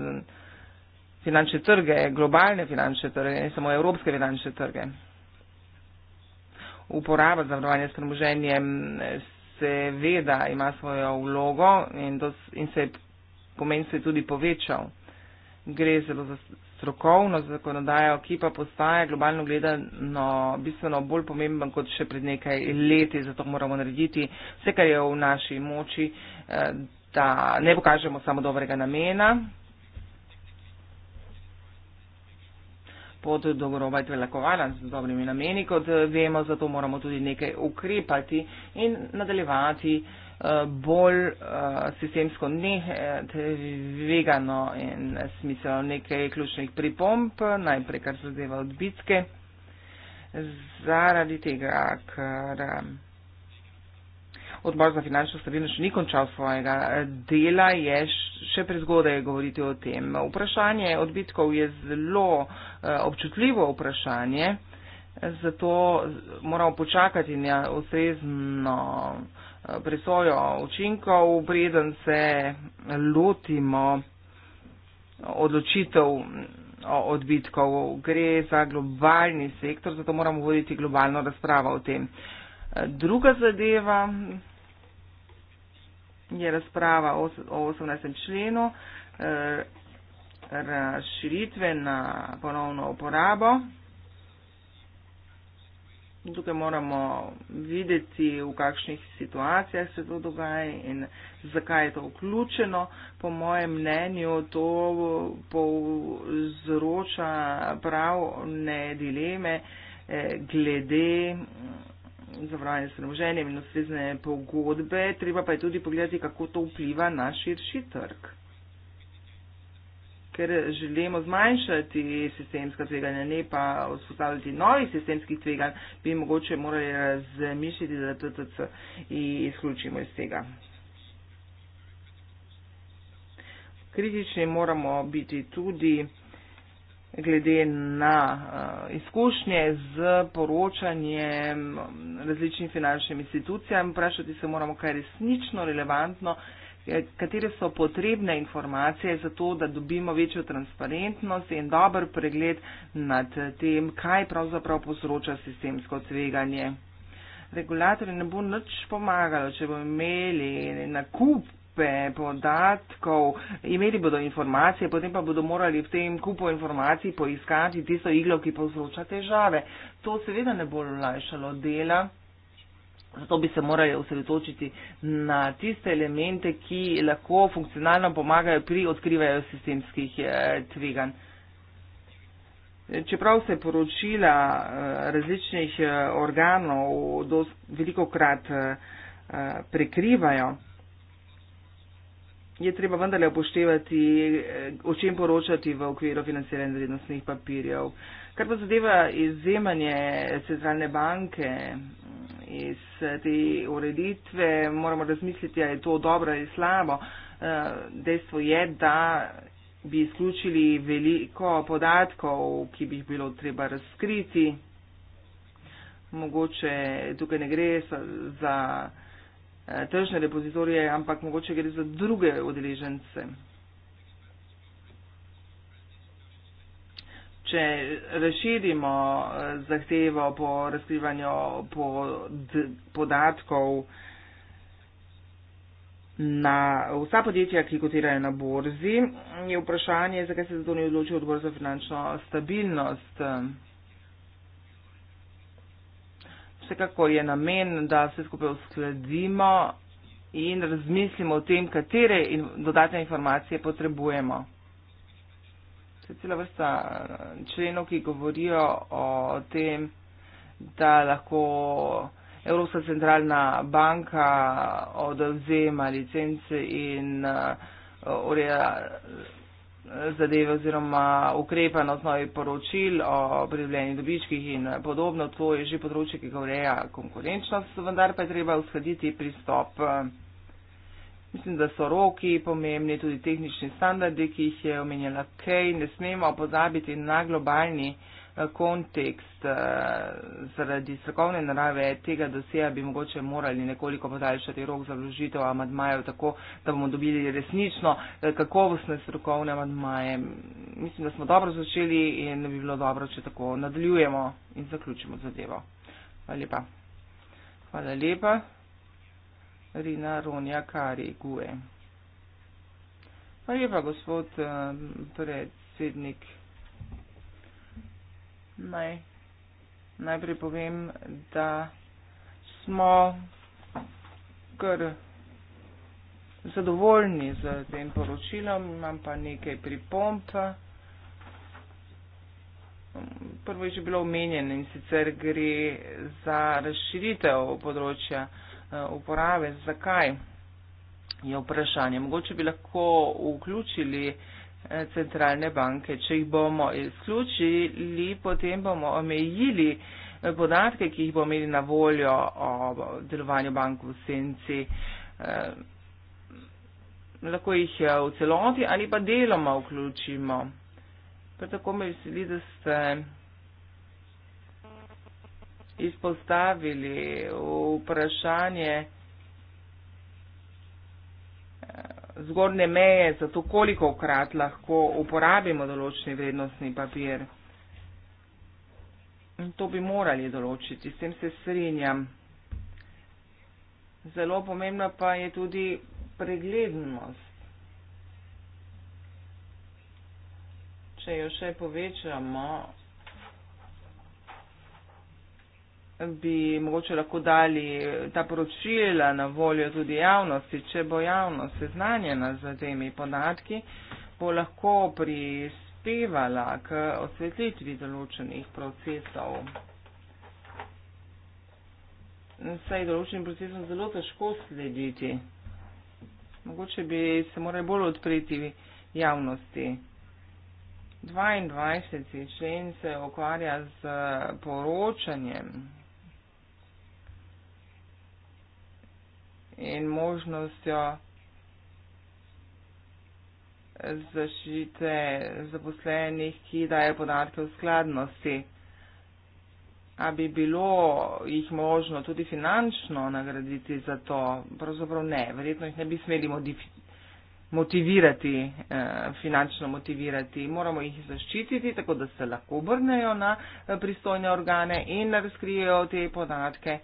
finančne trge, globalne finančne trge, ne samo evropske finančne trge. Uporaba zavarovanja s premoženjem seveda ima svojo vlogo in, dos, in se pomen se tudi povečal. Gre zelo za strokovno zakonodajo, ki pa postaja globalno gledano bistveno bolj pomemben kot še pred nekaj leti. Zato moramo narediti vse, kar je v naši moči, eh, da ne pokažemo samo dobrega namena. pod dogorovajte lakovala z dobrimi nameni, kot vemo, zato moramo tudi nekaj ukrepati in nadaljevati uh, Eh, bolj eh, sistemsko nevegano in smiselno nekaj ključnih pripomb, najprej kar zadeva odbitke, zaradi tega, ker eh, odbor za finančno stabilnost še ni končal svojega dela, je še prezgodaj govoriti o tem. Vprašanje odbitkov je zelo občutljivo vprašanje, zato moramo počakati na ustrezno presojo učinkov, preden se lotimo odločitev odbitkov. Gre za globalni sektor, zato moramo voditi globalno razpravo o tem. Druga zadeva je razprava o 18. členu eh, razširitve na ponovno uporabo tukaj moramo videti, v kakšnih situacijah se to dogaja in zakaj je to vključeno. Po mojem mnenju to povzroča prav ne dileme eh, glede mm, zavrajanja sremoženja in ustrezne pogodbe, treba pa je tudi pogledati, kako to vpliva na širši trg ker želimo zmanjšati sistemska tveganja, ne pa vzpostavljati novih sistemskih tveganj, bi mogoče morali razmišljati, da TTC izključimo iz tega. Kritični moramo biti tudi glede na eh, izkušnje z poročanjem različnim finančnim institucijam, vprašati se moramo, kaj je resnično relevantno, Eh, katere so potrebne informacije za to, da dobimo večjo transparentnost in dober pregled nad tem, kaj pravzaprav povzroča sistemsko tveganje. Regulatorji ne bo nič pomagalo, če bomo imeli nakup podatkov, imeli bodo informacije, potem pa bodo morali v tem kupu informacij poiskati tisto iglo, ki povzroča težave. To seveda ne bo lajšalo dela. Zato bi se morali osredotočiti na tiste elemente, ki lahko funkcionalno pomagajo pri odkrivanju sistemskih eh, tveganj. Čeprav se poročila eh, različnih eh, organov veliko krat prekrivajo, je treba vendarle upoštevati, o čem poročati v okviru financiranja vrednostnih papirjev. Kar pa zadeva izjemanje centralne banke iz eh, te ureditve, moramo razmisliti, ali je to dobro ali slabo. Eh, dejstvo je, da bi izključili veliko podatkov, ki bi jih bilo treba razkriti. Mogoče tukaj ne gre za eh, tržne repozitorije, ampak mogoče gre za druge odeležence. če razširimo eh, zahtevo po razkrivanju pod, podatkov na vsa podjetja, ki kotirajo na borzi, je vprašanje, zakaj se zato ni odločil odbor za finančno stabilnost. Vsekakor je namen, da vse skupaj uskladimo in razmislimo o tem, katere in dodatne informacije potrebujemo je cela vrsta eh, členov, ki govorijo o tem, da lahko Evropska centralna banka odvzema licence in eh, ureja eh, zadeve oziroma ukrepa na osnovi poročil o pridobljenih dobičkih in podobno. To je že področje, ki ga ureja konkurenčnost, vendar pa je treba uskladiti pristop. Mislim, da so roki pomembni, tudi tehnični standardi, ki jih je omenjala Kej. Ne smemo pozabiti na globalni eh, kontekst. Eh, zaradi strokovne narave tega doseja bi mogoče morali nekoliko podaljšati rok za vložitev amadmajev, tako da bomo dobili resnično eh, kakovostne strokovne amadmaje. Mislim, da smo dobro začeli in bi bilo dobro, če tako nadaljujemo in zaključimo zadevo. Hvala lepa. Hvala lepa. Rina Ronja Kari Gue. Ali je pa gospod uh, predsednik? Naj, najprej povem, da smo kar zadovoljni z tem poročilom, imam pa nekaj pripomp. Prvo je že bilo omenjeno in sicer gre za razširitev področja Eh, uporabe, zakaj je vprašanje. Mogoče bi lahko vključili eh, centralne banke. Če jih bomo izključili, potem bomo omejili eh, podatke, ki jih bomo imeli na voljo o delovanju bank v senci. Lahko jih v celoti ali pa deloma vključimo. Pa tako me veseli, da ste izpostavili vprašanje eh, zgornje meje za to, koliko krat lahko uporabimo določni vrednostni papir. In to bi morali določiti, s tem se strinjam. Zelo pomembna pa je tudi preglednost. Če jo še povečamo, bi mogoče lahko dali ta poročila na voljo tudi javnosti. Če bo javnost seznanjena z temi podatki, bo lahko prispevala k osvetlitvi določenih procesov. Saj določenim procesom zelo težko slediti. Mogoče bi se morali bolj odpreti javnosti. 22. člen se ukvarja z poročanjem in možnostjo zaščite zaposlenih, ki daje podatke v skladnosti. A bi bilo jih možno tudi finančno nagraditi za to? Pravzaprav ne. Verjetno jih ne bi smeli motivirati, eh, finančno motivirati. Moramo jih zaščititi, tako da se lahko obrnejo na eh, pristojne organe in razkrijejo te podatke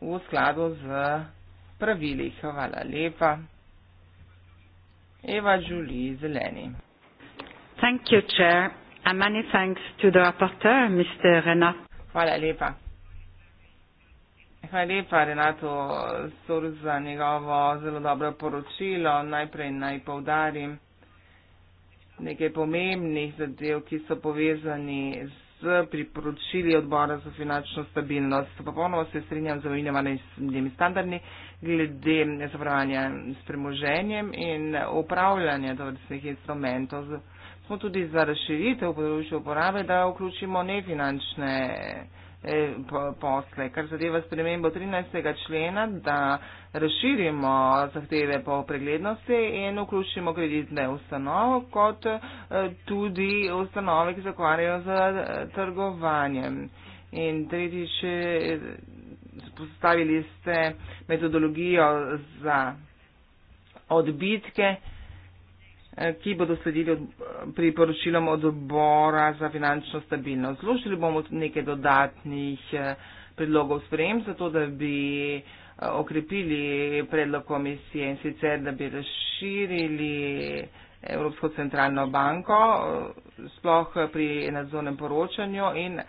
v skladu z pravili. Hvala lepa. Eva Žuli, zeleni. Thank you, chair. And many thanks to the rapporteur, Mr. Renat. Hvala lepa. Hvala lepa, Renato Sor, za njegovo zelo dobro poročilo. Najprej naj povdarim nekaj pomembnih zadev, ki so povezani z s priporočili odbora za finančno stabilnost. Popolnoma se strinjam z omenjenimi standardi glede zavarovanja s premoženjem in upravljanja dovrstnih instrumentov. Smo tudi za razširitev področja uporabe, da vključimo nefinančne E, posle. Kar zadeva spremembo 13. člena, da razširimo zahteve po preglednosti in vključimo kreditne ustanove, kot e, tudi ustanove, ki se ukvarjajo z e, trgovanjem. In tretjič, postavili ste metodologijo za odbitke. Eh, ki bodo sledili priporočilom odbora za finančno stabilnost. Zložili bomo nekaj dodatnih eh, predlogov sprejem, zato da bi eh, okrepili predlog komisije in sicer, da bi razširili Evropsko centralno banko, sploh pri nadzornem poročanju in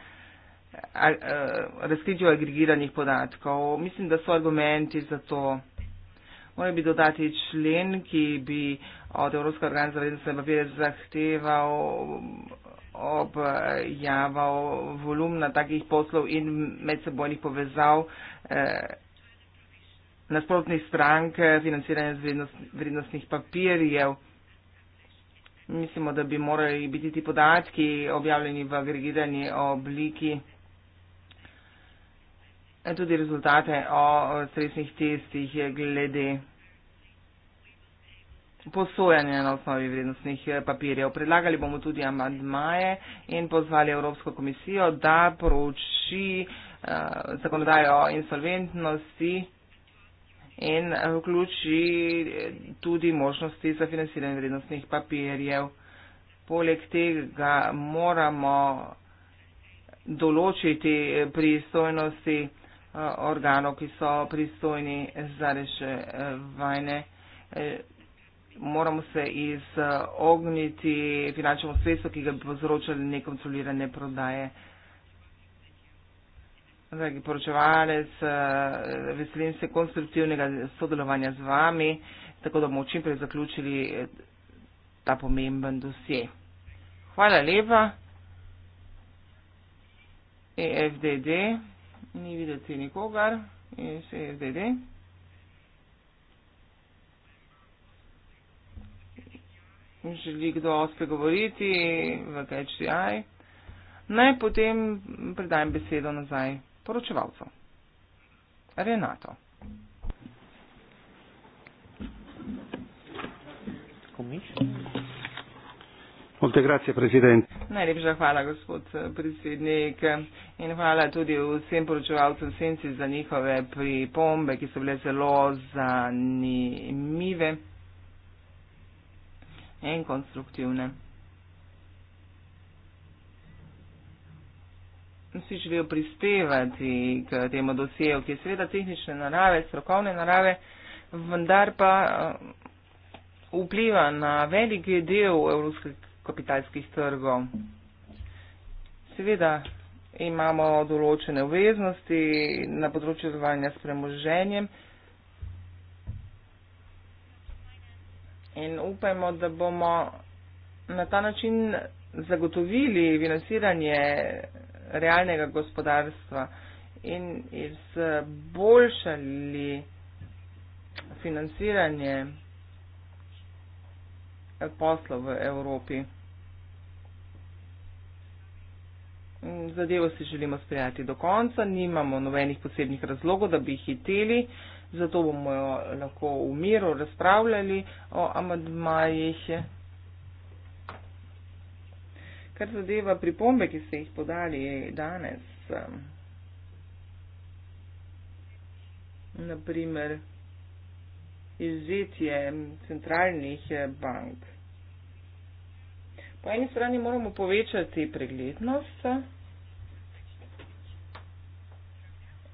razkritju agregiranih podatkov. Mislim, da so argumenti za to. Moje bi dodati člen, ki bi uh, od Evropske organizacije za mafije zahteval objavo volumna takih poslov in medsebojnih povezav eh, nasprotnih strank financiranja vrednost, vrednostnih papirjev. Mislimo, da bi morali biti ti podatki objavljeni v agregirani obliki. E, tudi rezultate o stresnih testih glede posojanje na osnovi vrednostnih eh, papirjev. Predlagali bomo tudi amadmaje in pozvali Evropsko komisijo, da poroči eh, zakonodajo o insolventnosti in eh, vključi eh, tudi možnosti za financiranje vrednostnih papirjev. Poleg tega moramo določiti pristojnosti organov, ki so pristojni za reševanje moramo se izogniti finančnemu sredstvu, ki ga bi povzročali nekontrolirane prodaje. Dragi poročevalec, veselim se konstruktivnega sodelovanja z vami, tako da bomo čimprej zaključili ta pomemben dosje. Hvala lepa. EFDD, ni videti nikogar. EFDD. želi kdo spregovoriti v GHDI, naj potem predajem besedo nazaj poročevalcu. Renato. Najlepša hvala, gospod predsednik, in hvala tudi vsem poročevalcem senci za njihove pripombe, ki so bile zelo zanimive en konstruktivne. Vsi želijo prispevati k temu dosijeju, ki je seveda tehnične narave, strokovne narave, vendar pa eh, vpliva na velik del evropskih kapitalskih trgov. Seveda imamo določene obveznosti na področju zvanja s premoženjem. in upajmo, da bomo na ta način zagotovili financiranje realnega gospodarstva in izboljšali financiranje poslov v Evropi. Zadevo si želimo sprejati do konca, nimamo nobenih posebnih razlogov, da bi hiteli. Uh, zato bomo jo lahko v miru razpravljali o amadmajih. Kar zadeva pripombe, ki ste jih podali danes, ehm, naprimer izvzetje centralnih eh, bank. Po eni strani moramo povečati preglednost,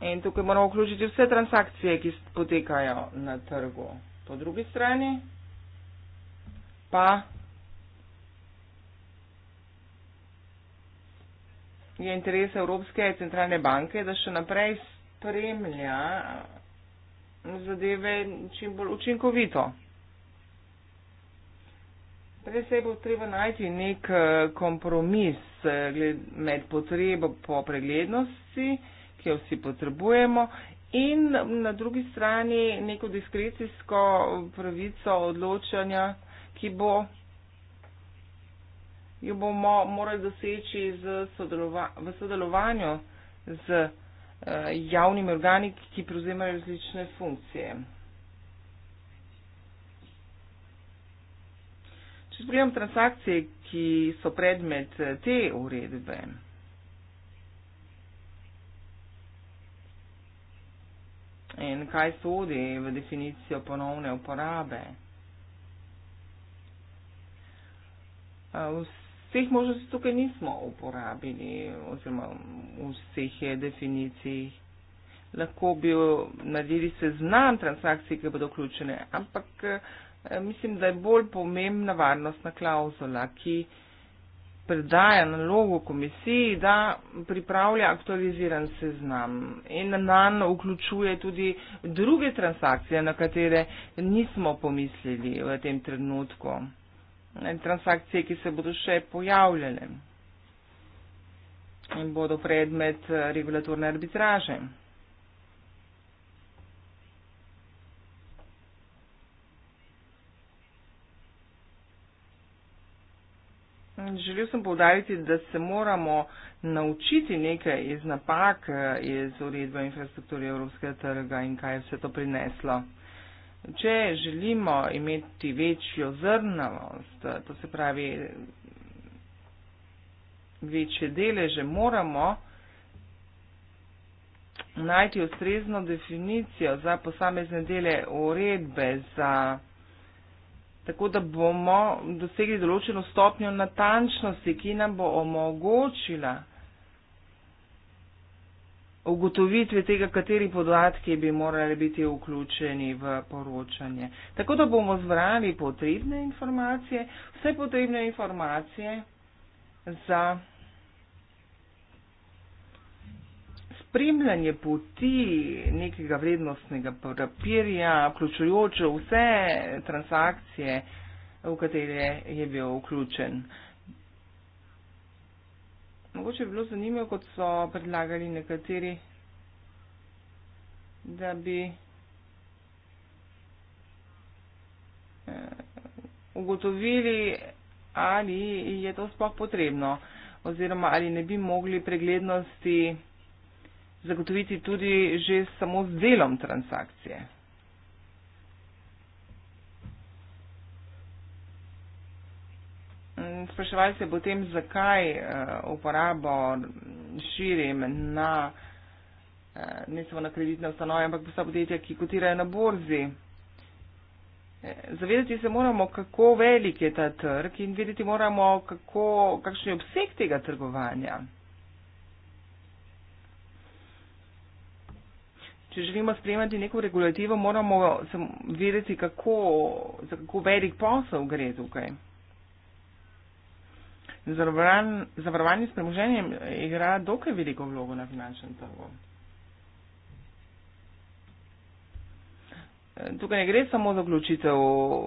In tukaj moramo vključiti vse transakcije, ki potekajo na trgu. Po drugi strani pa je interes Evropske centralne banke, da še naprej spremlja zadeve čim bolj učinkovito. Prej se bo treba najti nek eh, kompromis eh, med potrebo po preglednosti podatke vsi potrebujemo in na drugi strani neko diskrecijsko pravico odločanja, ki bo jo bomo morali doseči z sodelova, v sodelovanju z eh, javnimi organi, ki prevzemajo različne funkcije. Če spremljam transakcije, ki so predmet te uredbe, In kaj sodi v definicijo ponovne uporabe? Vseh možnosti tukaj nismo uporabili, oziroma vseh je definicij. Lahko bi naredili seznam transakcij, ki bodo vključene, ampak eh, mislim, da je bolj pomembna varnostna klauzula, ki predaja nalogo komisiji, da pripravlja aktualiziran seznam in na nan vključuje tudi druge transakcije, na katere nismo pomislili v tem trenutku. Transakcije, ki se bodo še pojavljale in bodo predmet regulatorne arbitraže. želel sem povdariti, da se moramo naučiti nekaj iz napak eh, iz uredbe infrastrukture Evropskega trga in kaj je vse to prineslo. Če želimo imeti večjo zrnavost, eh, to se pravi večje deleže, moramo najti ustrezno definicijo za posamezne dele uredbe, za tako da bomo dosegli določeno stopnjo natančnosti, ki nam bo omogočila ugotovitve tega, kateri podatki bi morali biti vključeni v poročanje. Tako da bomo zbrali potrebne informacije, vse potrebne informacije za. spremljanje poti nekega vrednostnega papirja, vključujoče vse transakcije, v katere je bil vključen. Mogoče bi bilo zanimivo, kot so predlagali nekateri, da bi eh, ugotovili, ali je to sploh potrebno oziroma ali ne bi mogli preglednosti zagotoviti tudi že samo z delom transakcije. Mm, Spraševali se potem, zakaj eh, uporabo širim na eh, ne samo na kreditne ustanove, ampak vsa podjetja, ki kotirajo na borzi. Eh, Zavedati se moramo, kako velik je ta trg in vedeti moramo, kako, kakšen je obseg tega trgovanja. če želimo spremati neko regulativo, moramo vedeti, kako, za kako velik posel gre tukaj. Zavarovan, zavarovanje s premoženjem igra dokaj veliko vlogo na finančnem trgu. Tukaj ne gre samo za vključitev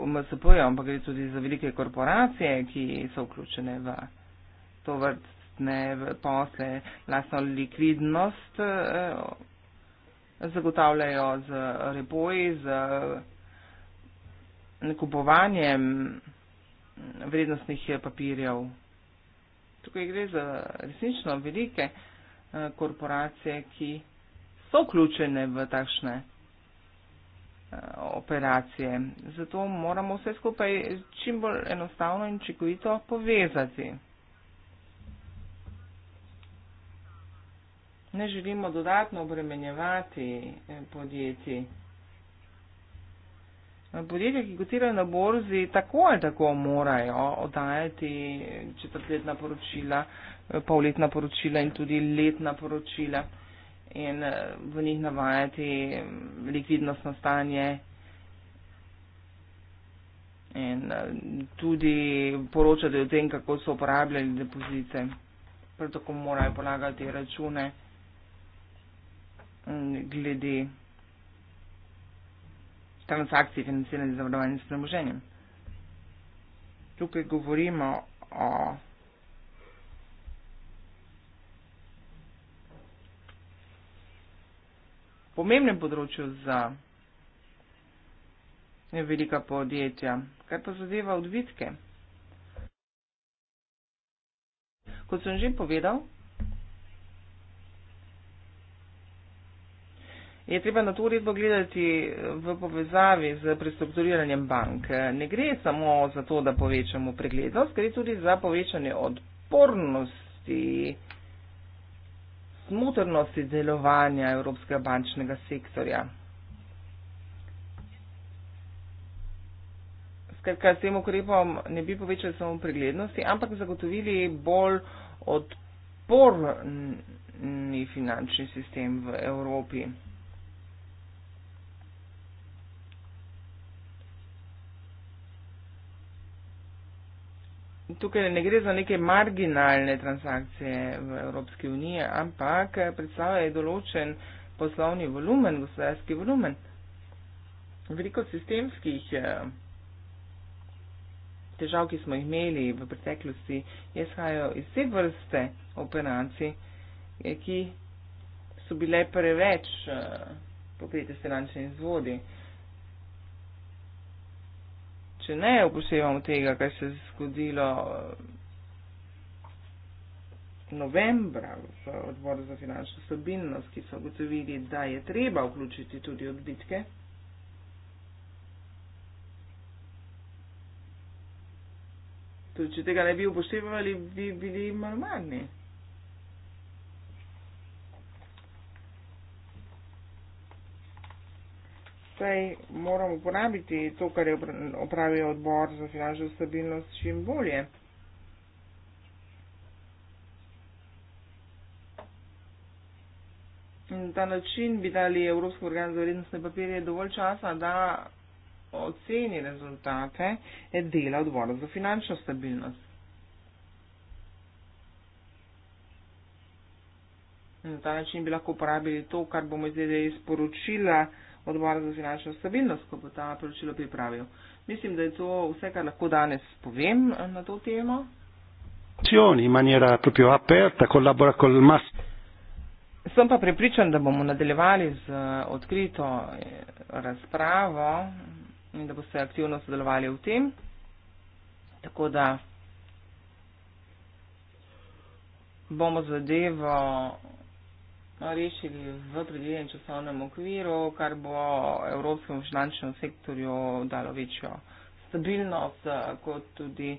MSP, ampak gre tudi za velike korporacije, ki so vključene v to vrstne posle, lastno likvidnost. Eh, zagotavljajo z reboji, z nakupovanjem vrednostnih papirjev. Tukaj gre za resnično velike eh, korporacije, ki so vključene v takšne eh, operacije. Zato moramo vse skupaj čim bolj enostavno in čekovito povezati. ne želimo dodatno obremenjevati eh, podjetij. Podjetja, ki kotirajo na borzi, tako ali tako morajo oddajati četrtletna poročila, eh, polletna poročila in tudi letna poročila in eh, v njih navajati mm, likvidnostno stanje in tudi poročati o tem, kako so uporabljali depozite. Prav tako morajo polagati račune. Mm, glede transakcij financiranih zavarovanj s premoženjem. Tukaj govorimo o pomembnem področju za velika podjetja. Kaj pa zadeva odvitke? Kot sem že povedal, je treba na to uredbo gledati eh, v povezavi z prestrukturiranjem bank. Eh, ne gre samo za to, da povečamo preglednost, gre tudi za povečanje odpornosti, smutrnosti delovanja Evropskega bančnega sektorja. Skratka, s tem ukrepom ne bi povečali samo preglednosti, ampak zagotovili bolj odporni finančni sistem v Evropi. tukaj ne gre za neke marginalne transakcije v Evropski uniji, ampak predstavlja je določen poslovni volumen, gospodarski volumen. Veliko sistemskih eh, težav, ki smo jih imeli v preteklosti, je shajalo iz te vrste operacij, eh, ki so bile preveč, eh, pokrite, finančni izvodi se ne upoštevamo tega, kar se je zgodilo eh, novembra v odboru za finančno stabilnost, ki so ugotovili, da je treba vključiti tudi odbitke. Tudi če tega ne bi upoštevali, bi bili malmarni. Mal zdaj moram uporabiti to, kar je opravil odbor za finančno stabilnost, čim bolje. Na ta način bi dali Evropski organ za vrednostne papirje dovolj časa, da oceni rezultate dela odbora za finančno stabilnost. Na ta način bi lahko uporabili to, kar bomo izvedeli iz e poročila odbor za finančno stabilnost, ko bo ta poročilo pripravil. Mislim, da je to vse, kar lahko danes povem eh, na to temo. Sem pa prepričan, da bomo nadaljevali z eh, odkrito eh, razpravo in da boste aktivno sodelovali v tem. Tako da bomo zadevo rešili v predvidenem časovnem okviru, kar bo evropskemu finančnemu sektorju dalo večjo stabilnost, kot tudi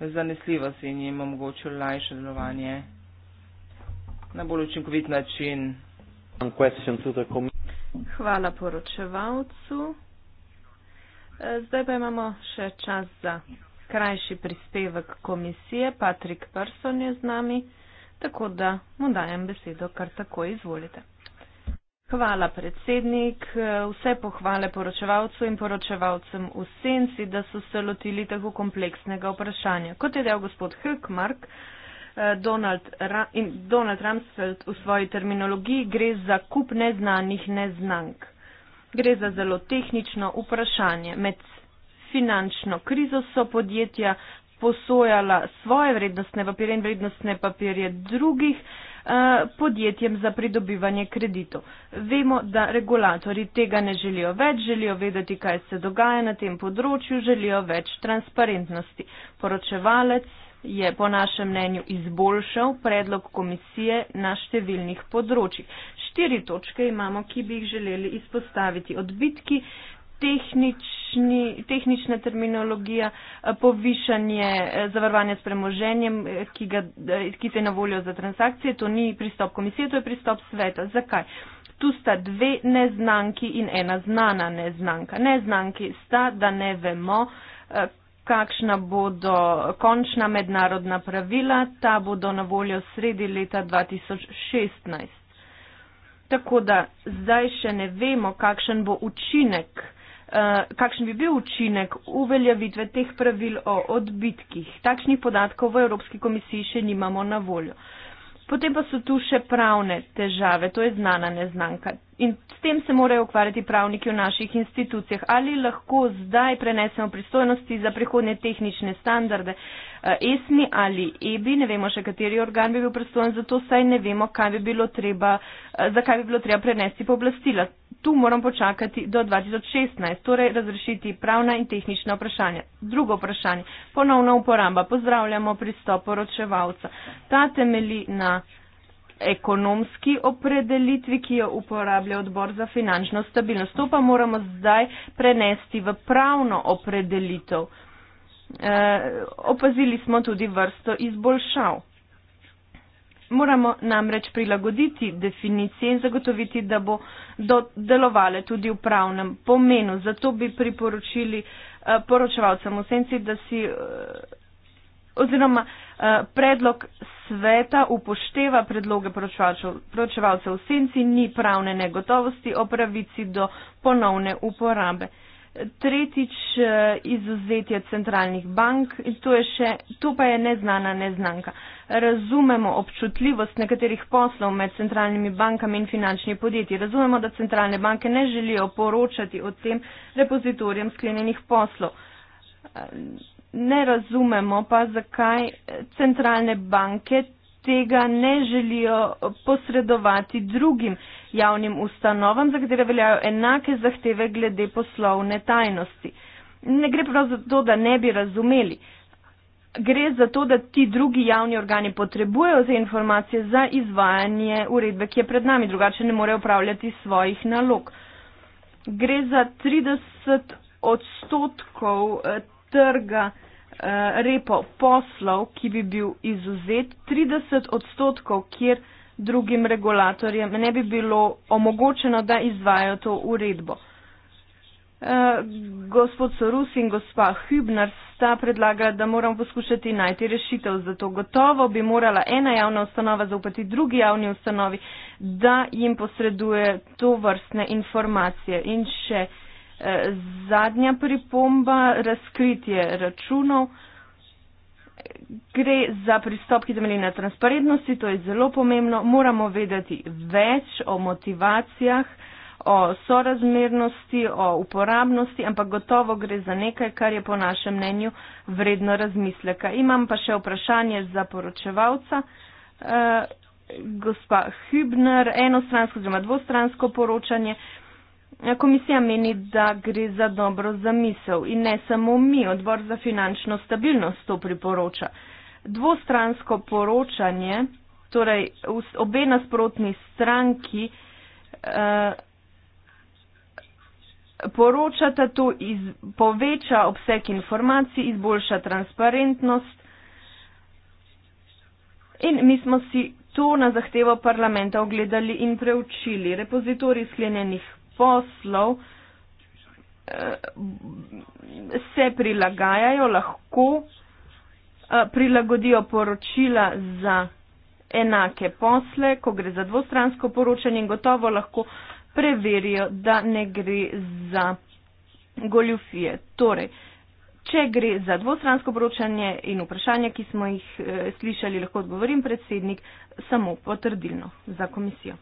zanesljivost in jim omogočilo lajše delovanje na bolj učinkovit način. Hvala poročevalcu. Zdaj pa imamo še čas za krajši prispevek komisije. Patrik Prson je z nami tako da mu dajem besedo kar tako izvolite. Hvala predsednik, vse pohvale poročevalcu in poročevalcem v senci, da so se lotili tako kompleksnega vprašanja. Kot je dejal gospod Hökmark, eh, Donald, in Donald Rumsfeld v svoji terminologiji gre za kup neznanih neznank. Gre za zelo tehnično vprašanje. Med finančno krizo so podjetja posojala svoje vrednostne papirje in vrednostne papirje drugih eh, podjetjem za pridobivanje kreditov. Vemo, da regulatori tega ne želijo več, želijo vedeti, kaj se dogaja na tem področju, želijo več transparentnosti. Poročevalec je po našem mnenju izboljšal predlog komisije na številnih področjih. Štiri točke imamo, ki bi jih želeli izpostaviti. Odbitki, tehnični tehnični, tehnična terminologija, eh, povišanje eh, zavarovanja s premoženjem, eh, ki, ga, ki te je na voljo za transakcije. To ni pristop komisije, to je pristop sveta. Zakaj? Tu sta dve neznanki in ena znana neznanka. Neznanki sta, da ne vemo, kakšna bodo končna mednarodna pravila. Ta bodo na voljo sredi leta 2016. Tako da zdaj še ne vemo, kakšen bo učinek. Eh, kakšen bi bil učinek uveljavitve teh pravil o odbitkih. Takšnih podatkov v Evropski komisiji še nimamo na voljo. Potem pa so tu še pravne težave, to je znana neznanka. In s tem se morajo ukvarjati pravniki v naših institucijah. Ali lahko zdaj prenesemo pristojnosti za prihodne tehnične standarde eh, ESMI ali EBI, ne vemo še kateri organ bi bil pristojen za to, saj ne vemo, kaj bi bilo treba, eh, zakaj bi bilo treba prenesti pooblastila. Tu moram počakati do 2016, torej razrešiti pravna in tehnična vprašanja. Drugo vprašanje, ponovna uporaba, pozdravljamo pristop poročevalca. Ta temeli na ekonomski opredelitvi, ki jo uporablja odbor za finančno stabilnost. To pa moramo zdaj prenesti v pravno opredelitev. E, opazili smo tudi vrsto izboljšav. Moramo namreč prilagoditi definicije in zagotoviti, da bo do, delovale tudi v pravnem pomenu. Zato bi priporočili eh, poročevalcem v senci, da si eh, oziroma eh, Eh, predlog sveta upošteva predloge poročevalcev v senci, ni pravne negotovosti o pravici do ponovne uporabe. Eh, tretjič, eh, izuzetje centralnih bank, to, je še, to pa je neznana neznanka. Razumemo občutljivost nekaterih poslov med centralnimi bankami in finančnimi podjetji. Razumemo, da centralne banke ne želijo poročati o tem repozitorijem sklenjenih poslov ne razumemo pa, zakaj centralne banke tega ne želijo posredovati drugim javnim ustanovam, za katere veljajo enake zahteve glede poslovne tajnosti. Ne gre prav za to, da ne bi razumeli. Gre za to, da ti drugi javni organi potrebujejo te informacije za izvajanje uredbe, ki je pred nami, drugače ne morejo upravljati svojih nalog. Gre za 30 odstotkov eh, trga eh, repo poslov, ki bi bil izuzet, 30 odstotkov, kjer drugim regulatorjem ne bi bilo omogočeno, da izvajo to uredbo. Eh, gospod Sorus in gospa Hübner sta predlagala, da moramo poskušati najti rešitev za to. Gotovo bi morala ena javna ustanova zaupati drugi javni ustanovi, da jim posreduje to vrstne informacije. In še eh, Zadnja pripomba, razkritje računov. Gre za pristop, ki temelji na transparentnosti, to je zelo pomembno. Moramo vedeti več o motivacijah, o sorazmernosti, o uporabnosti, ampak gotovo gre za nekaj, kar je po našem mnenju vredno razmisleka. Imam pa še vprašanje za poročevalca. Eh, gospa Hübner, enostransko oziroma dvostransko poročanje, Komisija meni, da gre za dobro zamisel in ne samo mi, odbor za finančno stabilnost to priporoča. Dvostransko poročanje, torej obe nasprotni stranki eh, poročata to, iz, poveča obseg informacij, izboljša transparentnost in mi smo si. To na zahtevo parlamenta ogledali in preučili. Repozitori sklenjenih poslov eh, se prilagajajo, lahko eh, prilagodijo poročila za enake posle, ko gre za dvostransko poročanje in gotovo lahko preverijo, da ne gre za goljufije. Torej, če gre za dvostransko poročanje in vprašanja, ki smo jih eh, slišali, lahko odgovorim predsednik samo potrdilno za komisijo.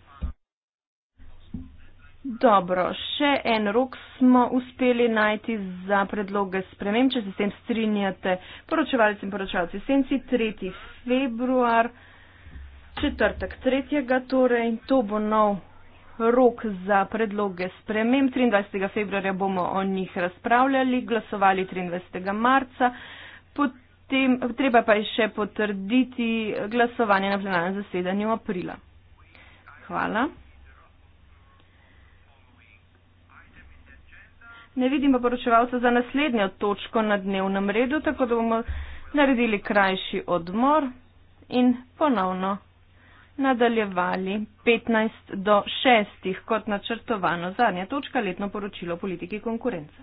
Dobro, še en rok smo uspeli najti za predloge sprememb, če se s tem strinjate. Poročevalci in poročevalci senci, 3. februar, četrtek 3. torej, to bo nov rok za predloge sprememb. 23. februarja bomo o njih razpravljali, glasovali 23. marca. Potem, treba pa je še potrditi glasovanje na plenarnem zasedanju aprila. Hvala. ne vidim pa poročevalca za naslednjo točko na dnevnem redu, tako da bomo naredili krajši odmor in ponovno nadaljevali 15 do 6, kot načrtovano zadnja točka, letno poročilo politiki konkurence.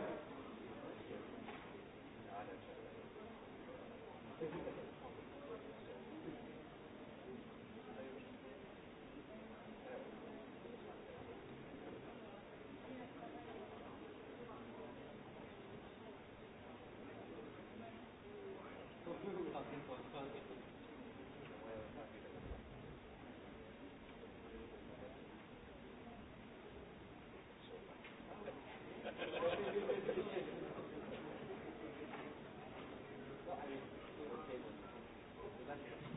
Gracias.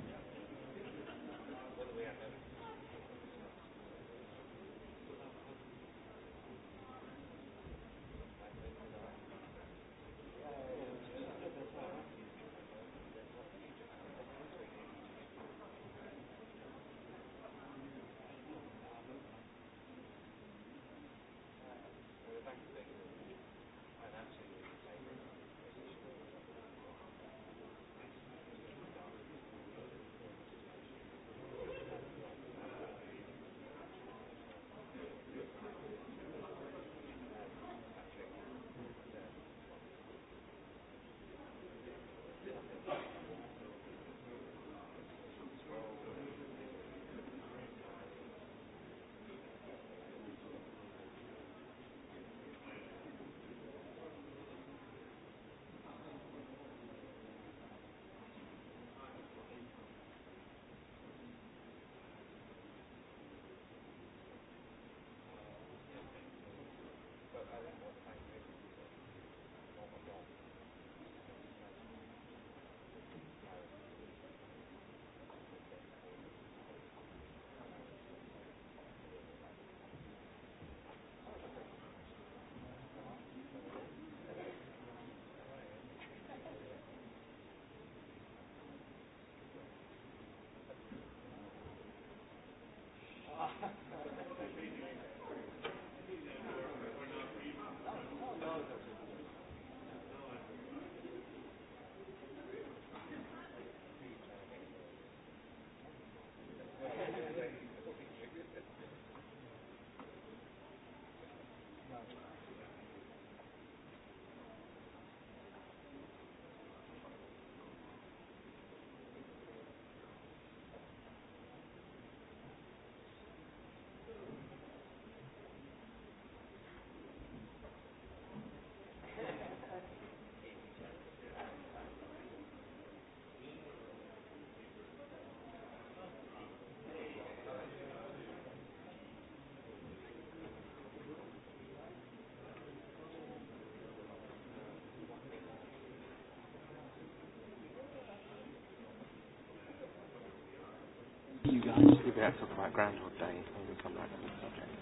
guys, if we have to talk about Groundhog Day, when we come back on this subject. Okay,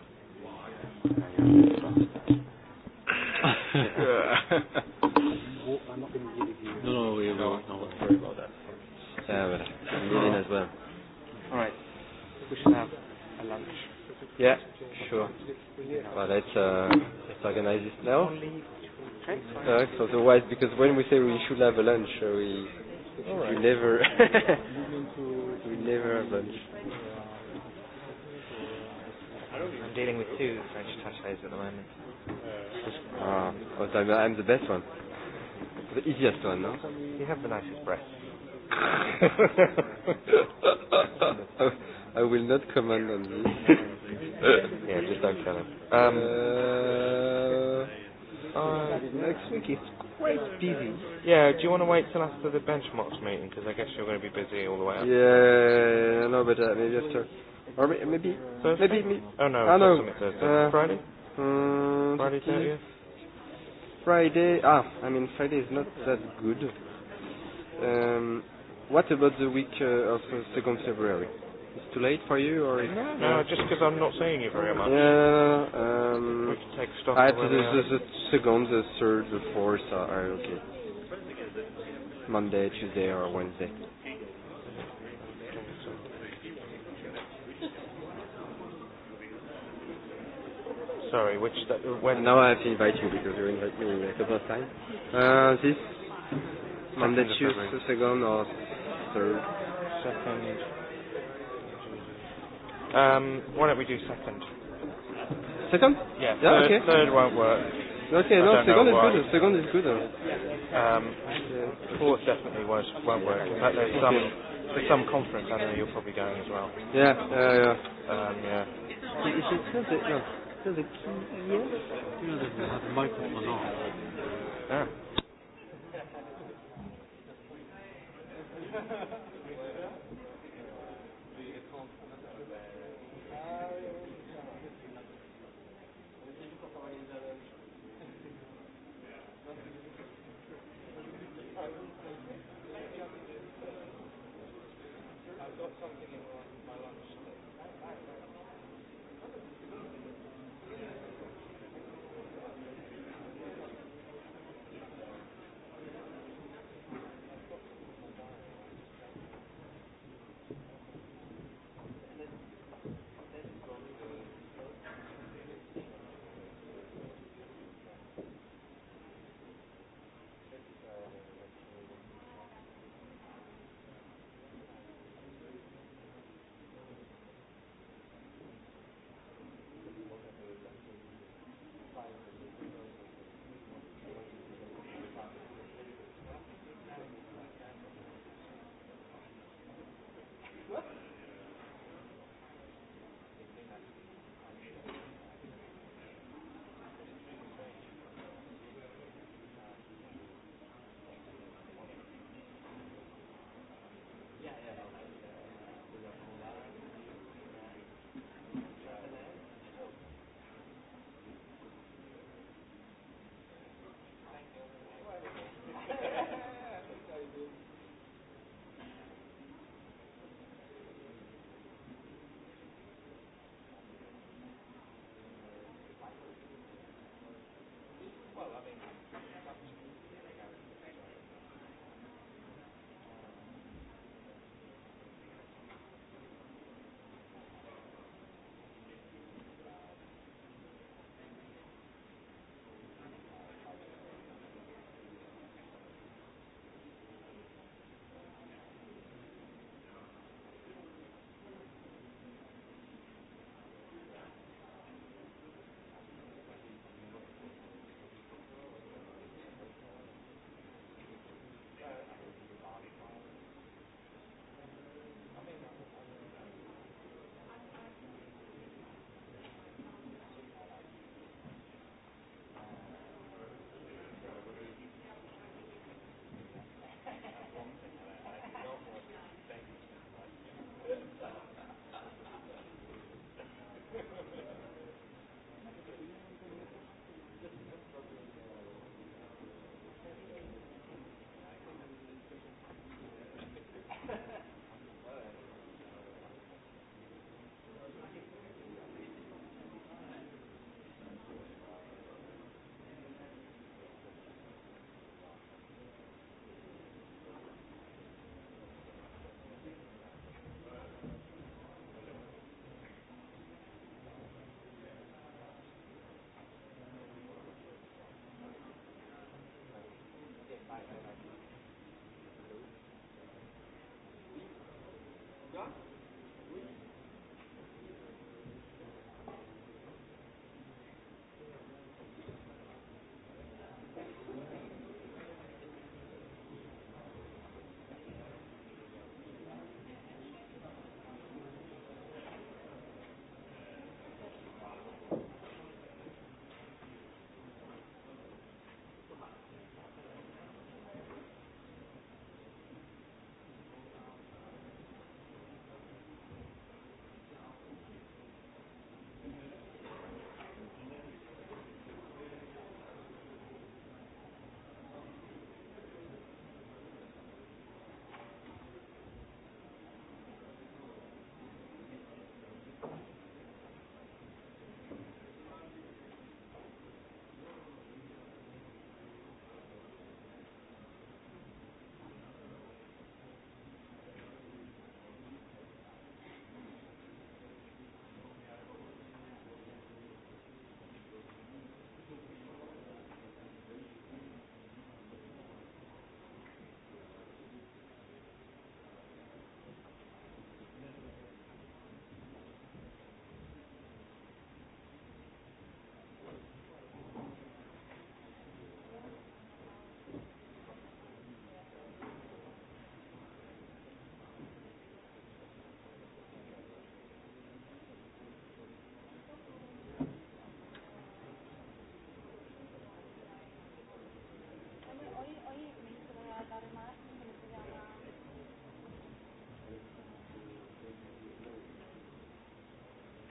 I'm not going to give you. No, no, we will. Don't no, no, worry about that. Yeah, but I'm leaving as well. Alright, we should have a lunch. Yeah, sure. But let's, uh, let's organize this now. Okay, so, otherwise, uh, because when we say we should have a lunch, uh, we right. we never we never lunch. I'm dealing with two French attaches at the moment. Ah, uh, I'm the best one. The easiest one, no? You have the nicest breath. I will not comment on this. yeah, just don't tell him. Um, uh, Uh, next week is quite busy. Yeah, do you want to wait till after the benchmarks meeting? Because I guess you're going to be busy all the way up. Yeah, no, but uh, maybe after. Or maybe. Maybe. Thursday? maybe me- oh, no. Ah, no. Thursday. Uh, Friday? Um, Friday, Thursday? Friday. Ah, I mean, Friday is not that good. Um, what about the week uh, of 2nd uh, February? It's too late for you, or no? No, just because I'm not seeing you very much. Yeah. Um, we can take stock. I have the second, the third, the fourth are, are okay. Monday, Tuesday, or Wednesday. Sorry, which st- when? Now I have to invite you because you invited me a couple of times. Uh, this second Monday, Tuesday, second or third? Second. Um, why don't we do second? Second? Yeah. yeah third, okay. Third won't work. Okay, no, second is why. good. Second is good. Um, yeah. Fourth definitely won't, won't work. In fact, there's okay. some there's some conference I know you're probably going as well. Yeah, yeah, uh, yeah. Um, yeah. Is it the no, the key? Yeah. No, the microphone on. Yeah.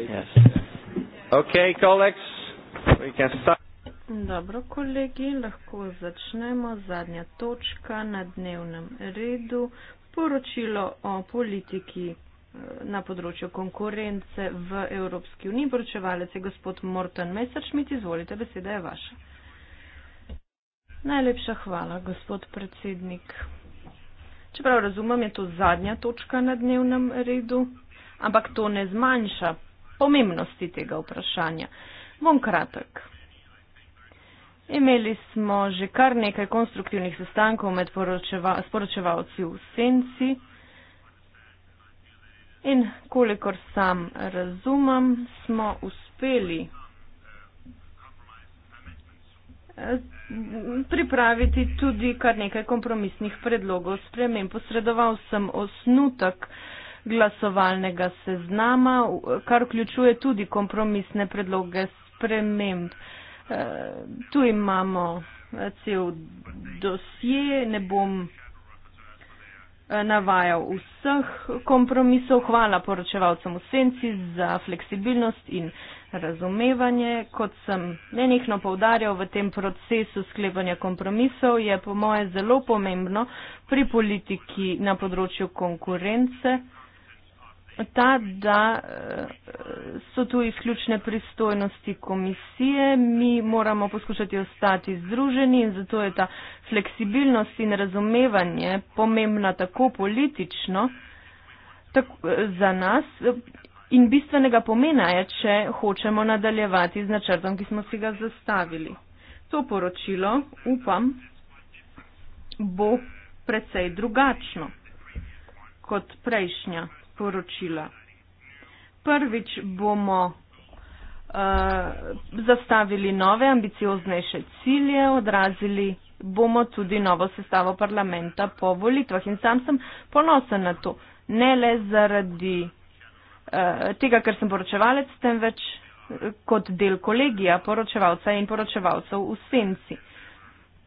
Yes. Okay, colleagues, we can start. Dobro, kolegi, lahko začnemo. Zadnja točka na dnevnem redu. Poročilo o politiki eh, na področju konkurence v Evropski uniji. Poročevalec je gospod Morten Messerschmidt. Izvolite, beseda je vaša. Najlepša hvala, gospod predsednik. Čeprav razumem, je to zadnja točka na dnevnem redu, ampak to ne zmanjša pomembnosti tega vprašanja. Bom kratek. Imeli smo že kar nekaj konstruktivnih sestankov med poročeva, sporočevalci v senci in kolikor sam razumem, smo uspeli eh, pripraviti tudi kar nekaj kompromisnih predlogov sprememb. Posredoval sem osnutek uh, glasovalnega seznama, kar vključuje tudi kompromisne predloge sprememb. Eh, tu imamo eh, cel dosje, ne bom eh, navajal vseh kompromisov. Hvala poročevalcem v senci za fleksibilnost in razumevanje. Kot sem nenehno povdarjal v tem procesu sklepanja kompromisov, je po moje zelo pomembno pri politiki na področju konkurence ta, da eh, so tu izključne pristojnosti komisije, mi moramo poskušati ostati združeni in zato je ta fleksibilnost in razumevanje pomembna tako politično tako, eh, za nas in bistvenega pomena je, če hočemo nadaljevati z načrtom, ki smo si ga zastavili. To poročilo, upam, bo precej drugačno kot prejšnja sporočila. Prvič bomo uh, zastavili nove ambicioznejše cilje, odrazili bomo tudi novo sestavo parlamenta po volitvah. In sam sem ponosen na to, ne le zaradi uh, tega, ker sem poročevalec, temveč uh, kot del kolegija poročevalca in poročevalcev v senci,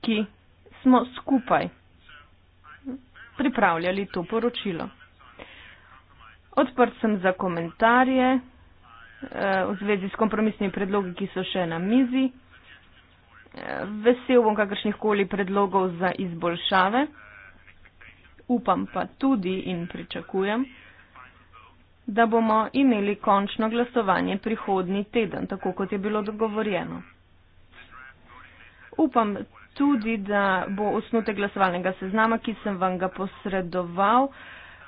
ki smo skupaj pripravljali to poročilo. Odprt sem za komentarje eh, v zvezi s kompromisnimi predlogi, ki so še na mizi. Eh, vesel bom kakršnih koli predlogov za izboljšave. Upam pa tudi in pričakujem, da bomo imeli končno glasovanje prihodni teden, tako kot je bilo dogovorjeno. Upam tudi, da bo osnutek glasovalnega seznama, ki sem vam ga posredoval,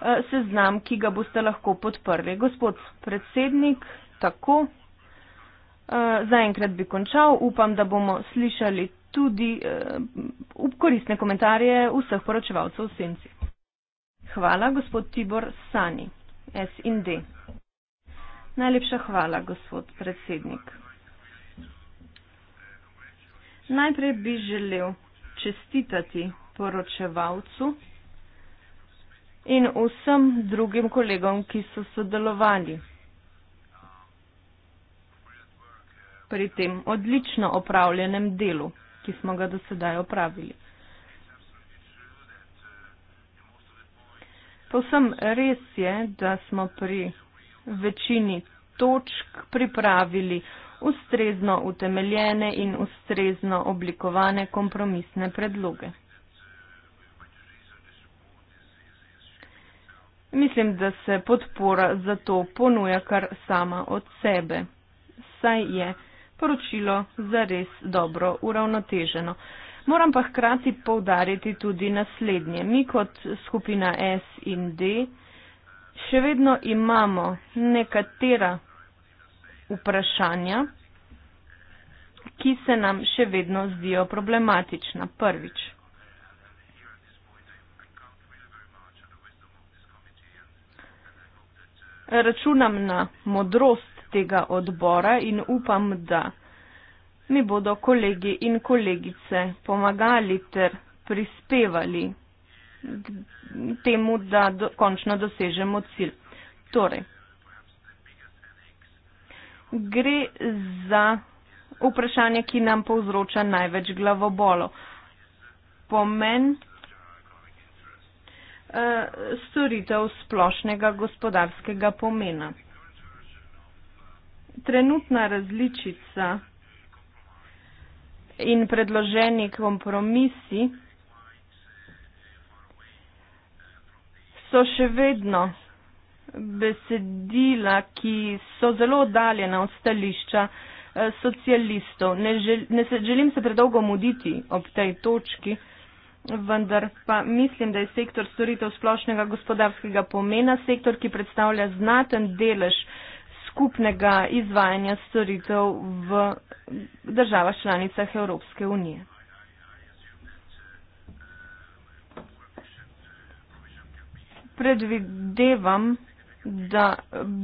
Eh, seznam, ki ga boste lahko podprli. Gospod predsednik, tako. Eh, zaenkrat bi končal. Upam, da bomo slišali tudi eh, koristne komentarje vseh poročevalcev v senci. Hvala, gospod Tibor Sani, SND. Najlepša hvala, gospod predsednik. Najprej bi želel čestitati poročevalcu in vsem drugim kolegom, ki so sodelovali. pri tem odlično opravljenem delu, ki smo ga do sedaj opravili. Povsem res je, da smo pri večini točk pripravili ustrezno utemeljene in ustrezno oblikovane kompromisne predloge. Mislim, da se podpora za to ponuja kar sama od sebe. Saj je poročilo zares dobro uravnoteženo. Moram pa hkrati povdariti tudi naslednje. Mi kot skupina S in D še vedno imamo nekatera vprašanja, ki se nam še vedno zdijo problematična. Prvič, računam na modrost tega odbora in upam, da mi bodo kolegi in kolegice pomagali ter prispevali k temu, da do, končno dosežemo cilj. Torej, gre za vprašanje, ki nam povzroča največ glavobolo. Pomen uh, storitev splošnega gospodarskega pomena. Trenutna različica in predloženi kompromisi so še vedno besedila, ki so zelo oddaljena od stališča eh, socialistov. Ne, žel, ne se, želim se predolgo muditi ob tej točki vendar pa mislim, da je sektor storitev splošnega gospodarskega pomena sektor, ki predstavlja znaten delež skupnega izvajanja storitev v državah članicah Evropske unije. Predvidevam, da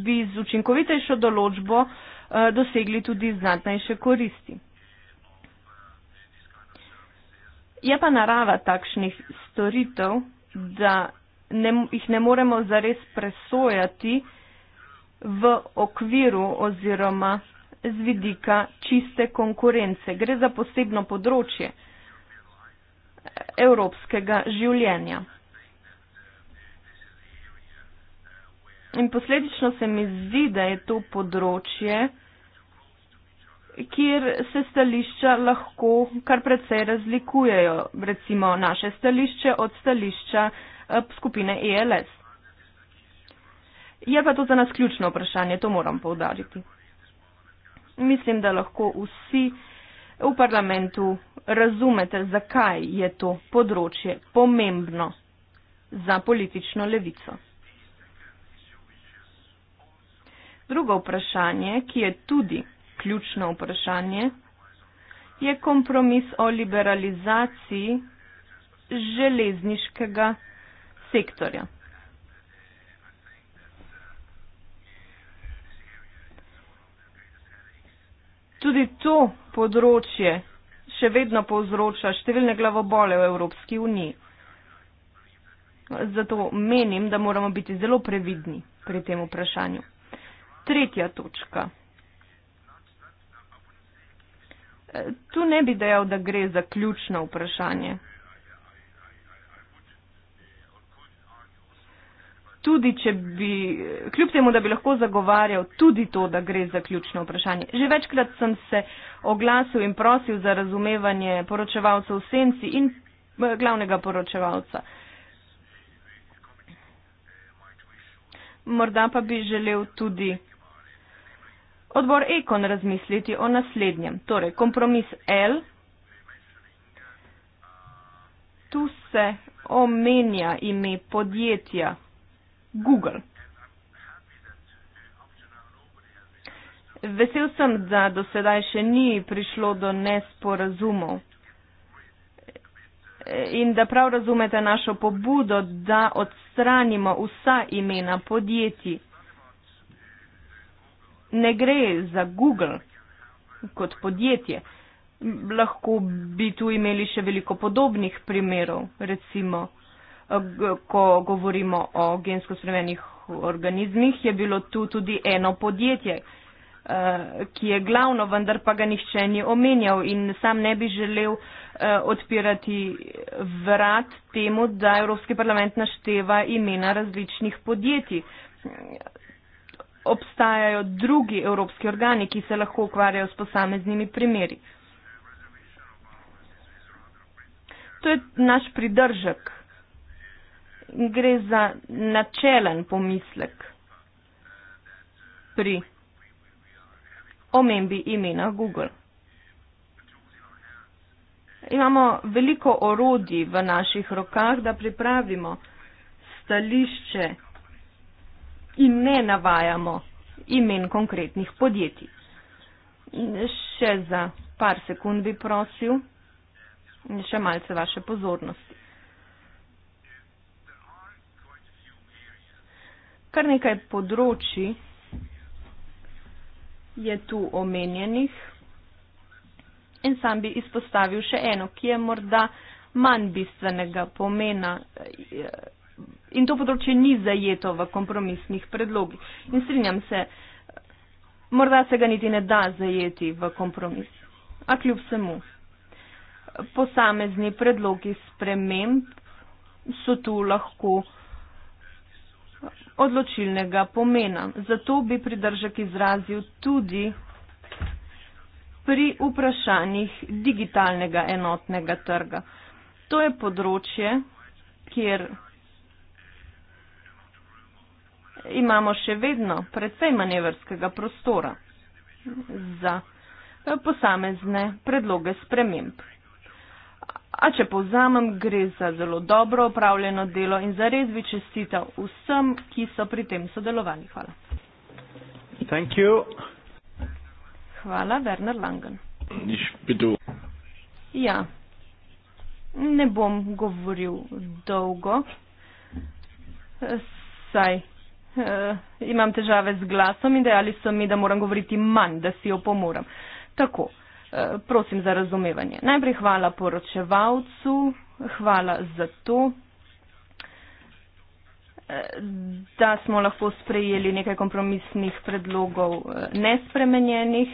bi z učinkovitejšo določbo eh, dosegli tudi znatnejše koristi. Je pa narava takšnih storitev, da ne, jih ne moremo zares presojati v okviru oziroma z vidika čiste konkurence. Gre za posebno področje eh, evropskega življenja. In posledično se mi zdi, da je to področje, kjer se stališča lahko kar precej razlikujejo, recimo naše stališče od stališča eh, skupine ELS. Je pa to za nas ključno vprašanje, to moram povdariti. Mislim, da lahko vsi v parlamentu razumete, zakaj je to področje pomembno za politično levico. Drugo vprašanje, ki je tudi ključno vprašanje, je kompromis o liberalizaciji železniškega sektorja. Tudi to področje še vedno povzroča številne glavobole v Evropski uniji. Zato menim, da moramo biti zelo previdni pri tem vprašanju. Tretja točka. tu ne bi dejal, da gre za ključno vprašanje. Tudi, če bi, kljub temu, da bi lahko zagovarjal tudi to, da gre za ključno vprašanje. Že večkrat sem se oglasil in prosil za razumevanje poročevalcev v senci in eh, glavnega poročevalca. Morda pa bi želel tudi Odbor Ekon razmisliti o naslednjem. Torej, kompromis L. Tu se omenja ime podjetja Google. Vesel sem, da do sedaj še ni prišlo do nesporazumov in da prav razumete našo pobudo, da odstranimo vsa imena podjetij ne gre za Google kot podjetje. Lahko bi tu imeli še veliko podobnih primerov, recimo, ko govorimo o gensko spremenjenih organizmih, je bilo tu tudi eno podjetje, eh, ki je glavno, vendar pa ga nihče ni omenjal in sam ne bi želel eh, odpirati vrat temu, da Evropski parlament našteva imena različnih podjetij obstajajo drugi evropski organi, ki se lahko ukvarjajo s posameznimi primeri. To je naš pridržek. Gre za načelen pomislek pri omembi imena Google. Imamo veliko orodij v naših rokah, da pripravimo stališče in ne navajamo imen konkretnih podjetij. Še za par sekund bi prosil in še malce vaše pozornosti. Kar nekaj področji je tu omenjenih in sam bi izpostavil še eno, ki je morda manj bistvenega pomena in to področje ni zajeto v kompromisnih predlogih. In strinjam se, morda se ga niti ne da zajeti v kompromis. A kljub vsemu, posamezni predlogi sprememb so tu lahko odločilnega pomena. Zato bi pridržek izrazil tudi pri vprašanjih digitalnega enotnega trga. To je področje, kjer imamo še vedno predvsej manevrskega prostora za eh, posamezne predloge sprememb. A če povzamem, gre za zelo dobro opravljeno delo in za res bi čestital vsem, ki so pri tem sodelovali. Hvala. Thank you. Hvala, Werner Langen. Ja, ne bom govoril dolgo, saj Uh, imam težave z glasom in dejali so mi, da moram govoriti manj, da si jo pomoram. Tako, uh, prosim za razumevanje. Najprej hvala poročevalcu, hvala za to, eh, da smo lahko sprejeli nekaj kompromisnih predlogov nespremenjenih.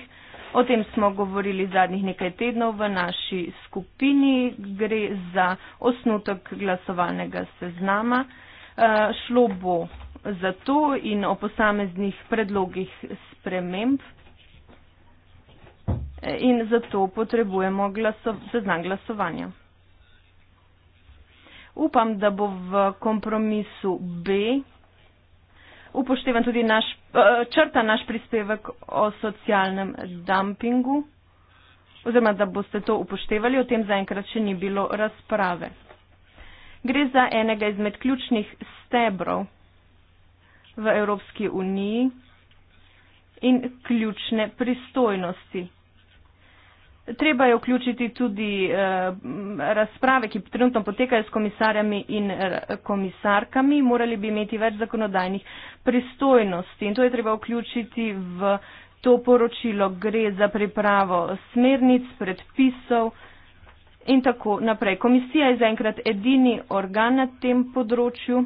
O tem smo govorili zadnjih nekaj tednov v naši skupini. Gre za osnutek glasovalnega seznama. Uh, šlo bo za to in o posameznih predlogih sprememb. In zato potrebujemo glaso, seznam glasovanja. Upam, da bo v kompromisu B upoštevan tudi naš, eh, črta naš prispevek o socialnem dumpingu, oziroma da boste to upoštevali, o tem zaenkrat še ni bilo razprave. Gre za enega izmed ključnih stebrov v Evropski uniji in ključne pristojnosti. Treba je vključiti tudi eh, razprave, ki trenutno potekajo s komisarjami in eh, komisarkami. Morali bi imeti več zakonodajnih pristojnosti in to je treba vključiti v to poročilo. Gre za pripravo smernic, predpisov in tako naprej. Komisija je zaenkrat edini organ na tem področju.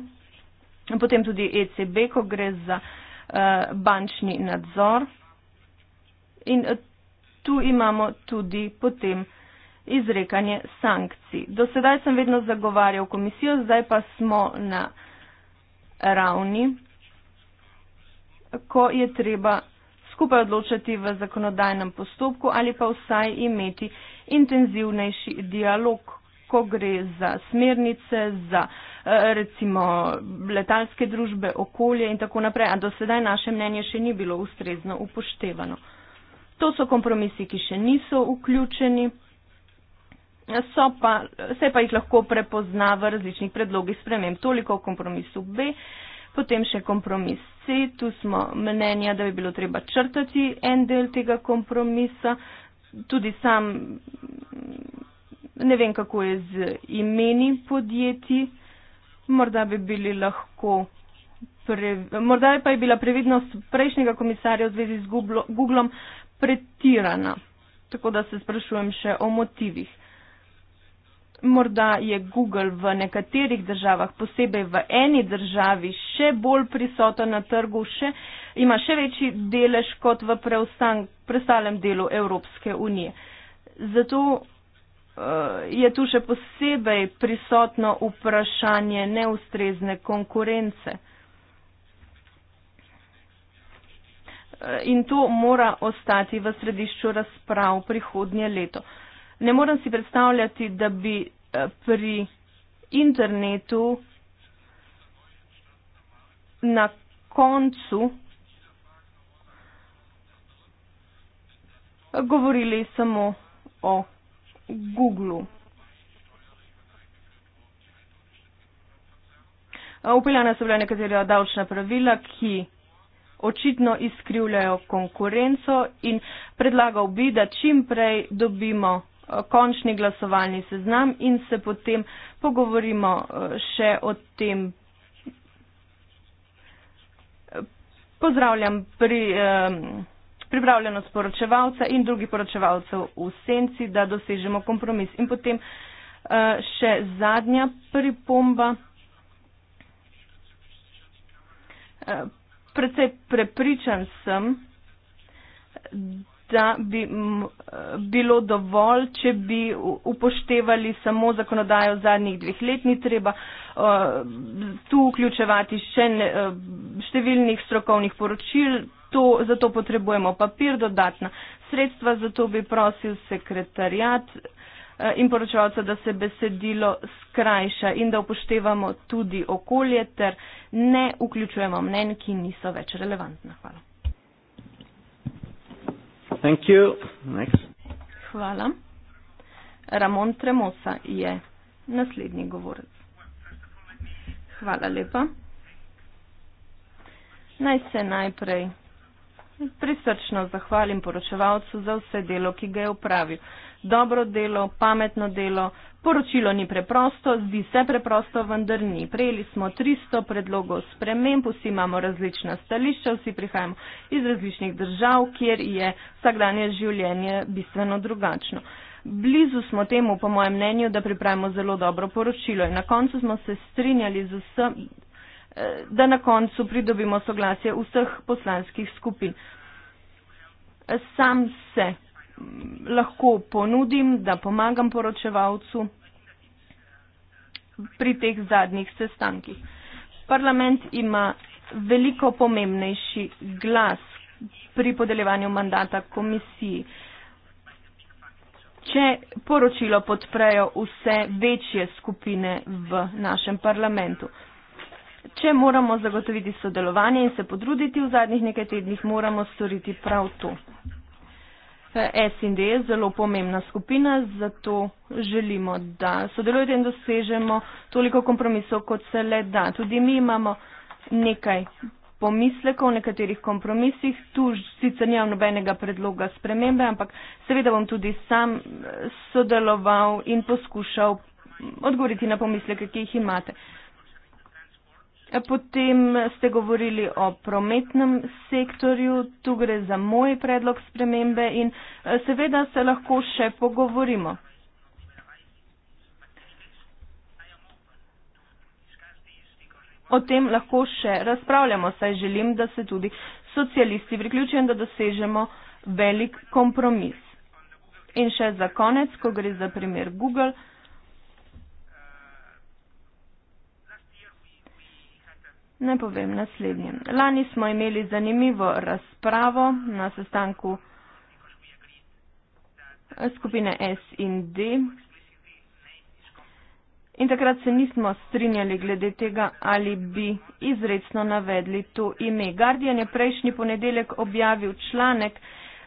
Potem tudi ECB, ko gre za eh, bančni nadzor. In eh, tu imamo tudi potem izrekanje sankcij. Do sedaj sem vedno zagovarjal komisijo, zdaj pa smo na ravni, ko je treba skupaj odločati v zakonodajnem postopku ali pa vsaj imeti intenzivnejši dialog, ko gre za smernice, za uh, recimo letalske družbe, okolje in tako naprej, a do sedaj naše mnenje še ni bilo ustrezno upoštevano. To so kompromisi, ki še niso vključeni, pa, se pa jih lahko prepozna v različnih predlogih sprememb. Toliko o kompromisu B, potem še kompromis C. Tu smo mnenja, da bi bilo treba črtati en del tega kompromisa. Tudi sam ne vem, kako je z imeni podjetij morda bi bili lahko. Pre, morda pa je bila previdnost prejšnjega komisarja v zvezi z Googlom pretirana. Tako da se sprašujem še o motivih. Morda je Google v nekaterih državah, posebej v eni državi, še bolj prisoten na trgu, še, ima še večji delež kot v preostalem delu Evropske unije. Zato Eh, je tu še posebej prisotno vprašanje neustrezne konkurence. Eh, in to mora ostati v središču razprav prihodnje leto. Ne morem si predstavljati, da bi eh, pri internetu na koncu govorili samo o Google. Upeljane so bile nekatere davčne pravila, ki očitno izkrivljajo konkurenco in predlagal bi, da čim prej dobimo eh, končni glasovalni seznam in se potem pogovorimo eh, še o tem. Pozdravljam pri. Um, pripravljenost poročevalca in drugih poročevalcev v senci, da dosežemo kompromis. In potem eh, še zadnja pripomba. Eh, Predvsej prepričan sem, da bi bilo dovolj, če bi upoštevali samo zakonodajo zadnjih dveh let, ni treba uh, tu vključevati še uh, številnih strokovnih poročil, to, za to potrebujemo papir dodatna. Sredstva za to bi prosil sekretarjat uh, in poročevalca, da se besedilo skrajša in da upoštevamo tudi okolje ter ne vključujemo mnen, ki niso več relevantna. Hvala. Thank you. Next. Hvala. Ramon Tremosa je naslednji govorec. Hvala lepa. Naj se najprej prisrčno zahvalim poročevalcu za vse delo, ki ga je upravil dobro delo, pametno delo. Poročilo ni preprosto, zdi se preprosto, vendar ni. Prejeli smo 300 predlogov sprememb, vsi imamo različna stališča, vsi prihajamo iz različnih držav, kjer je vsakdanje življenje bistveno drugačno. Blizu smo temu, po mojem mnenju, da pripravimo zelo dobro poročilo in na koncu smo se strinjali z vsem, eh, da na koncu pridobimo soglasje vseh poslanskih skupin. Sam se lahko ponudim, da pomagam poročevalcu pri teh zadnjih sestankih. Parlament ima veliko pomembnejši glas pri podeljevanju mandata komisiji. Če poročilo podprejo vse večje skupine v našem parlamentu, če moramo zagotoviti sodelovanje in se potruditi v zadnjih nekaj tednih, moramo storiti prav to. S in D je zelo pomembna skupina, zato želimo, da sodelujete in dosežemo toliko kompromisov, kot se le da. Tudi mi imamo nekaj pomislekov, nekaterih kompromisih. Tu sicer nimam nobenega predloga spremembe, ampak seveda bom tudi sam eh, sodeloval in poskušal odgovoriti na pomisleke, ki jih imate. Potem ste govorili o prometnem sektorju, tu gre za moj predlog spremembe in eh, seveda se lahko še pogovorimo. O tem lahko še razpravljamo, saj želim, da se tudi socialisti priključijo in da dosežemo velik kompromis. In še za konec, ko gre za primer Google. Naj povem naslednje. Lani smo imeli zanimivo razpravo na sestanku skupine S in D. In takrat se nismo strinjali glede tega, ali bi izredno navedli to ime. Guardian je prejšnji ponedeljek objavil članek,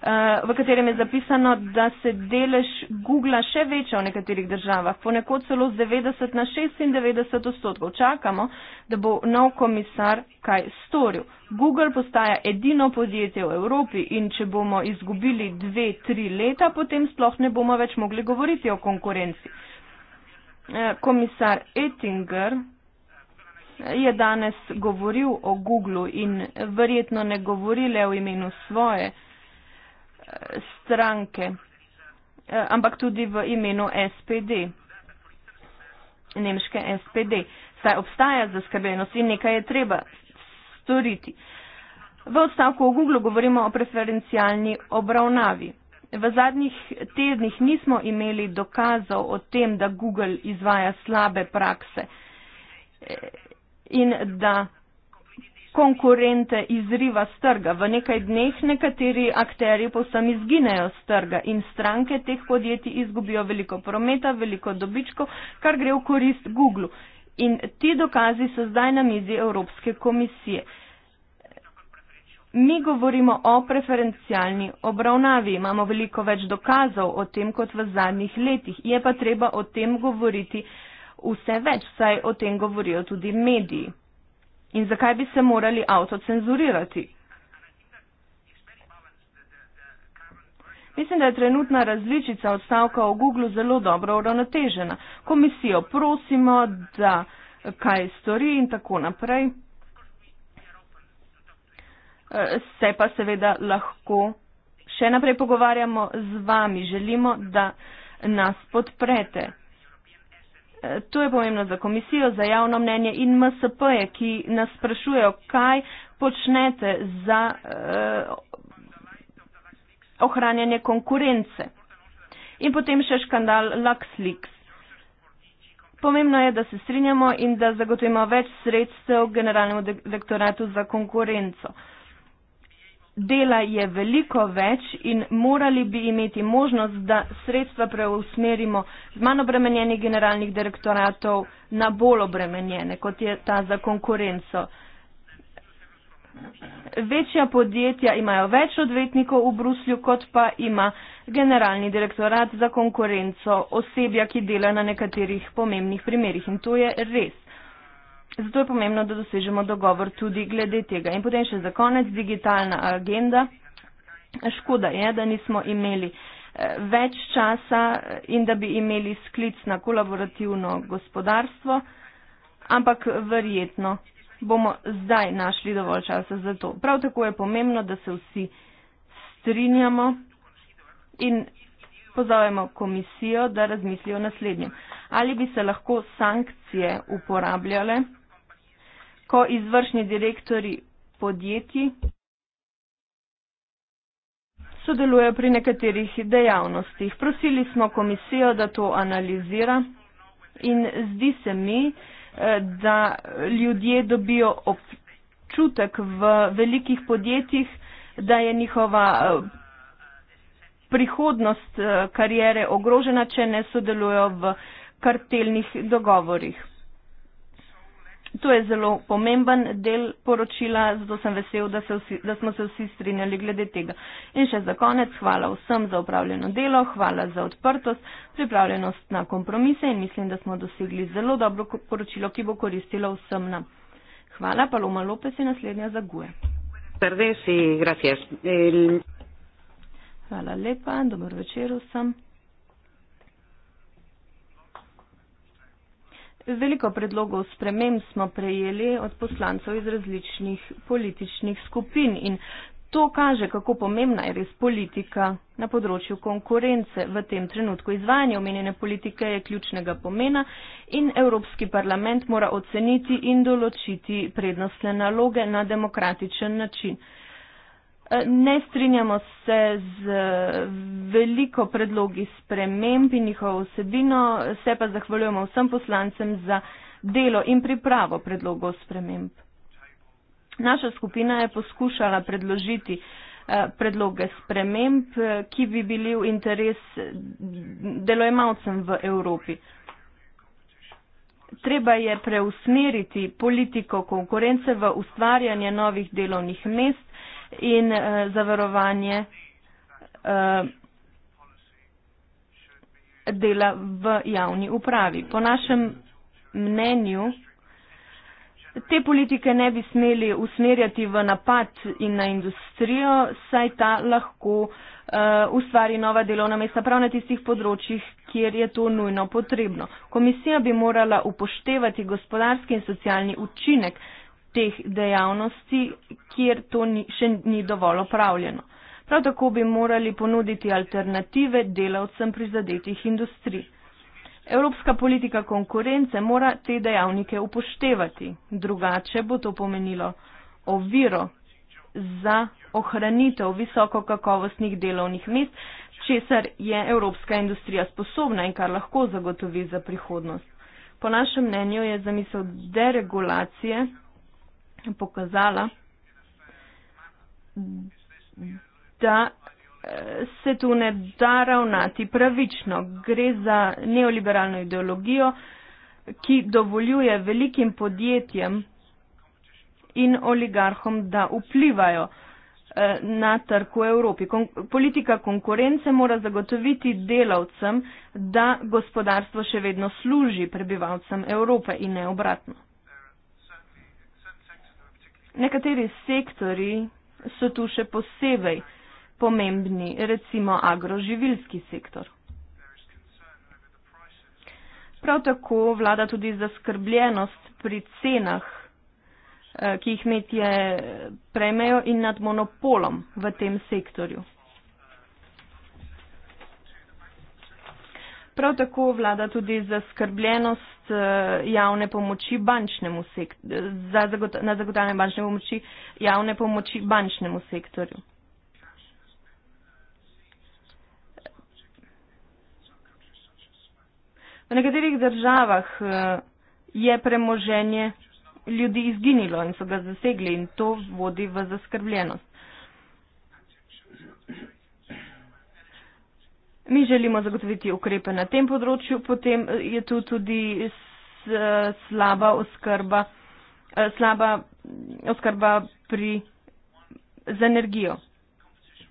Eh, v katerem je zapisano, da se delež Google še veča v nekaterih državah, ponekod celo z 90 na 96 odstotkov. Čakamo, da bo nov komisar kaj storil. Google postaja edino podjetje v Evropi in če bomo izgubili dve, tri leta, potem sploh ne bomo več mogli govoriti o konkurenci. Eh, komisar Ettinger je danes govoril o Googlu in verjetno ne govori le v imenu svoje stranke, eh, ampak tudi v imenu SPD, nemške SPD. Saj obstaja zaskrbljenost in nekaj je treba storiti. V odstavku o Google govorimo o preferencialni obravnavi. V zadnjih tednih nismo imeli dokazov o tem, da Google izvaja slabe prakse eh, in da konkurente izriva z trga. V nekaj dneh nekateri akteri povsem izginejo z trga in stranke teh podjetij izgubijo veliko prometa, veliko dobičko, kar gre v korist Google. In ti dokazi so zdaj na mizi Evropske komisije. Mi govorimo o preferencialni obravnavi, imamo veliko več dokazov o tem kot v zadnjih letih. Je pa treba o tem govoriti vse več, saj o tem govorijo tudi mediji. In zakaj bi se morali avtocenzurirati? Mislim, da je trenutna različica odstavka v Google zelo dobro uravnotežena. Komisijo prosimo, da kaj stori in tako naprej. E, se pa seveda lahko še naprej pogovarjamo z vami. Želimo, da nas podprete. To je pomembno za komisijo, za javno mnenje in MSP-je, ki nas sprašujejo, kaj počnete za eh, ohranjanje konkurence. In potem še škandal LuxLeaks. Pomembno je, da se strinjamo in da zagotovimo več sredstev generalnemu direktoratu za konkurenco. Eh, dela je veliko več in morali bi imeti možnost, da sredstva preusmerimo z manj obremenjenih generalnih direktoratov na bolj obremenjene, kot je ta za konkurenco. Večja podjetja imajo več odvetnikov v Bruslju, kot pa ima generalni direktorat za konkurenco osebja, ki dela na nekaterih pomembnih primerjih. In to je res. Zato je pomembno, da dosežemo dogovor tudi glede tega. In potem še za konec digitalna agenda. Škoda je, da nismo imeli eh, več časa eh, in da bi imeli sklic na kolaborativno gospodarstvo, ampak verjetno bomo zdaj našli dovolj časa za to. Prav tako je pomembno, da se vsi strinjamo in pozovemo komisijo, da razmislijo naslednjem. Ali bi se lahko sankcije uporabljale? ko izvršni direktori podjetij sodelujejo pri nekaterih dejavnostih. Prosili smo komisijo, da to analizira in zdi se mi, eh, da ljudje dobijo občutek v velikih podjetjih, da je njihova eh, prihodnost eh, karijere ogrožena, če ne sodelujo v kartelnih dogovorih. To je zelo pomemben del poročila, zato sem vesel, da, se vsi, da smo se vsi strinjali glede tega. In še za konec, hvala vsem za upravljeno delo, hvala za odprtost, pripravljenost na kompromise in mislim, da smo dosegli zelo dobro poročilo, ki bo koristilo vsem nam. Hvala, Paloma Lopes je naslednja za GUE. Hvala lepa, dober večer vsem. Veliko predlogov sprememb smo prejeli od poslancev iz različnih političnih skupin in to kaže, kako pomembna je res politika na področju konkurence. V tem trenutku izvajanje omenjene politike je ključnega pomena in Evropski parlament mora oceniti in določiti prednostne naloge na demokratičen način. Ne strinjamo se z eh, veliko predlogi sprememb in njihovo vsebino, se pa zahvaljujemo vsem poslancem za delo in pripravo predlogov sprememb. Naša skupina je poskušala predložiti eh, predloge sprememb, eh, ki bi bili v interes delojemalcem v Evropi. Treba je preusmeriti politiko konkurence v ustvarjanje novih delovnih mest, in uh, zavarovanje uh, dela v javni upravi. Po našem mnenju te politike ne bi smeli usmerjati v napad in na industrijo, saj ta lahko eh, ustvari nova delovna mesta prav na tistih področjih, kjer je to nujno potrebno. Komisija bi morala upoštevati gospodarski in socialni učinek teh dejavnosti, kjer to ni, še ni dovolj opravljeno. Prav tako bi morali ponuditi alternative delavcem prizadetih industrij. Evropska politika konkurence mora te dejavnike upoštevati, drugače bo to pomenilo oviro za ohranitev visokokakovostnih delovnih mest, česar je evropska industrija sposobna in kar lahko zagotovi za prihodnost. Po našem mnenju je zamisel deregulacije pokazala, da eh, se tu ne da ravnati pravično. Gre za neoliberalno ideologijo, ki dovoljuje velikim podjetjem in oligarhom, da vplivajo eh, na trg v Evropi. Kon politika konkurence mora zagotoviti delavcem, da gospodarstvo še vedno služi prebivalcem Evrope in ne obratno. Nekateri sektori so tu še posebej pomembni, recimo agroživilski sektor. Prav tako vlada tudi zaskrbljenost pri cenah, eh, ki jih metje prejmejo in nad monopolom v tem sektorju. Prav tako vlada tudi zaskrbljenost eh, javne pomoči bančnemu sektorju, na zagotavljanje bančne pomoči javne pomoči bančnemu sektorju. V nekaterih državah eh, je premoženje ljudi izginilo in so ga zasegli in to vodi v zaskrbljenost. mi želimo zagotoviti ukrepe na tem področju, potem eh, je tu tudi eh, slaba oskrba, eh, slaba oskrba pri, z energijo.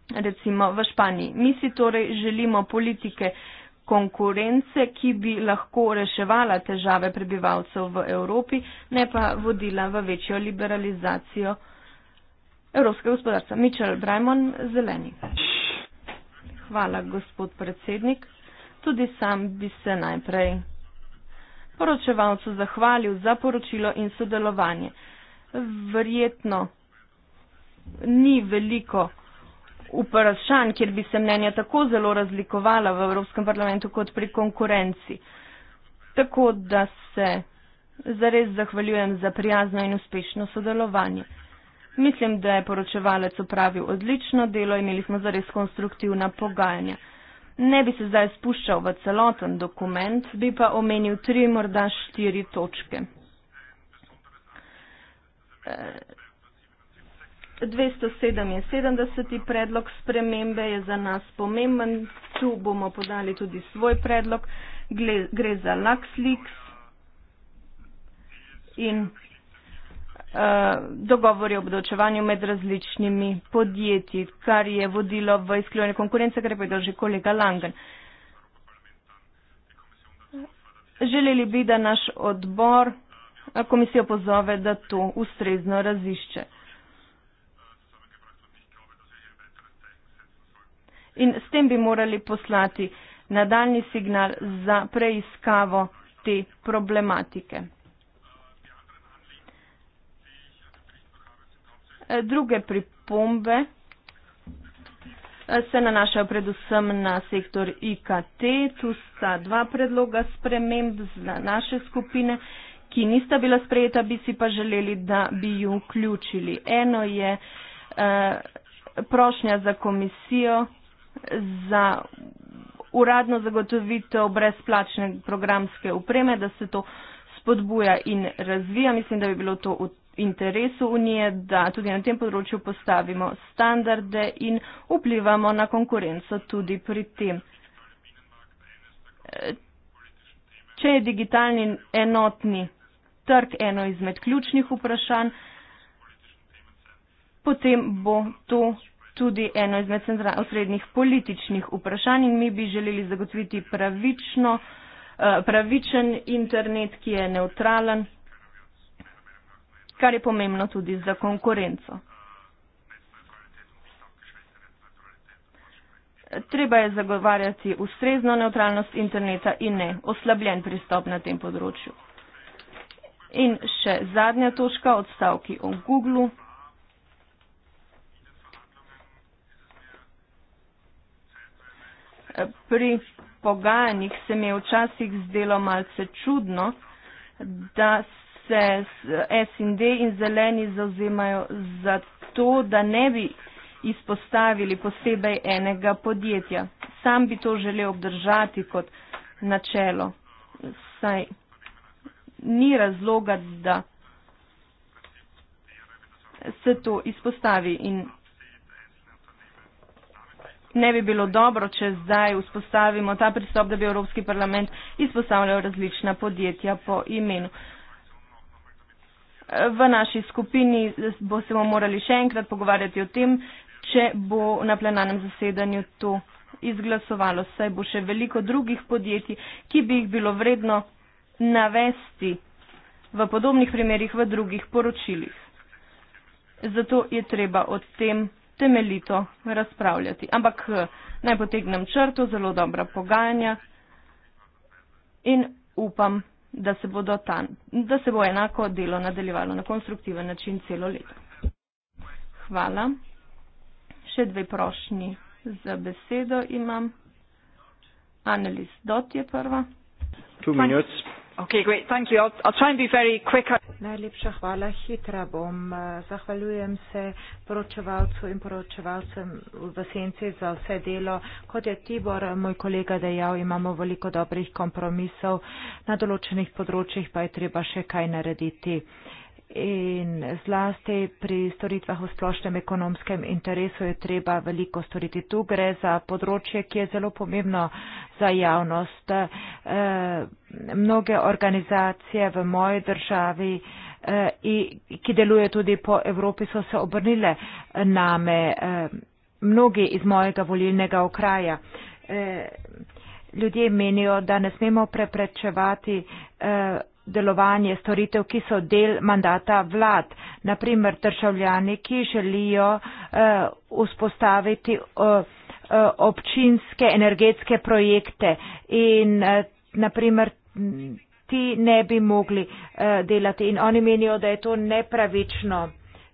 Recimo v Španiji. Mi si torej želimo politike konkurence, ki bi lahko reševala težave prebivalcev v Evropi, ne pa vodila v večjo liberalizacijo evropskega gospodarstva. Mitchell Brajmon, zeleni. Hvala, gospod predsednik. Tudi sam bi se najprej poročevalcu zahvalil za poročilo in sodelovanje. Verjetno ni veliko vprašanj, kjer bi se mnenja tako zelo razlikovala v Evropskem parlamentu kot pri konkurenci. Tako da se zares zahvaljujem za prijazno in uspešno sodelovanje. Mislim, da je poročevalec upravil odlično delo, imeli smo zares konstruktivna pogajanja. Ne bi se zdaj spuščal v celoten dokument, bi pa omenil tri, morda štiri točke. 277. predlog spremembe je za nas pomemben, tu bomo podali tudi svoj predlog, gre za LaxLeaks in Eh, dogovori o obdavčevanju med različnimi podjetji, kar je vodilo v izkljuvanje konkurence, kar je povedal že kolega Langen. Želeli bi, da naš odbor eh, komisijo pozove, da to ustrezno razišče. In s tem bi morali poslati nadaljni signal za preiskavo te problematike. Eh, druge pripombe eh, se nanašajo predvsem na sektor IKT. Tu sta dva predloga sprememb za naše skupine, ki nista bila sprejeta, bi si pa želeli, da bi ju vključili. Eno je eh, prošnja za komisijo za uradno zagotovitev brezplačne programske upreme, da se to spodbuja in razvija. Mislim, da bi bilo to v interesu Unije, da tudi na tem področju postavimo standarde in vplivamo na konkurenco tudi pri tem. Eh, če je digitalni enotni trg eno izmed ključnih vprašanj, potem bo to tudi eno izmed osrednjih političnih vprašanj in mi bi želeli zagotoviti pravično, eh, pravičen internet, ki je neutralen kar je pomembno tudi za konkurenco. Treba je zagovarjati ustrezno neutralnost interneta in ne oslabljen pristop na tem področju. In še zadnja točka odstavki o Google. Pri pogajanjih se mi je včasih zdelo malce čudno, da se SND in zeleni zauzemajo za to, da ne bi izpostavili posebej enega podjetja. Sam bi to želel obdržati kot načelo. Saj ni razloga, da se to izpostavi in ne bi bilo dobro, če zdaj vzpostavimo ta pristop, da bi Evropski parlament izpostavljal različna podjetja po imenu v naši skupini bo se bomo morali še enkrat pogovarjati o tem, če bo na plenarnem zasedanju to izglasovalo. Saj bo še veliko drugih podjetij, ki bi jih bilo vredno navesti v podobnih primerjih v drugih poročilih. Zato je treba o tem temeljito razpravljati. Ampak eh, naj potegnem črto, zelo dobra pogajanja in upam, da se, ta, da se bo enako delo nadaljevalo na konstruktiven način celo leto. Hvala. Še dve prošnji za besedo imam. Annelies Dot je prva. 2 minutes. Okay, great. Thank you. I'll try and be very quick. Najlepša hvala, hitra bom. Zahvaljujem se poročevalcu in poročevalcem v senci za vse delo. Kot je Tibor, moj kolega, dejal, imamo veliko dobrih kompromisov, na določenih področjih pa je treba še kaj narediti. Uh, in zlasti pri storitvah v splošnem ekonomskem interesu je treba veliko storiti. Tu gre za področje, ki je zelo pomembno za javnost. E, mnoge organizacije v moji državi, e, ki deluje tudi po Evropi, so se obrnile eh, name, e, mnogi iz mojega volilnega okraja. E, ljudje menijo, da ne smemo preprečevati. E, delovanje storitev, ki so del mandata vlad. Naprimer, državljani, ki želijo uh, vzpostaviti uh, uh, občinske energetske projekte in uh, naprimer. Ti ne bi mogli uh, delati in oni menijo, da je to nepravično.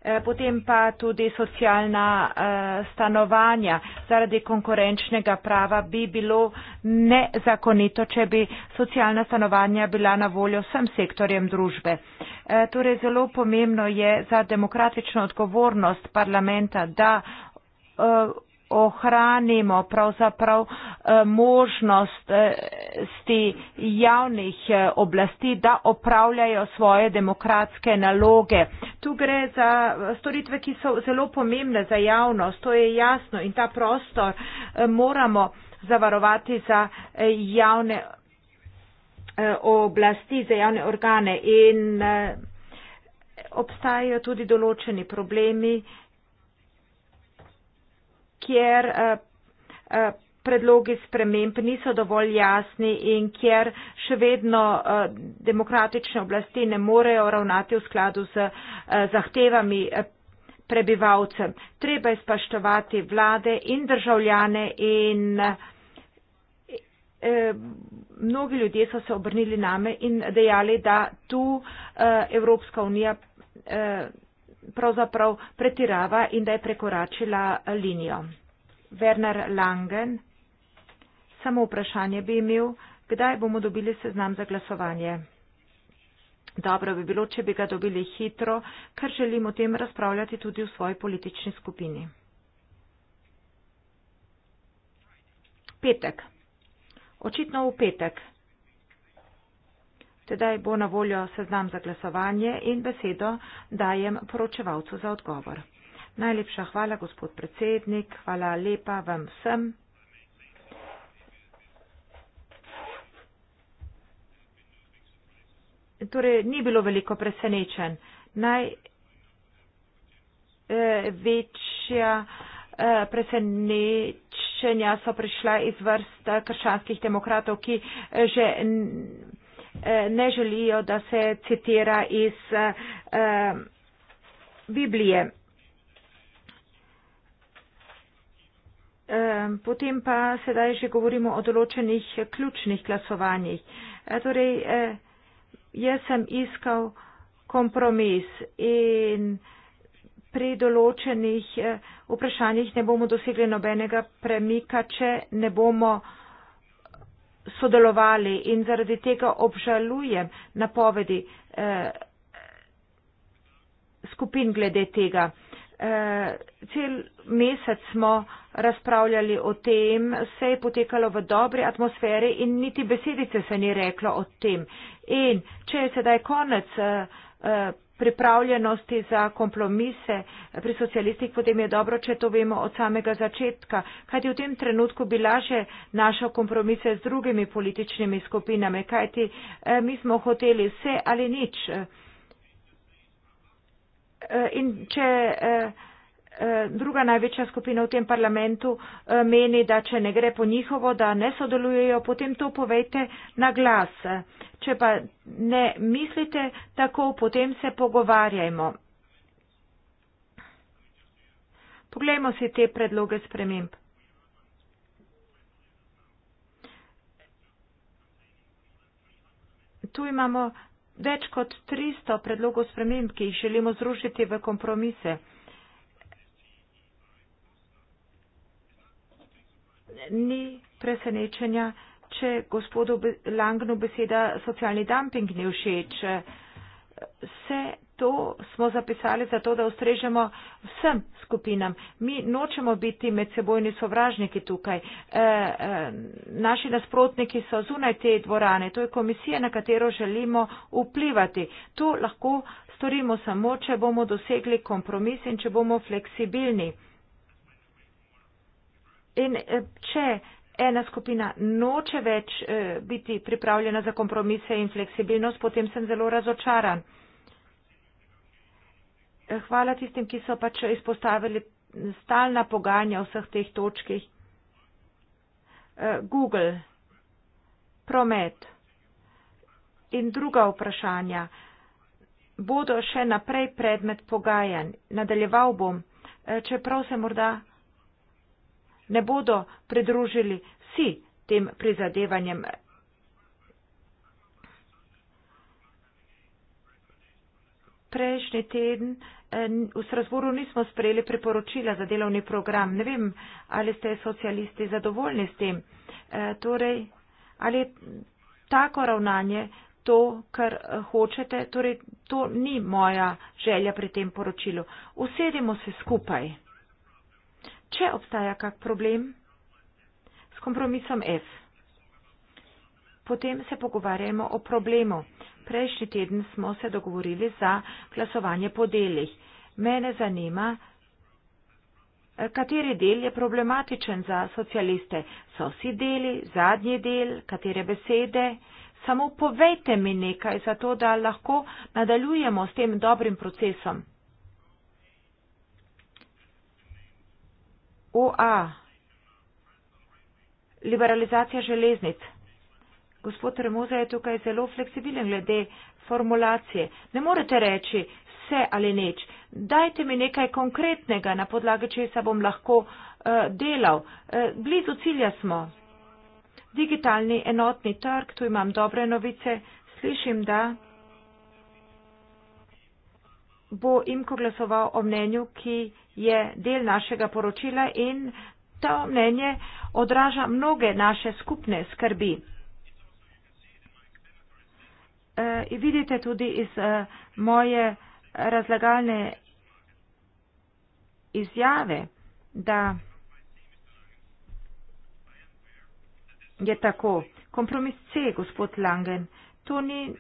Eh, potem pa tudi socialna eh, stanovanja. Zaradi konkurenčnega prava bi bilo nezakonito, če bi socialna stanovanja bila na voljo vsem sektorjem družbe. Eh, torej zelo pomembno je za demokratično odgovornost parlamenta, da ohranimo pravzaprav eh, možnosti eh, javnih eh, oblasti, da opravljajo svoje demokratske naloge. Tu gre za storitve, ki so zelo pomembne za javnost, to je jasno in ta prostor moramo zavarovati za javne oblasti, za javne organe in obstajajo tudi določeni problemi, kjer eh, eh, predlogi sprememb niso dovolj jasni in kjer še vedno eh, demokratične oblasti ne morejo ravnati v skladu z zahtevami prebivalcem. Treba je spaštovati vlade in državljane in mnogi ljudje so se obrnili name in dejali, da tu Evropska unija pravzaprav pretirava in da je prekoračila linijo. Werner Langen, samo vprašanje bi imel, kdaj bomo dobili seznam za glasovanje. Dobro bi bilo, če bi ga dobili hitro, ker želim o tem razpravljati tudi v svoji politični skupini. Petek. Očitno v petek. Tedaj bo na voljo seznam za glasovanje in besedo dajem poročevalcu za odgovor. Najlepša hvala, gospod predsednik, hvala lepa vam vsem. Torej, ni bilo veliko presenečen. Največja eh, eh, presenečenja so prišla iz vrst eh, krščanskih demokratov, ki že Eh, ne želijo, da se citira iz eh, eh, Biblije. Potem pa sedaj že govorimo o določenih ključnih glasovanjih. Torej, jaz sem iskal kompromis in pri določenih vprašanjih ne bomo dosegli nobenega premika, če ne bomo uh, sodelovali in zaradi tega obžalujem napovedi eh, skupin glede tega. Eh, cel mesec smo razpravljali o tem, vse je potekalo v dobri atmosferi in niti besedice se ni reklo o tem. In če je sedaj konec. Eh, eh, pripravljenosti za kompromise pri socialistih, potem je dobro, če to vemo od samega začetka, kajti v tem trenutku bi laže našel kompromise z drugimi političnimi skupinami, kajti eh, mi smo hoteli vse ali nič. Eh, in če eh, Eh, druga največja skupina v tem parlamentu eh, meni, da če ne gre po njihovo, da ne sodelujejo, potem to povejte na glas. Če pa ne mislite tako, potem se pogovarjajmo. Poglejmo si te predloge sprememb. Tu imamo več kot 300 predlogov sprememb, ki jih želimo zrušiti v kompromise. ni presenečenja, če gospodu Langnu beseda socialni dumping ni všeč. Vse to smo zapisali zato, da ustrežemo vsem skupinam. Mi nočemo biti medsebojni sovražniki tukaj. E, e, naši nasprotniki so zunaj te dvorane. To je komisija, na katero želimo vplivati. To lahko storimo samo, če bomo dosegli kompromis in če bomo fleksibilni. In eh, če ena skupina noče več eh, biti pripravljena za kompromise in fleksibilnost, potem sem zelo razočaran. Eh, hvala tistim, ki so pač izpostavili stalna poganja vseh teh točkih. Google, promet in druga vprašanja bodo še naprej predmet pogajanj. Nadaljeval bom, čeprav se morda ne bodo pridružili vsi tem prizadevanjem. Prejšnji teden eh, v Strasburu nismo sprejeli priporočila za delovni program. Ne vem, ali ste socialisti zadovoljni s tem. Eh, torej, ali je tako ravnanje to, kar eh, hočete? Torej, to ni moja želja pri tem poročilu. Usedimo se skupaj če obstaja kak problem s kompromisom F. Potem se pogovarjamo o problemu. Prejšnji teden smo se dogovorili za glasovanje po delih. Mene zanima, kateri del je problematičen za socialiste. So vsi deli, zadnji del, katere besede. Samo povejte mi nekaj, zato da lahko nadaljujemo s tem dobrim procesom. OA, liberalizacija železnic. Gospod Remuza je tukaj zelo fleksibilen glede formulacije. Ne morete reči vse ali nič. Dajte mi nekaj konkretnega, na podlagi česa bom lahko uh, delal. Uh, blizu cilja smo. Digitalni enotni trg, tu imam dobre novice, slišim, da bo IMKO glasoval o mnenju, ki je del našega poročila in to mnenje odraža mnoge naše skupne skrbi. E, vidite tudi iz e, moje razlagalne izjave, da je tako. Kompromis C, gospod Langen, to ni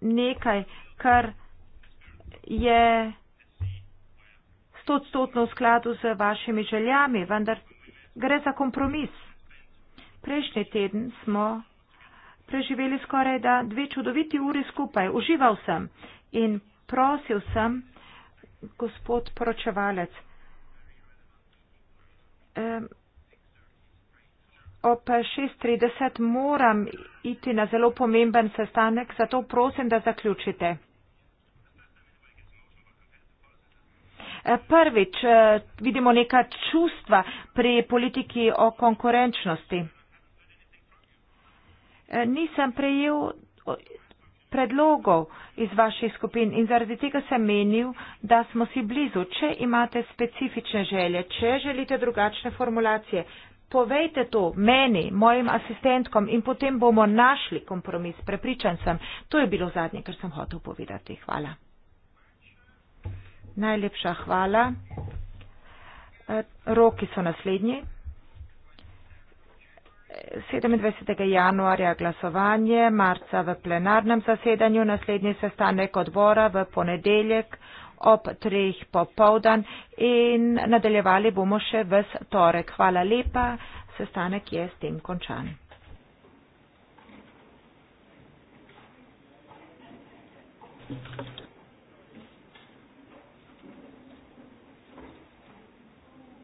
nekaj, kar je stotstotno v skladu z vašimi željami, vendar gre za kompromis. Prejšnji teden smo preživeli skoraj da dve čudoviti uri skupaj. Užival sem in prosil sem, gospod poročevalec, ob 6.30 moram iti na zelo pomemben sestanek, zato prosim, da zaključite. Eh, prvič, eh, vidimo neka čustva pri politiki o konkurenčnosti. Eh, nisem prejel predlogov iz vaših skupin in zaradi tega sem menil, da smo si blizu. Če imate specifične želje, če želite drugačne formulacije, povejte to meni, mojim asistentkom in potem bomo našli kompromis. Prepričan sem, to je bilo zadnje, kar sem hotel povedati. Hvala. Najlepša hvala. E, roki so naslednji. 27. januarja glasovanje, marca v plenarnem zasedanju, naslednji sestanek odbora v ponedeljek ob treh popovdan in nadaljevali bomo še v torek. Hvala lepa, sestanek je s tem končan. Thank you.